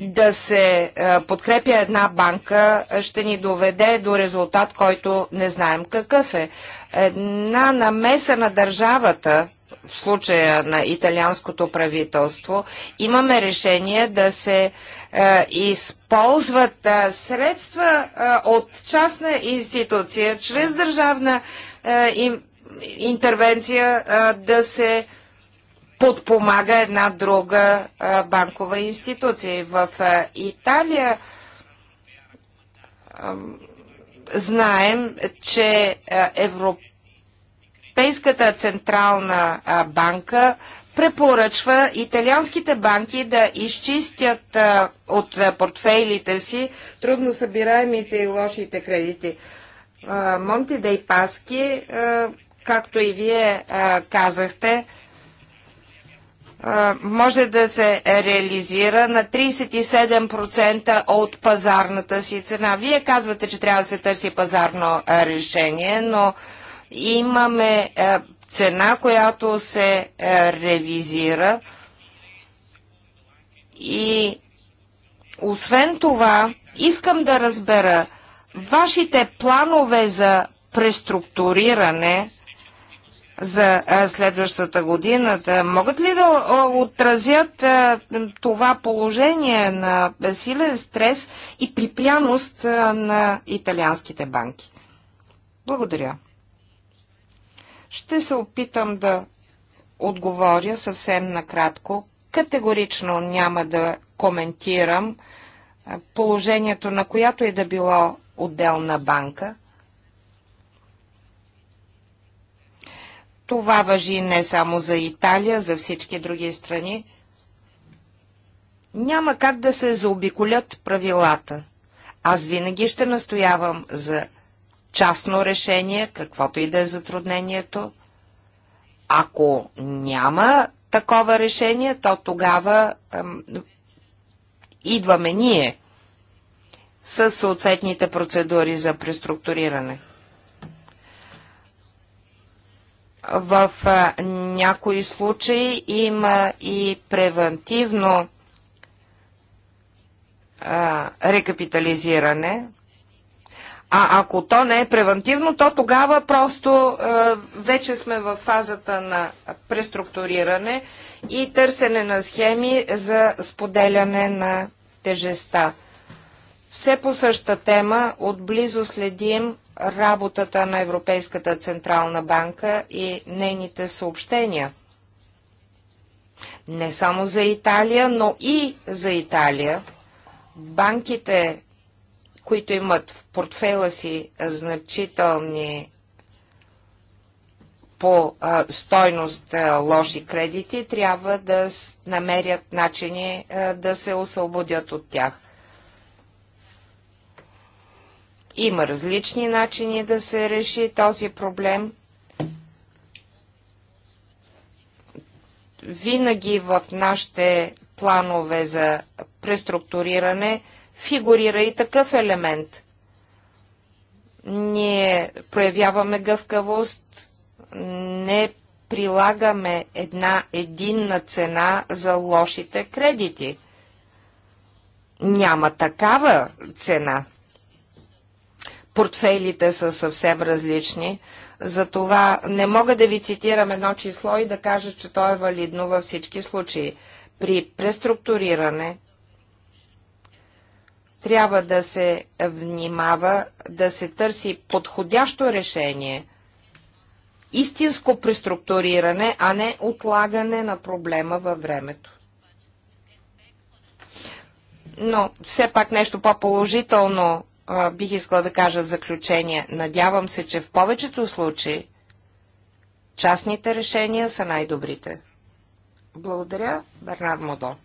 Да се подкрепя една банка ще ни доведе до резултат, който не знаем какъв е. Една намеса на държавата в случая на италианското правителство, имаме решение да се е, използват е, средства е, от частна институция, чрез държавна е, им, интервенция е, да се подпомага една друга е, банкова институция. В е, Италия е, знаем, че е, Европа Европейската централна банка препоръчва италианските банки да изчистят от портфейлите си трудно събираемите и лошите кредити. Монти Дей Паски, както и вие казахте, може да се реализира на 37% от пазарната си цена. Вие казвате, че трябва да се търси пазарно решение, но Имаме е, цена, която се е, ревизира и освен това искам да разбера вашите планове за преструктуриране за е, следващата година. Да могат ли да отразят това положение на силен стрес и припряност на италианските банки? Благодаря. Ще се опитам да отговоря съвсем накратко. Категорично няма да коментирам положението на която и да било отделна банка. Това въжи не само за Италия, за всички други страни. Няма как да се заобиколят правилата. Аз винаги ще настоявам за частно решение, каквото и да е затруднението. Ако няма такова решение, то тогава ам, идваме ние с съответните процедури за преструктуриране. В а, някои случаи има и превентивно а, рекапитализиране – а ако то не е превентивно, то тогава просто е, вече сме в фазата на преструктуриране и търсене на схеми за споделяне на тежеста. Все по същата тема отблизо следим работата на Европейската Централна банка и нейните съобщения. Не само за Италия, но и за Италия. Банките които имат в портфела си значителни по стойност лоши кредити, трябва да намерят начини да се освободят от тях. Има различни начини да се реши този проблем. Винаги в нашите планове за преструктуриране – фигурира и такъв елемент. Ние проявяваме гъвкавост, не прилагаме една единна цена за лошите кредити. Няма такава цена. Портфейлите са съвсем различни, затова не мога да ви цитирам едно число и да кажа, че то е валидно във всички случаи. При преструктуриране трябва да се внимава, да се търси подходящо решение, истинско преструктуриране, а не отлагане на проблема във времето. Но все пак нещо по-положително бих искала да кажа в заключение. Надявам се, че в повечето случаи частните решения са най-добрите. Благодаря, Бернар Модо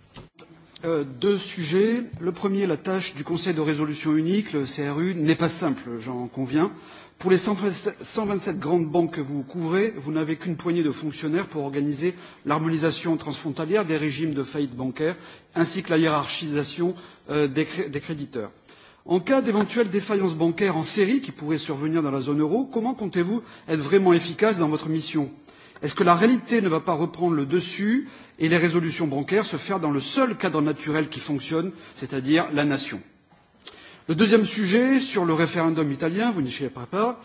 deux sujets. Le premier, la tâche du Conseil de résolution unique, le CRU, n'est pas simple, j'en conviens. Pour les 127 grandes banques que vous couvrez, vous n'avez qu'une poignée de fonctionnaires pour organiser l'harmonisation transfrontalière des régimes de faillite bancaire ainsi que la hiérarchisation des créditeurs. En cas d'éventuelle défaillance bancaire en série qui pourrait survenir dans la zone euro, comment comptez-vous être vraiment efficace dans votre mission Est-ce que la réalité ne va pas reprendre le dessus et les résolutions bancaires se faire dans le seul cadre naturel qui fonctionne, c'est-à-dire la nation Le deuxième sujet, sur le référendum italien, vous n'y échappez pas.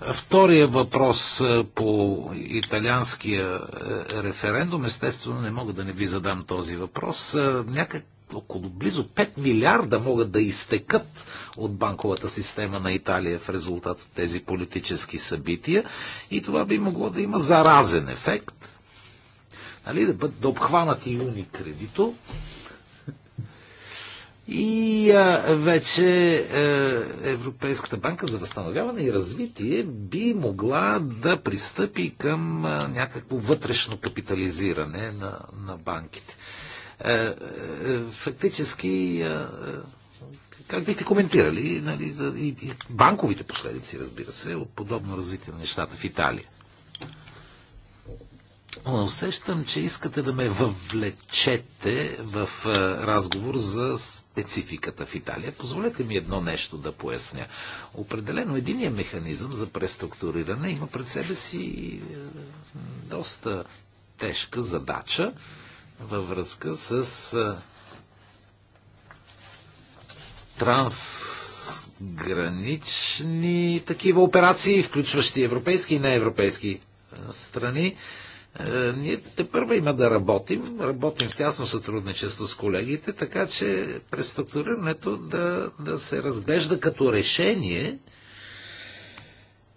Втория въпрос по италианския референдум, естествено не мога да не ви задам този въпрос. Някак около близо 5 милиарда могат да изтекат от банковата система на Италия в резултат от тези политически събития и това би могло да има заразен ефект. Нали, да, бъдат да обхванат и юни кредито. И а, вече е, Европейската банка за възстановяване и развитие би могла да пристъпи към а, някакво вътрешно капитализиране на, на банките. Е, е, фактически е, как бихте коментирали нали, за, и, и банковите последици, разбира се, от подобно развитие на нещата в Италия? Усещам, че искате да ме въвлечете в разговор за спецификата в Италия. Позволете ми едно нещо да поясня. Определено единия механизъм за преструктуриране има пред себе си доста тежка задача във връзка с трансгранични такива операции, включващи европейски и неевропейски страни. Ние те първа има да работим, работим в тясно сътрудничество с колегите, така че преструктурирането да, да се разглежда като решение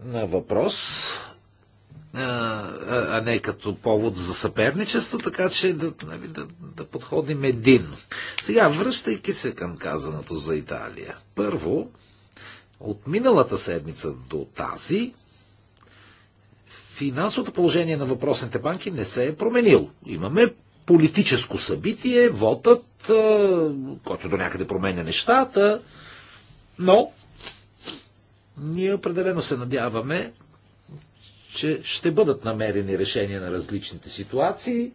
на въпрос, а не като повод за съперничество, така че да, нали, да, да подходим единно. Сега, връщайки се към казаното за Италия. Първо, от миналата седмица до тази, финансовото положение на въпросните банки не се е променило. Имаме политическо събитие, вотът, който до някъде променя нещата, но ние определено се надяваме че ще бъдат намерени решения на различните ситуации,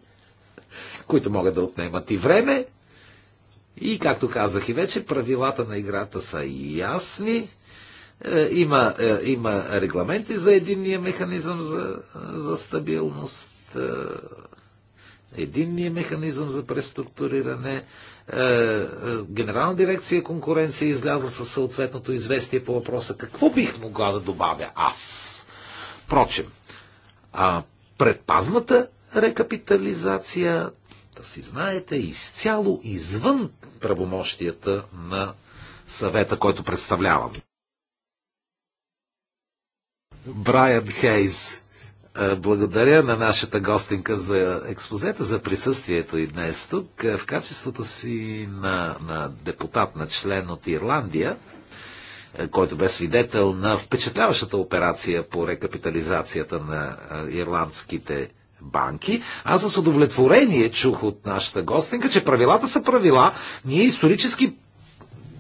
които могат да отнемат и време. И, както казах и вече, правилата на играта са ясни. Е, има, е, има регламенти за единния механизъм за, за стабилност, е, единния механизъм за преструктуриране. Генерална дирекция конкуренция изляза със съответното известие по въпроса какво бих могла да добавя аз Впрочем, а предпазната рекапитализация, да си знаете, изцяло извън правомощията на съвета, който представлявам. Брайан Хейз, благодаря на нашата гостинка за експозета, за присъствието и днес тук. В качеството си на, на депутат, на член от Ирландия, е, който бе свидетел на впечатляващата операция по рекапитализацията на е, ирландските банки. Аз с удовлетворение чух от нашата гостенка, че правилата са правила. Ние исторически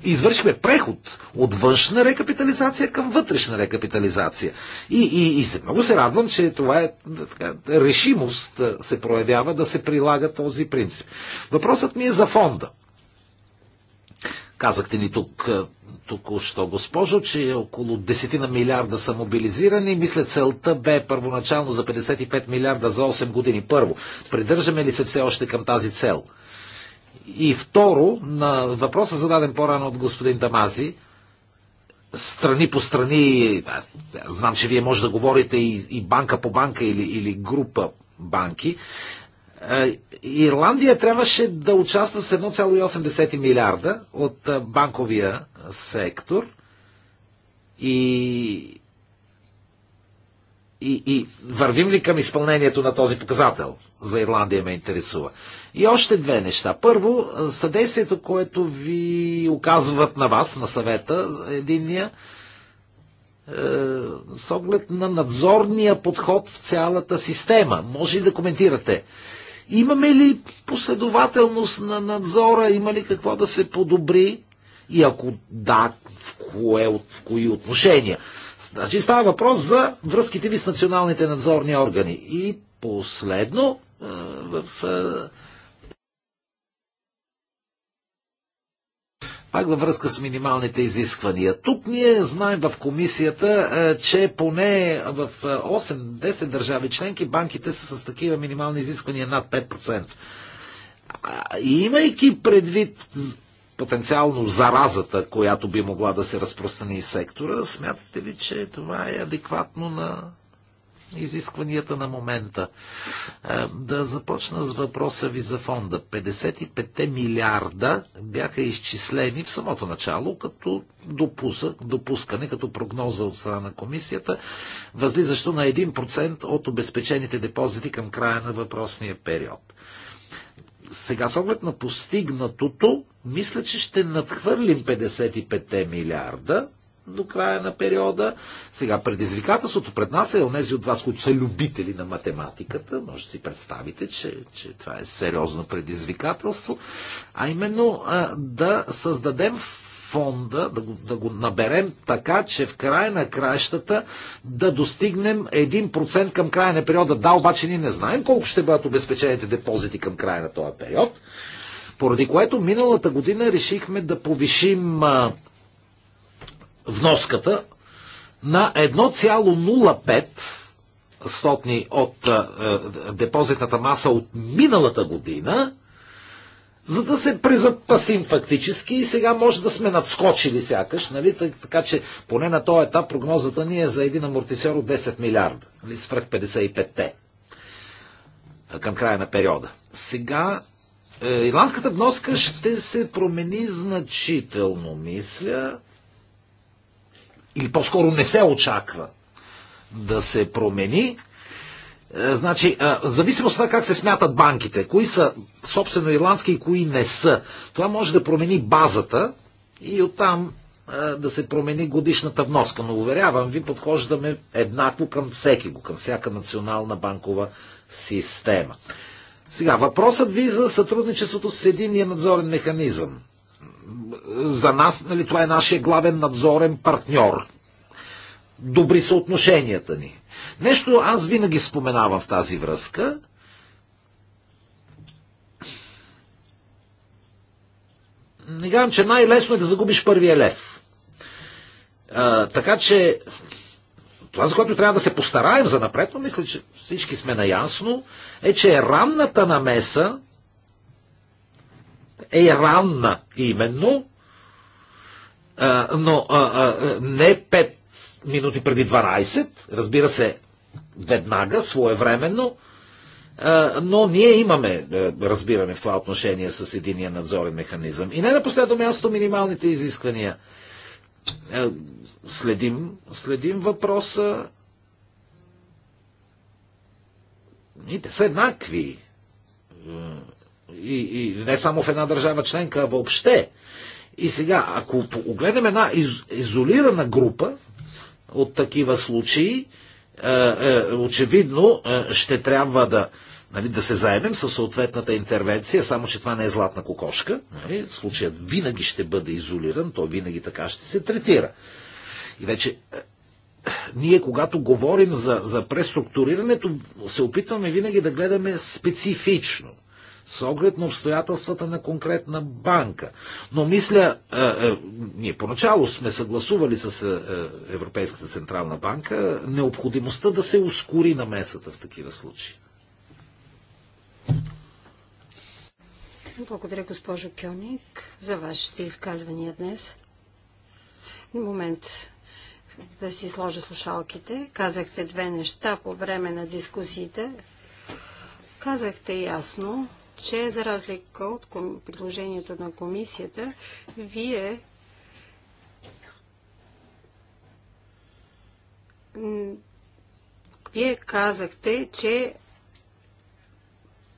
извършихме преход от външна рекапитализация към вътрешна рекапитализация. И, и, и се, много се радвам, че това е така, решимост е, се проявява да се прилага този принцип. Въпросът ми е за фонда. Казахте ни тук е, току-що, госпожо, че около 10 на милиарда са мобилизирани. Мисля, целта бе първоначално за 55 милиарда за 8 години. Първо, придържаме ли се все още към тази цел? И второ, на въпроса зададен по-рано от господин Дамази, страни по страни, знам, че вие може да говорите и, и банка по банка или, или група банки, е, Ирландия трябваше да участва с 1,8 милиарда от е, банковия сектор и, и, и вървим ли към изпълнението на този показател? За Ирландия ме интересува. И още две неща. Първо, е, съдействието, което ви оказват на вас, на съвета, единия, с оглед на надзорния подход в цялата система. Може ли да коментирате Имаме ли последователност на надзора? Има ли какво да се подобри? И ако да, в, кое, в кои отношения? Значи става въпрос за връзките ви с националните надзорни органи. И последно, е, в е, Пак във връзка с минималните изисквания. Тук ние знаем в комисията, е, че поне в 8-10 е, държави членки банките са с такива минимални изисквания над 5%. И имайки предвид потенциално заразата, която би могла да се разпространи из сектора, смятате ли, че това е адекватно на изискванията на момента. Е, да започна с въпроса ви за фонда. 55 милиарда бяха изчислени в самото начало като допускане, като прогноза от страна на комисията, възлизащо на 1% от обезпечените депозити към края на въпросния период. Сега с оглед на постигнатото, мисля, че ще надхвърлим 55 милиарда, до края на периода. Сега предизвикателството пред нас е онези от вас, които са любители на математиката. Може да си представите, че, че това е сериозно предизвикателство. А именно да създадем фонда, да го, да го наберем така, че в края на краищата да достигнем 1% към края на периода. Да, обаче ние не знаем колко ще бъдат обезпечените депозити към края на този период. Поради което миналата година решихме да повишим а, вноската на 1,05 стотни от е, е, депозитната маса от миналата година, за да се презапасим фактически и сега може да сме надскочили сякаш, нали? така че поне на този етап прогнозата ни е за един амортисер от 10 милиарда, нали? свръх 55-те е, към края на периода. Сега ирландската вноска ще се промени значително, мисля или по-скоро не се очаква да се промени. Е, значи, е, в зависимост от това как се смятат банките, кои са собствено ирландски и кои не са, това може да промени базата и оттам е, да се промени годишната вноска. Но уверявам ви, подхождаме еднакво към всеки го, към всяка национална банкова система. Сега, въпросът ви за сътрудничеството с единния надзорен механизъм за нас нали, това е нашия главен надзорен партньор. Добри са отношенията ни. Нещо аз винаги споменавам в тази връзка. Не казвам, че най-лесно е да загубиш първия лев. А, така че това, за което трябва да се постараем за напред, но мисля, че всички сме наясно, е, че ранната намеса е именно, но не 5 минути преди 12, разбира се, веднага, своевременно, но ние имаме разбиране в това отношение с единия надзорен механизъм. И не на последно място минималните изисквания. Следим, следим въпроса. И те са еднакви и, и не само в една държава членка, а въобще. И сега, ако погледнем една из, изолирана група от такива случаи, е, е, очевидно е, ще трябва да, нали, да се заемем със съответната интервенция, само че това не е златна кокошка. Нали? Случаят винаги ще бъде изолиран, той винаги така ще се третира. И вече е, ние, когато говорим за, за преструктурирането, се опитваме винаги да гледаме специфично с оглед на обстоятелствата на конкретна банка. Но мисля, е, е, ние поначало сме съгласували с е, е Европейската централна банка необходимостта да се ускори намесата в такива случаи. Благодаря, госпожо Кьоник, за вашите изказвания днес. Момент да си сложа слушалките. Казахте две неща по време на дискусиите. Казахте ясно, че за разлика от предложението на комисията, вие вие казахте, че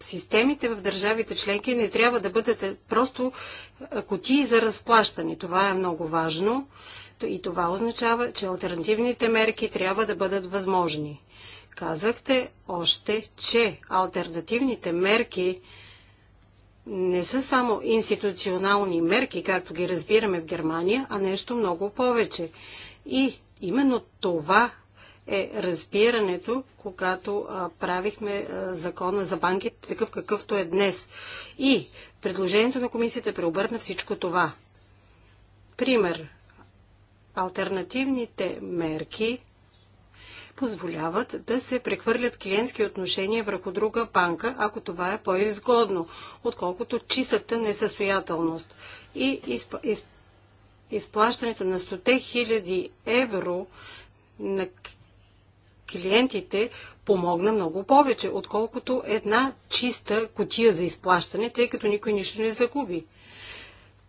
системите в държавите членки не трябва да бъдат е, просто е, кутии за разплащане. Това е много важно и това означава, че альтернативните мерки трябва да бъдат възможни. Казахте още, че альтернативните мерки не са само институционални мерки, както ги разбираме в Германия, а нещо много повече. И именно това е разбирането, когато а, правихме а, закона за банките, такъв какъвто е днес. И предложението на комисията преобърна всичко това. Пример. Альтернативните мерки позволяват да се прехвърлят клиентски отношения върху друга банка, ако това е по-изгодно, отколкото чистата несъстоятелност. И изп... Изп... изплащането на 100 000 евро на клиентите помогна много повече, отколкото една чиста котия за изплащане, тъй като никой нищо не загуби.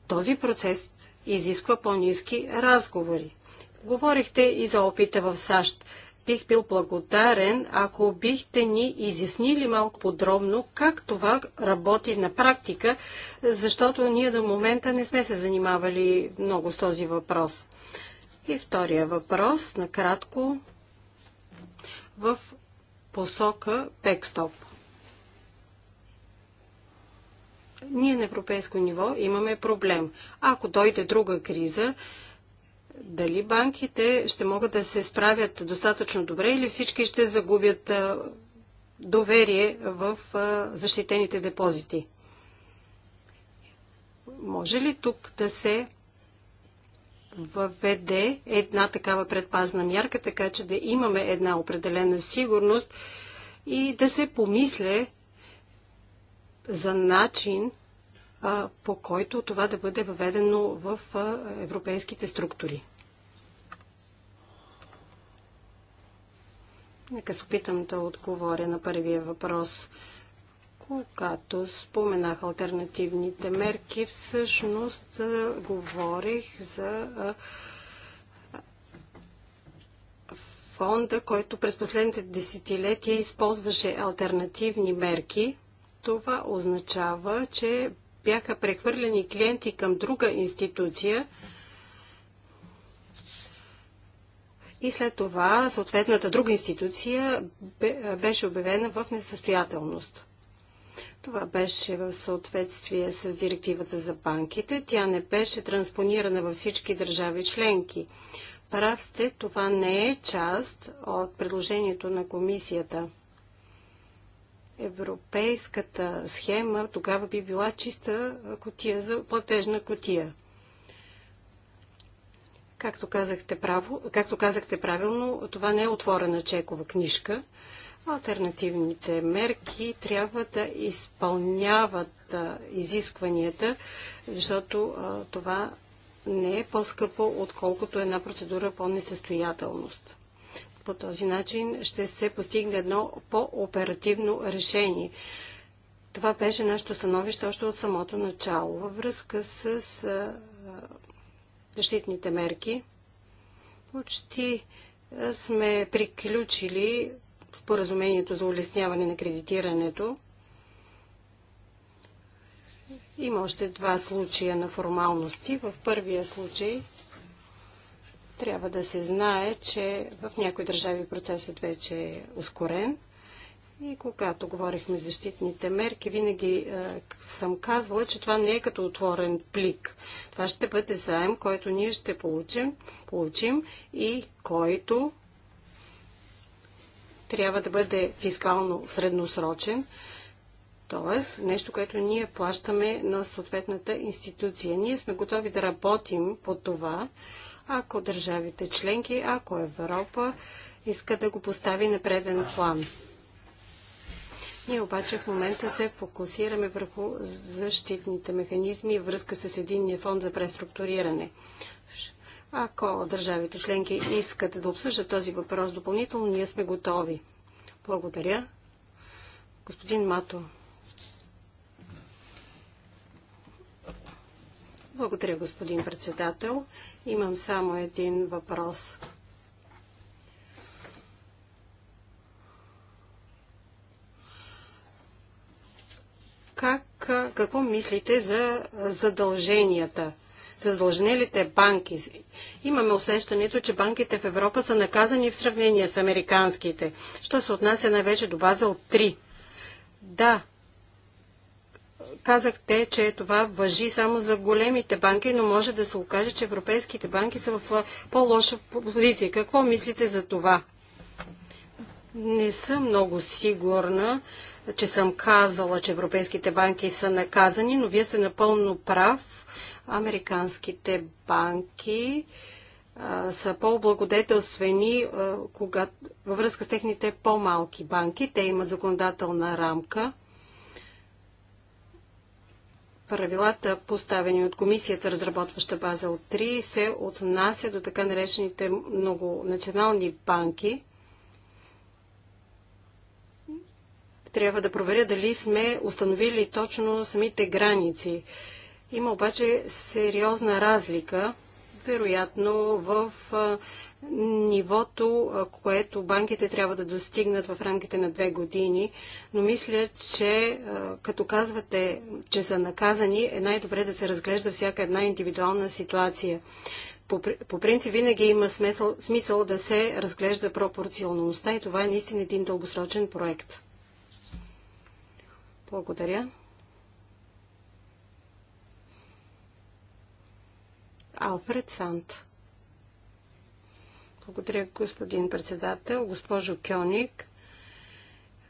Този процес изисква по-низки разговори. Говорихте и за опита в САЩ бих бил благодарен, ако бихте ни изяснили малко подробно как това работи на практика, защото ние до момента не сме се занимавали много с този въпрос. И втория въпрос, накратко, в посока пекстоп. Ние на европейско ниво имаме проблем. Ако дойде друга криза, дали банките ще могат да се справят достатъчно добре или всички ще загубят доверие в защитените депозити? Може ли тук да се въведе една такава предпазна мярка, така че да имаме една определена сигурност и да се помисле за начин, по който това да бъде въведено в европейските структури. Нека се опитам да отговоря на първия въпрос. Когато споменах альтернативните мерки, всъщност говорих за фонда, който през последните десетилетия използваше альтернативни мерки. Това означава, че бяха прехвърлени клиенти към друга институция, и след това съответната друга институция беше обявена в несъстоятелност. Това беше в съответствие с директивата за банките. Тя не беше транспонирана във всички държави членки. Прав сте, това не е част от предложението на комисията. Европейската схема тогава би била чиста котия за платежна котия. Както казахте, право, както казахте правилно, това не е отворена чекова книжка. Альтернативните мерки трябва да изпълняват изискванията, защото това не е по-скъпо, отколкото една процедура по несъстоятелност. По този начин ще се постигне едно по-оперативно решение. Това беше нашето становище още от самото начало. Във връзка с защитните мерки. Почти сме приключили споразумението за улесняване на кредитирането. Има още два случая на формалности. В първия случай трябва да се знае, че в някои държави процесът вече е ускорен – и когато говорихме за защитните мерки, винаги е, съм казвала, че това не е като отворен плик. Това ще бъде заем, който ние ще получим, получим и който трябва да бъде фискално средносрочен, т.е. нещо, което ние плащаме на съответната институция. Ние сме готови да работим по това, ако държавите членки, ако Европа иска да го постави на преден план. Ние обаче в момента се фокусираме върху защитните механизми в връзка с единния фонд за преструктуриране. Ако държавите членки искат да обсъждат този въпрос допълнително, ние сме готови. Благодаря. Господин Мато. Благодаря, господин председател. Имам само един въпрос. как, какво мислите за задълженията? За банки. Имаме усещането, че банките в Европа са наказани в сравнение с американските. Що се отнася най-вече до база от 3? Да, казахте, че това въжи само за големите банки, но може да се окаже, че европейските банки са в по-лоша позиция. Какво мислите за това? Не съм много сигурна че съм казала, че европейските банки са наказани, но вие сте напълно прав. Американските банки са по-облагодетелствени във връзка с техните по-малки банки. Те имат законодателна рамка. Правилата, поставени от комисията, разработваща база от 3, се отнася до така наречените многонационални банки, трябва да проверя дали сме установили точно самите граници. Има обаче сериозна разлика, вероятно в нивото, което банките трябва да достигнат в рамките на две години, но мисля, че като казвате, че са наказани, е най-добре да се разглежда всяка една индивидуална ситуация. По, по принцип винаги има смисъл, смисъл да се разглежда пропорционалността и това е наистина един дългосрочен проект. Благодаря. Алфред Сант. Благодаря, господин председател. Госпожо Кьоник,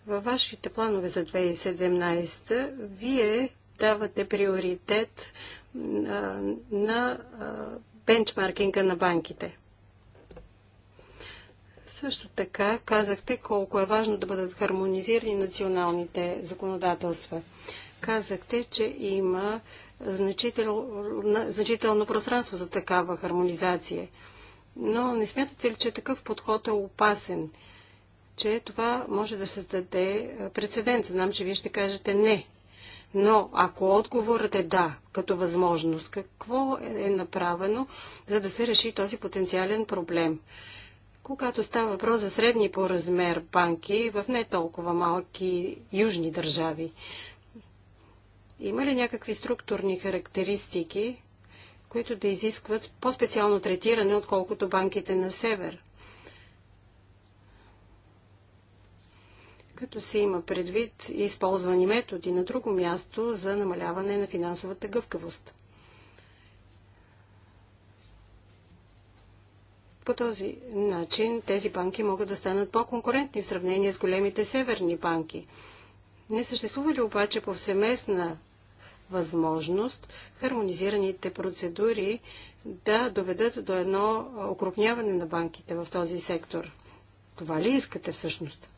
във вашите планове за 2017 вие давате приоритет на, на бенчмаркинга на банките. Също така казахте колко е важно да бъдат хармонизирани националните законодателства. Казахте, че има значително, значително пространство за такава хармонизация. Но не смятате ли, че такъв подход е опасен? Че това може да създаде прецедент. Знам, че вие ще кажете не. Но ако отговорът е да, като възможност, какво е, е направено, за да се реши този потенциален проблем? Когато става въпрос за средни по размер банки в не толкова малки южни държави, има ли някакви структурни характеристики, които да изискват по-специално третиране, отколкото банките на север? като се има предвид и използвани методи на друго място за намаляване на финансовата гъвкавост. По този начин тези банки могат да станат по-конкурентни в сравнение с големите северни банки. Не съществува ли обаче повсеместна възможност хармонизираните процедури да доведат до едно окрупняване на банките в този сектор? Това ли искате всъщност?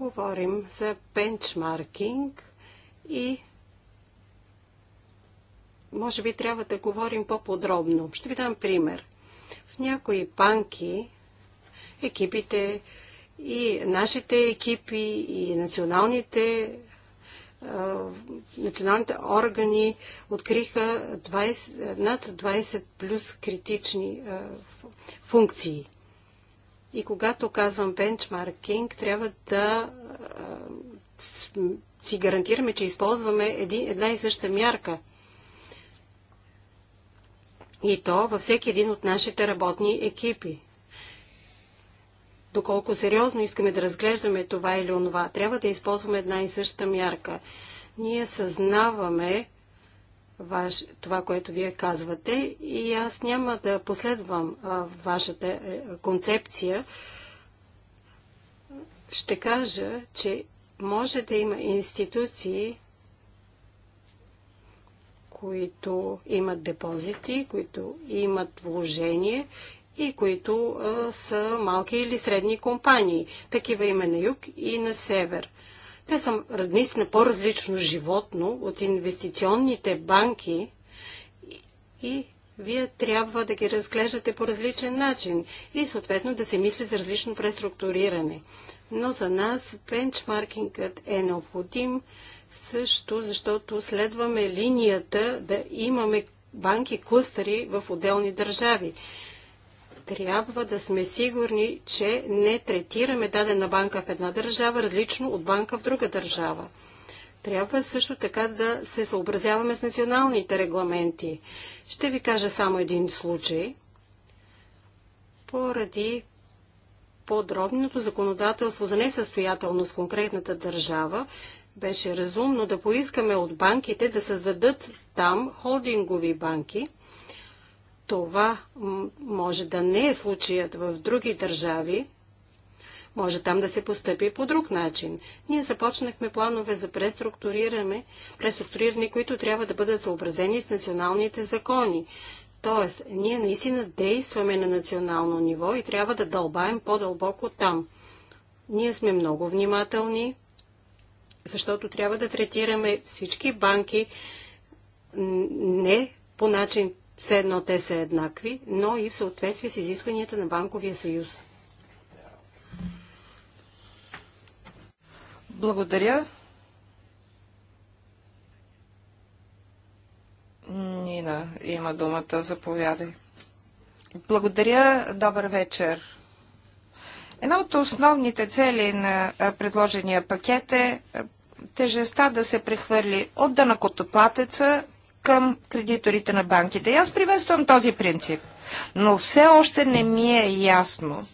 Говорим за бенчмаркинг и може би трябва да говорим по-подробно. Ще ви дам пример. В някои банки екипите и нашите екипи и националните националните органи откриха 20, над 20 плюс критични а, функции. И когато казвам бенчмаркинг, трябва да а, си гарантираме, че използваме един, една и съща мярка – и то във всеки един от нашите работни екипи. Доколко сериозно искаме да разглеждаме това или онова, трябва да използваме една и съща мярка. Ние съзнаваме ваш, това, което вие казвате и аз няма да последвам а, вашата е, концепция. Ще кажа, че може да има институции, които имат депозити, които имат вложение и които а, са малки или средни компании. Такива има на юг и на север. Те са наистина по-различно животно от инвестиционните банки и, и вие трябва да ги разглеждате по различен начин и съответно да се мисли за различно преструктуриране. Но за нас бенчмаркингът е необходим, също защото следваме линията да имаме банки клъстери в отделни държави. Трябва да сме сигурни, че не третираме дадена банка в една държава различно от банка в друга държава. Трябва също така да се съобразяваме с националните регламенти. Ще ви кажа само един случай. Поради подробното законодателство за несъстоятелност в конкретната държава, беше разумно да поискаме от банките да създадат там холдингови банки. Това може да не е случаят в други държави. Може там да се постъпи по друг начин. Ние започнахме планове за преструктуриране, преструктуриране които трябва да бъдат съобразени с националните закони. Тоест, ние наистина действаме на национално ниво и трябва да дълбаем по-дълбоко там. Ние сме много внимателни, защото трябва да третираме всички банки не по начин все едно те са еднакви, но и в съответствие с изискванията на Банковия съюз. Благодаря. Нина има думата, заповядай. Благодаря, добър вечер. Една от основните цели на предложения пакет е тежестта да се прехвърли от данакотоплатеца към кредиторите на банките. И аз приветствам този принцип, но все още не ми е ясно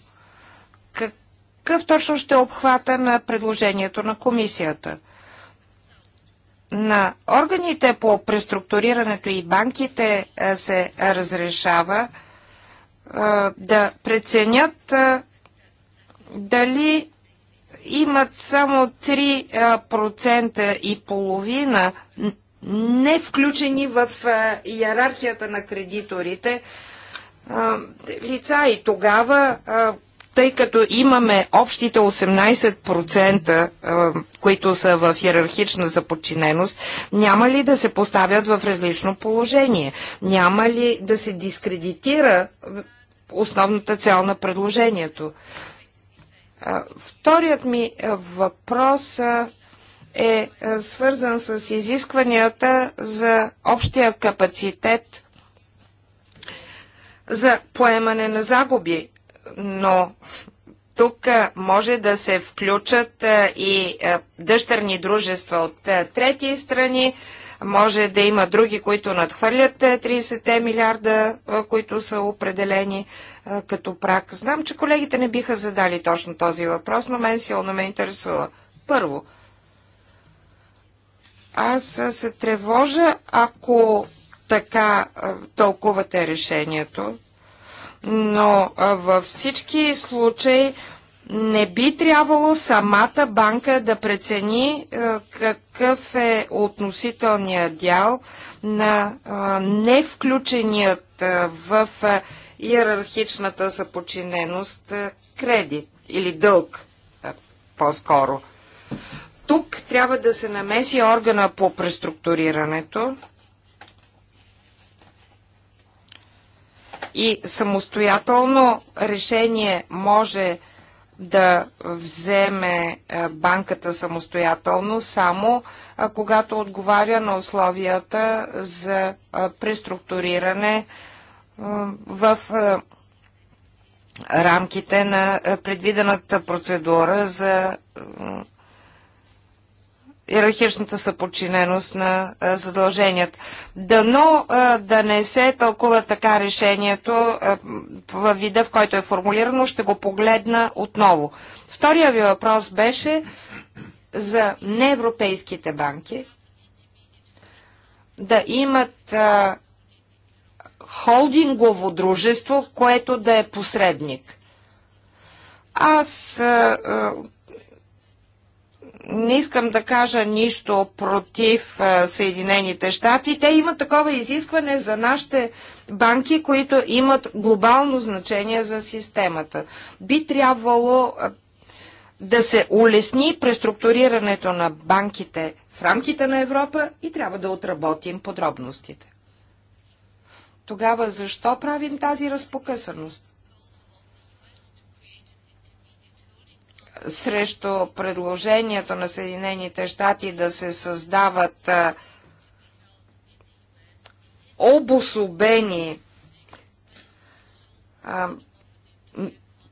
какъв точно ще е обхвата на предложението на комисията. На органите по преструктурирането и банките се разрешава да преценят дали имат само 3% и половина не включени в иерархията на кредиторите лица. И тогава, тъй като имаме общите 18%, които са в иерархична заподчиненост, няма ли да се поставят в различно положение? Няма ли да се дискредитира основната цел на предложението? Вторият ми въпрос е свързан с изискванията за общия капацитет за поемане на загуби, но тук може да се включат и дъщерни дружества от трети страни, може да има други, които надхвърлят 30 е, милиарда, е, които са определени е, като прак. Знам, че колегите не биха задали точно този въпрос, но мен силно ме интересува. Първо, аз се тревожа, ако така тълкувате решението, но във всички случаи не би трябвало самата банка да прецени е, какъв е относителният дял на е, не включеният е, в иерархичната съпочиненост кредит или дълг по-скоро. Тук трябва да се намеси органа по преструктурирането и самостоятелно решение може да вземе е, банката самостоятелно, само е, когато отговаря на условията за е, преструктуриране в рамките на предвидената процедура за иерархичната съпочиненост на задълженията. Дано да не се тълкува така решението във вида, в който е формулирано, ще го погледна отново. Втория ви въпрос беше за неевропейските банки да имат а, холдингово дружество, което да е посредник. Аз а, а, не искам да кажа нищо против е, Съединените щати. Те имат такова изискване за нашите банки, които имат глобално значение за системата. Би трябвало е, да се улесни преструктурирането на банките в рамките на Европа и трябва да отработим подробностите. Тогава защо правим тази разпокъсаност? срещу предложението на Съединените щати да се създават обособени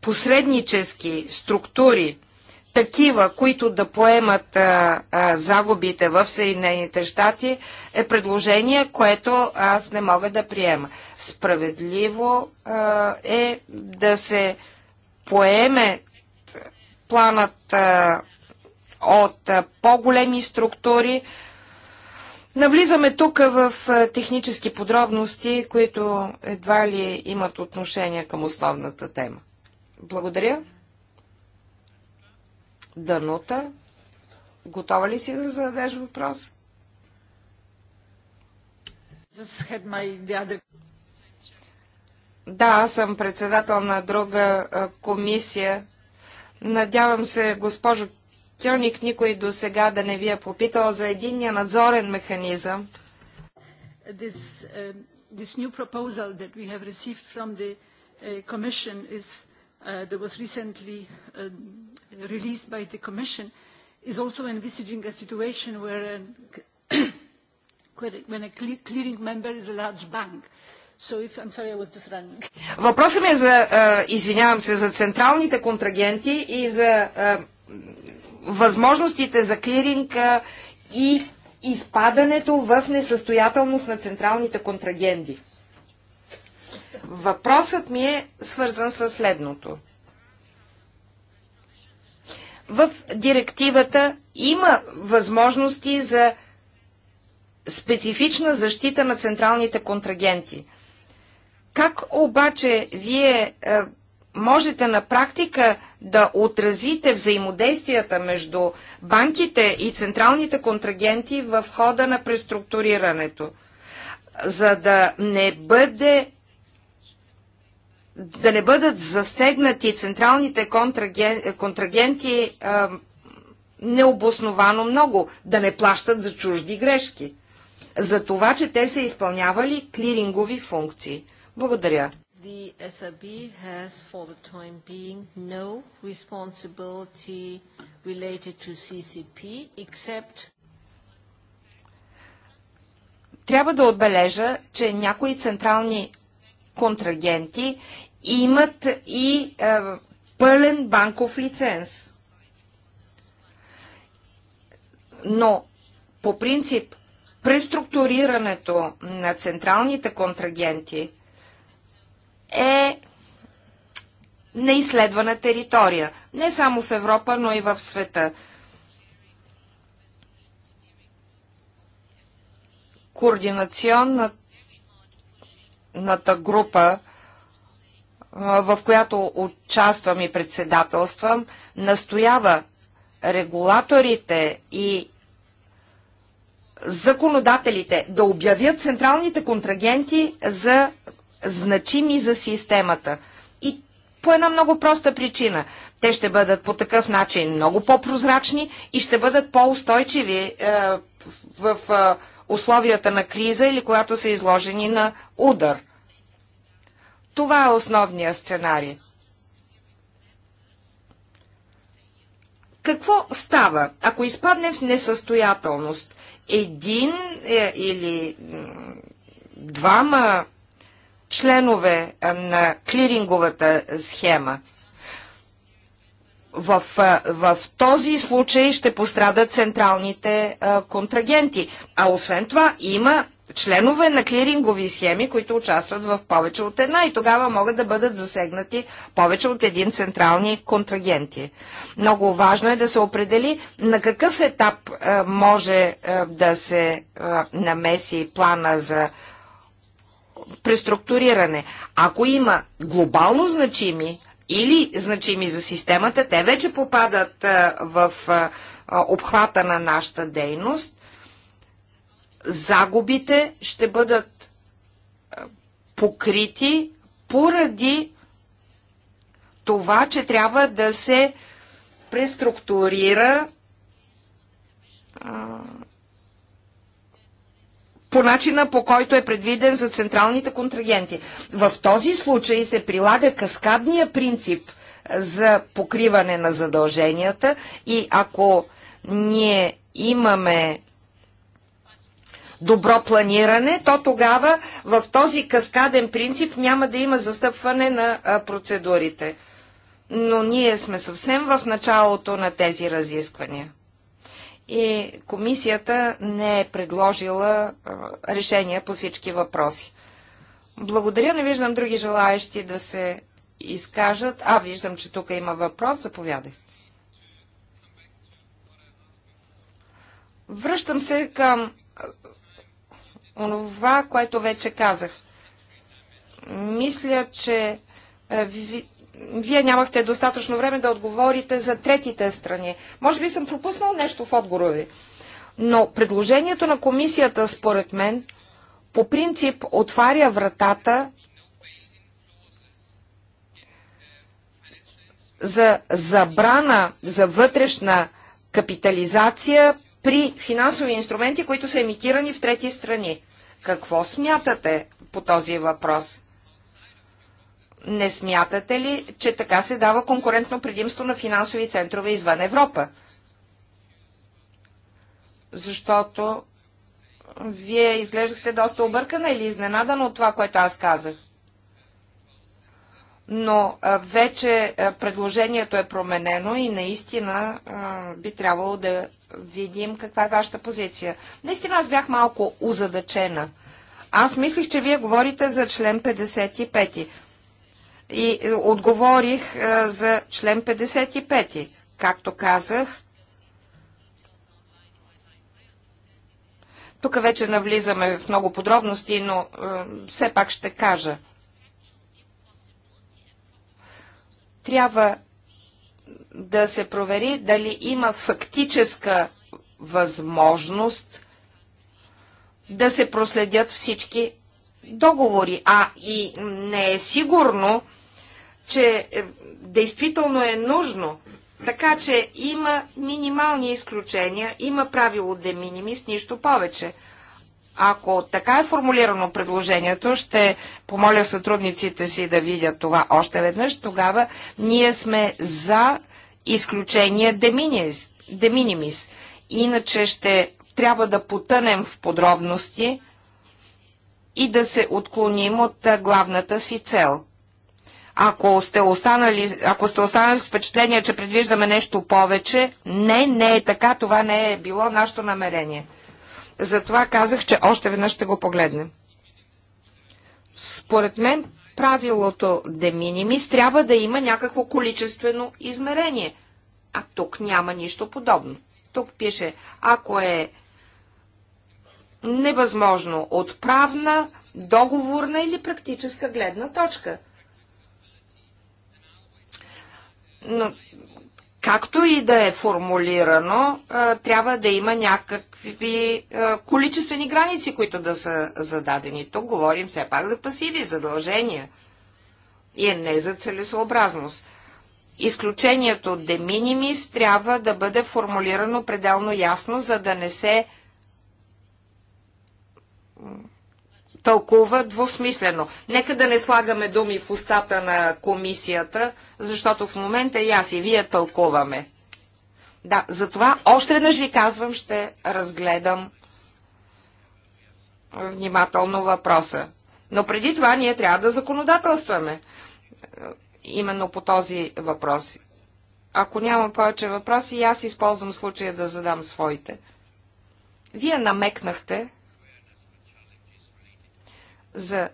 посреднически структури, такива, които да поемат а, а, загубите в Съединените щати, е предложение, което аз не мога да приема. Справедливо а, е да се поеме планът от по-големи структури. Навлизаме тук в технически подробности, които едва ли имат отношение към основната тема. Благодаря. Данута, готова ли си да зададеш въпрос? Да, аз съм председател на друга комисия Надявам се, госпожо Кьоник, никой до сега да не ви е попитал за единния надзорен механизъм. This, uh, this new proposal that we have received from the Commission that was recently released by the Commission, is also envisaging a situation where, an, when a clearing member is a large bank. Въпросът ми е за, извинявам се, за централните контрагенти и за възможностите за клиринг и изпадането в несъстоятелност на централните контрагенти. Въпросът ми е свързан с следното. В директивата има възможности за специфична защита на централните контрагенти. Как обаче вие е, можете на практика да отразите взаимодействията между банките и централните контрагенти в хода на преструктурирането, за да не бъде да не бъдат застегнати централните контраген, контрагенти а, е, необосновано много, да не плащат за чужди грешки, за това, че те са изпълнявали клирингови функции. Благодаря. трябва да отбележа, че някои централни контрагенти имат и е, пълен банков лиценз. Но по принцип преструктурирането на централните контрагенти е неизследвана територия, не само в Европа, но и в света. Координационната група, в която участвам и председателствам, настоява регулаторите и законодателите да обявят централните контрагенти за значими за системата. И по една много проста причина. Те ще бъдат по такъв начин много по-прозрачни и ще бъдат по-устойчиви е, в е, условията на криза или когато са изложени на удар. Това е основният сценарий. Какво става, ако изпаднем в несъстоятелност? Един е, или двама членове на клиринговата схема. В, в този случай ще пострадат централните а, контрагенти. А освен това има членове на клирингови схеми, които участват в повече от една и тогава могат да бъдат засегнати повече от един централни контрагенти. Много важно е да се определи на какъв етап а, може а, да се намеси плана за преструктуриране. Ако има глобално значими или значими за системата, те вече попадат в обхвата на нашата дейност. Загубите ще бъдат покрити поради това, че трябва да се преструктурира по начина по който е предвиден за централните контрагенти. В този случай се прилага каскадния принцип е, за покриване на задълженията и ако ние имаме добро планиране, то тогава в този каскаден принцип няма да има застъпване на процедурите. Но ние сме съвсем в началото на тези разисквания и комисията не е предложила решение по всички въпроси. Благодаря, не виждам други желаящи да се изкажат. А, виждам, че тук има въпрос. Заповядай. Връщам се към това, което вече казах. Мисля, че вие нямахте достатъчно време да отговорите за третите страни. Може би съм пропуснал нещо в отговора ви. Но предложението на комисията, според мен, по принцип отваря вратата за забрана за вътрешна капитализация при финансови инструменти, които са емитирани в трети страни. Какво смятате по този въпрос? Не смятате ли, че така се дава конкурентно предимство на финансови центрове извън Европа? Защото вие изглеждахте доста объркана или изненадана от това, което аз казах. Но вече предложението е променено и наистина би трябвало да видим каква е вашата позиция. Наистина аз бях малко озадачена. Аз мислих, че вие говорите за член 55 и е, отговорих е, за член 55. Както казах, тук вече навлизаме в много подробности, но е, все пак ще кажа. Трябва да се провери дали има фактическа възможност да се проследят всички договори, а и не е сигурно че е, действително е нужно. Така че има минимални изключения, има правило де минимис, нищо повече. Ако така е формулирано предложението, ще помоля сътрудниците си да видят това още веднъж, тогава ние сме за изключение Де минимис. Иначе ще трябва да потънем в подробности и да се отклоним от главната си цел – ако сте, останали, ако сте останали с впечатление, че предвиждаме нещо повече, не, не е така, това не е било нашето намерение. Затова казах, че още веднъж ще го погледнем. Според мен правилото де минимис трябва да има някакво количествено измерение. А тук няма нищо подобно. Тук пише, ако е невъзможно от правна, договорна или практическа гледна точка. Но както и да е формулирано, трябва да има някакви количествени граници, които да са зададени. Тук говорим все пак за пасиви, задължения и е не за целесообразност. Изключението де минимис трябва да бъде формулирано пределно ясно, за да не се тълкува двусмислено. Нека да не слагаме думи в устата на комисията, защото в момента и аз и вие тълкуваме. Да, затова още веднъж ви казвам, ще разгледам внимателно въпроса. Но преди това ние трябва да законодателстваме е, именно по този въпрос. Ако няма повече въпроси, аз използвам случая да задам своите. Вие намекнахте, за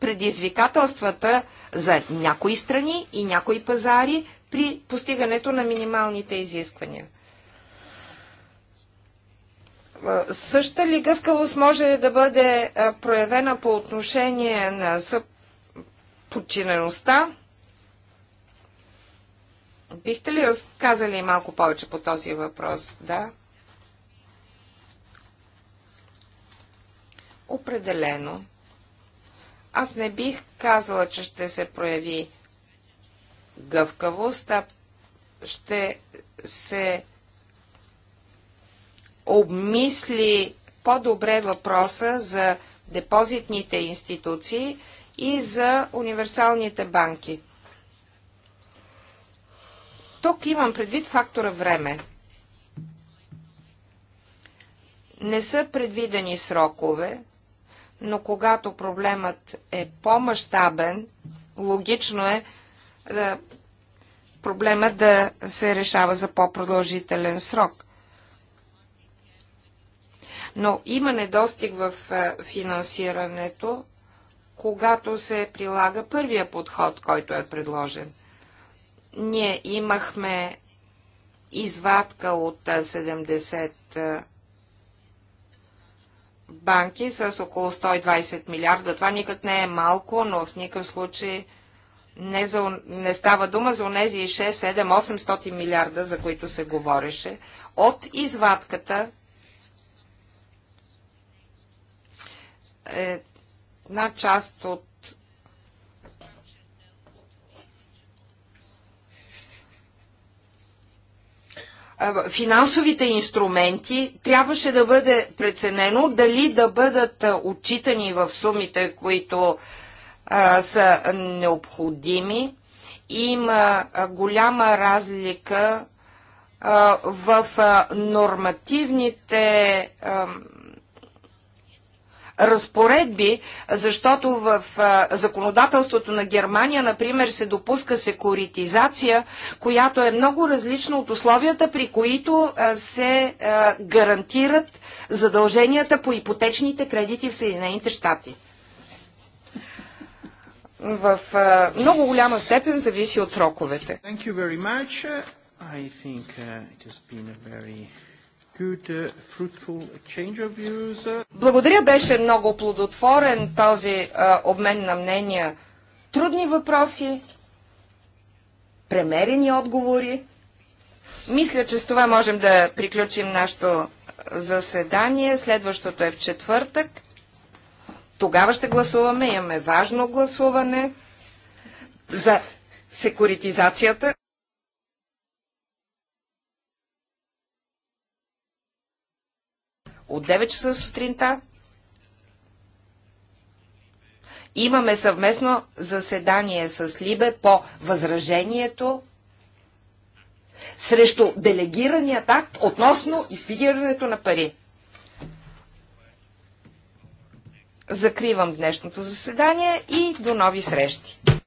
предизвикателствата за някои страни и някои пазари при постигането на минималните изисквания. Същата ли гъвкавост може да бъде проявена по отношение на подчинеността? Бихте ли разказали малко повече по този въпрос? Да. Определено. Аз не бих казала, че ще се прояви гъвкавост, а ще се обмисли по-добре въпроса за депозитните институции и за универсалните банки. Тук имам предвид фактора време. Не са предвидени срокове, но когато проблемът е по-мащабен, логично е да, е, проблемът да се решава за по-продължителен срок. Но има недостиг в е, финансирането, когато се прилага първия подход, който е предложен. Ние имахме извадка от 70 е, банки с около 120 милиарда. Това никак не е малко, но в никакъв случай не, за, не става дума за онези 6, 7, 800 милиарда, за които се говореше. От извадката е, една част от финансовите инструменти трябваше да бъде преценено дали да бъдат отчитани в сумите, които а, са необходими. Има голяма разлика а, в а, нормативните разпоредби, защото в законодателството на Германия, например, се допуска секуритизация, която е много различна от условията, при които се гарантират задълженията по ипотечните кредити в Съединените щати. В много голяма степен зависи от сроковете. Thank you very much. I think uh, it has been a very Uh, uh. Благодаря, беше много плодотворен този а, обмен на мнения. Трудни въпроси, премерени отговори. Мисля, че с това можем да приключим нашето заседание. Следващото е в четвъртък. Тогава ще гласуваме. Имаме важно гласуване за секуритизацията. от 9 часа сутринта. Имаме съвместно заседание с Либе по възражението срещу делегирания так относно изфигирането на пари. Закривам днешното заседание и до нови срещи.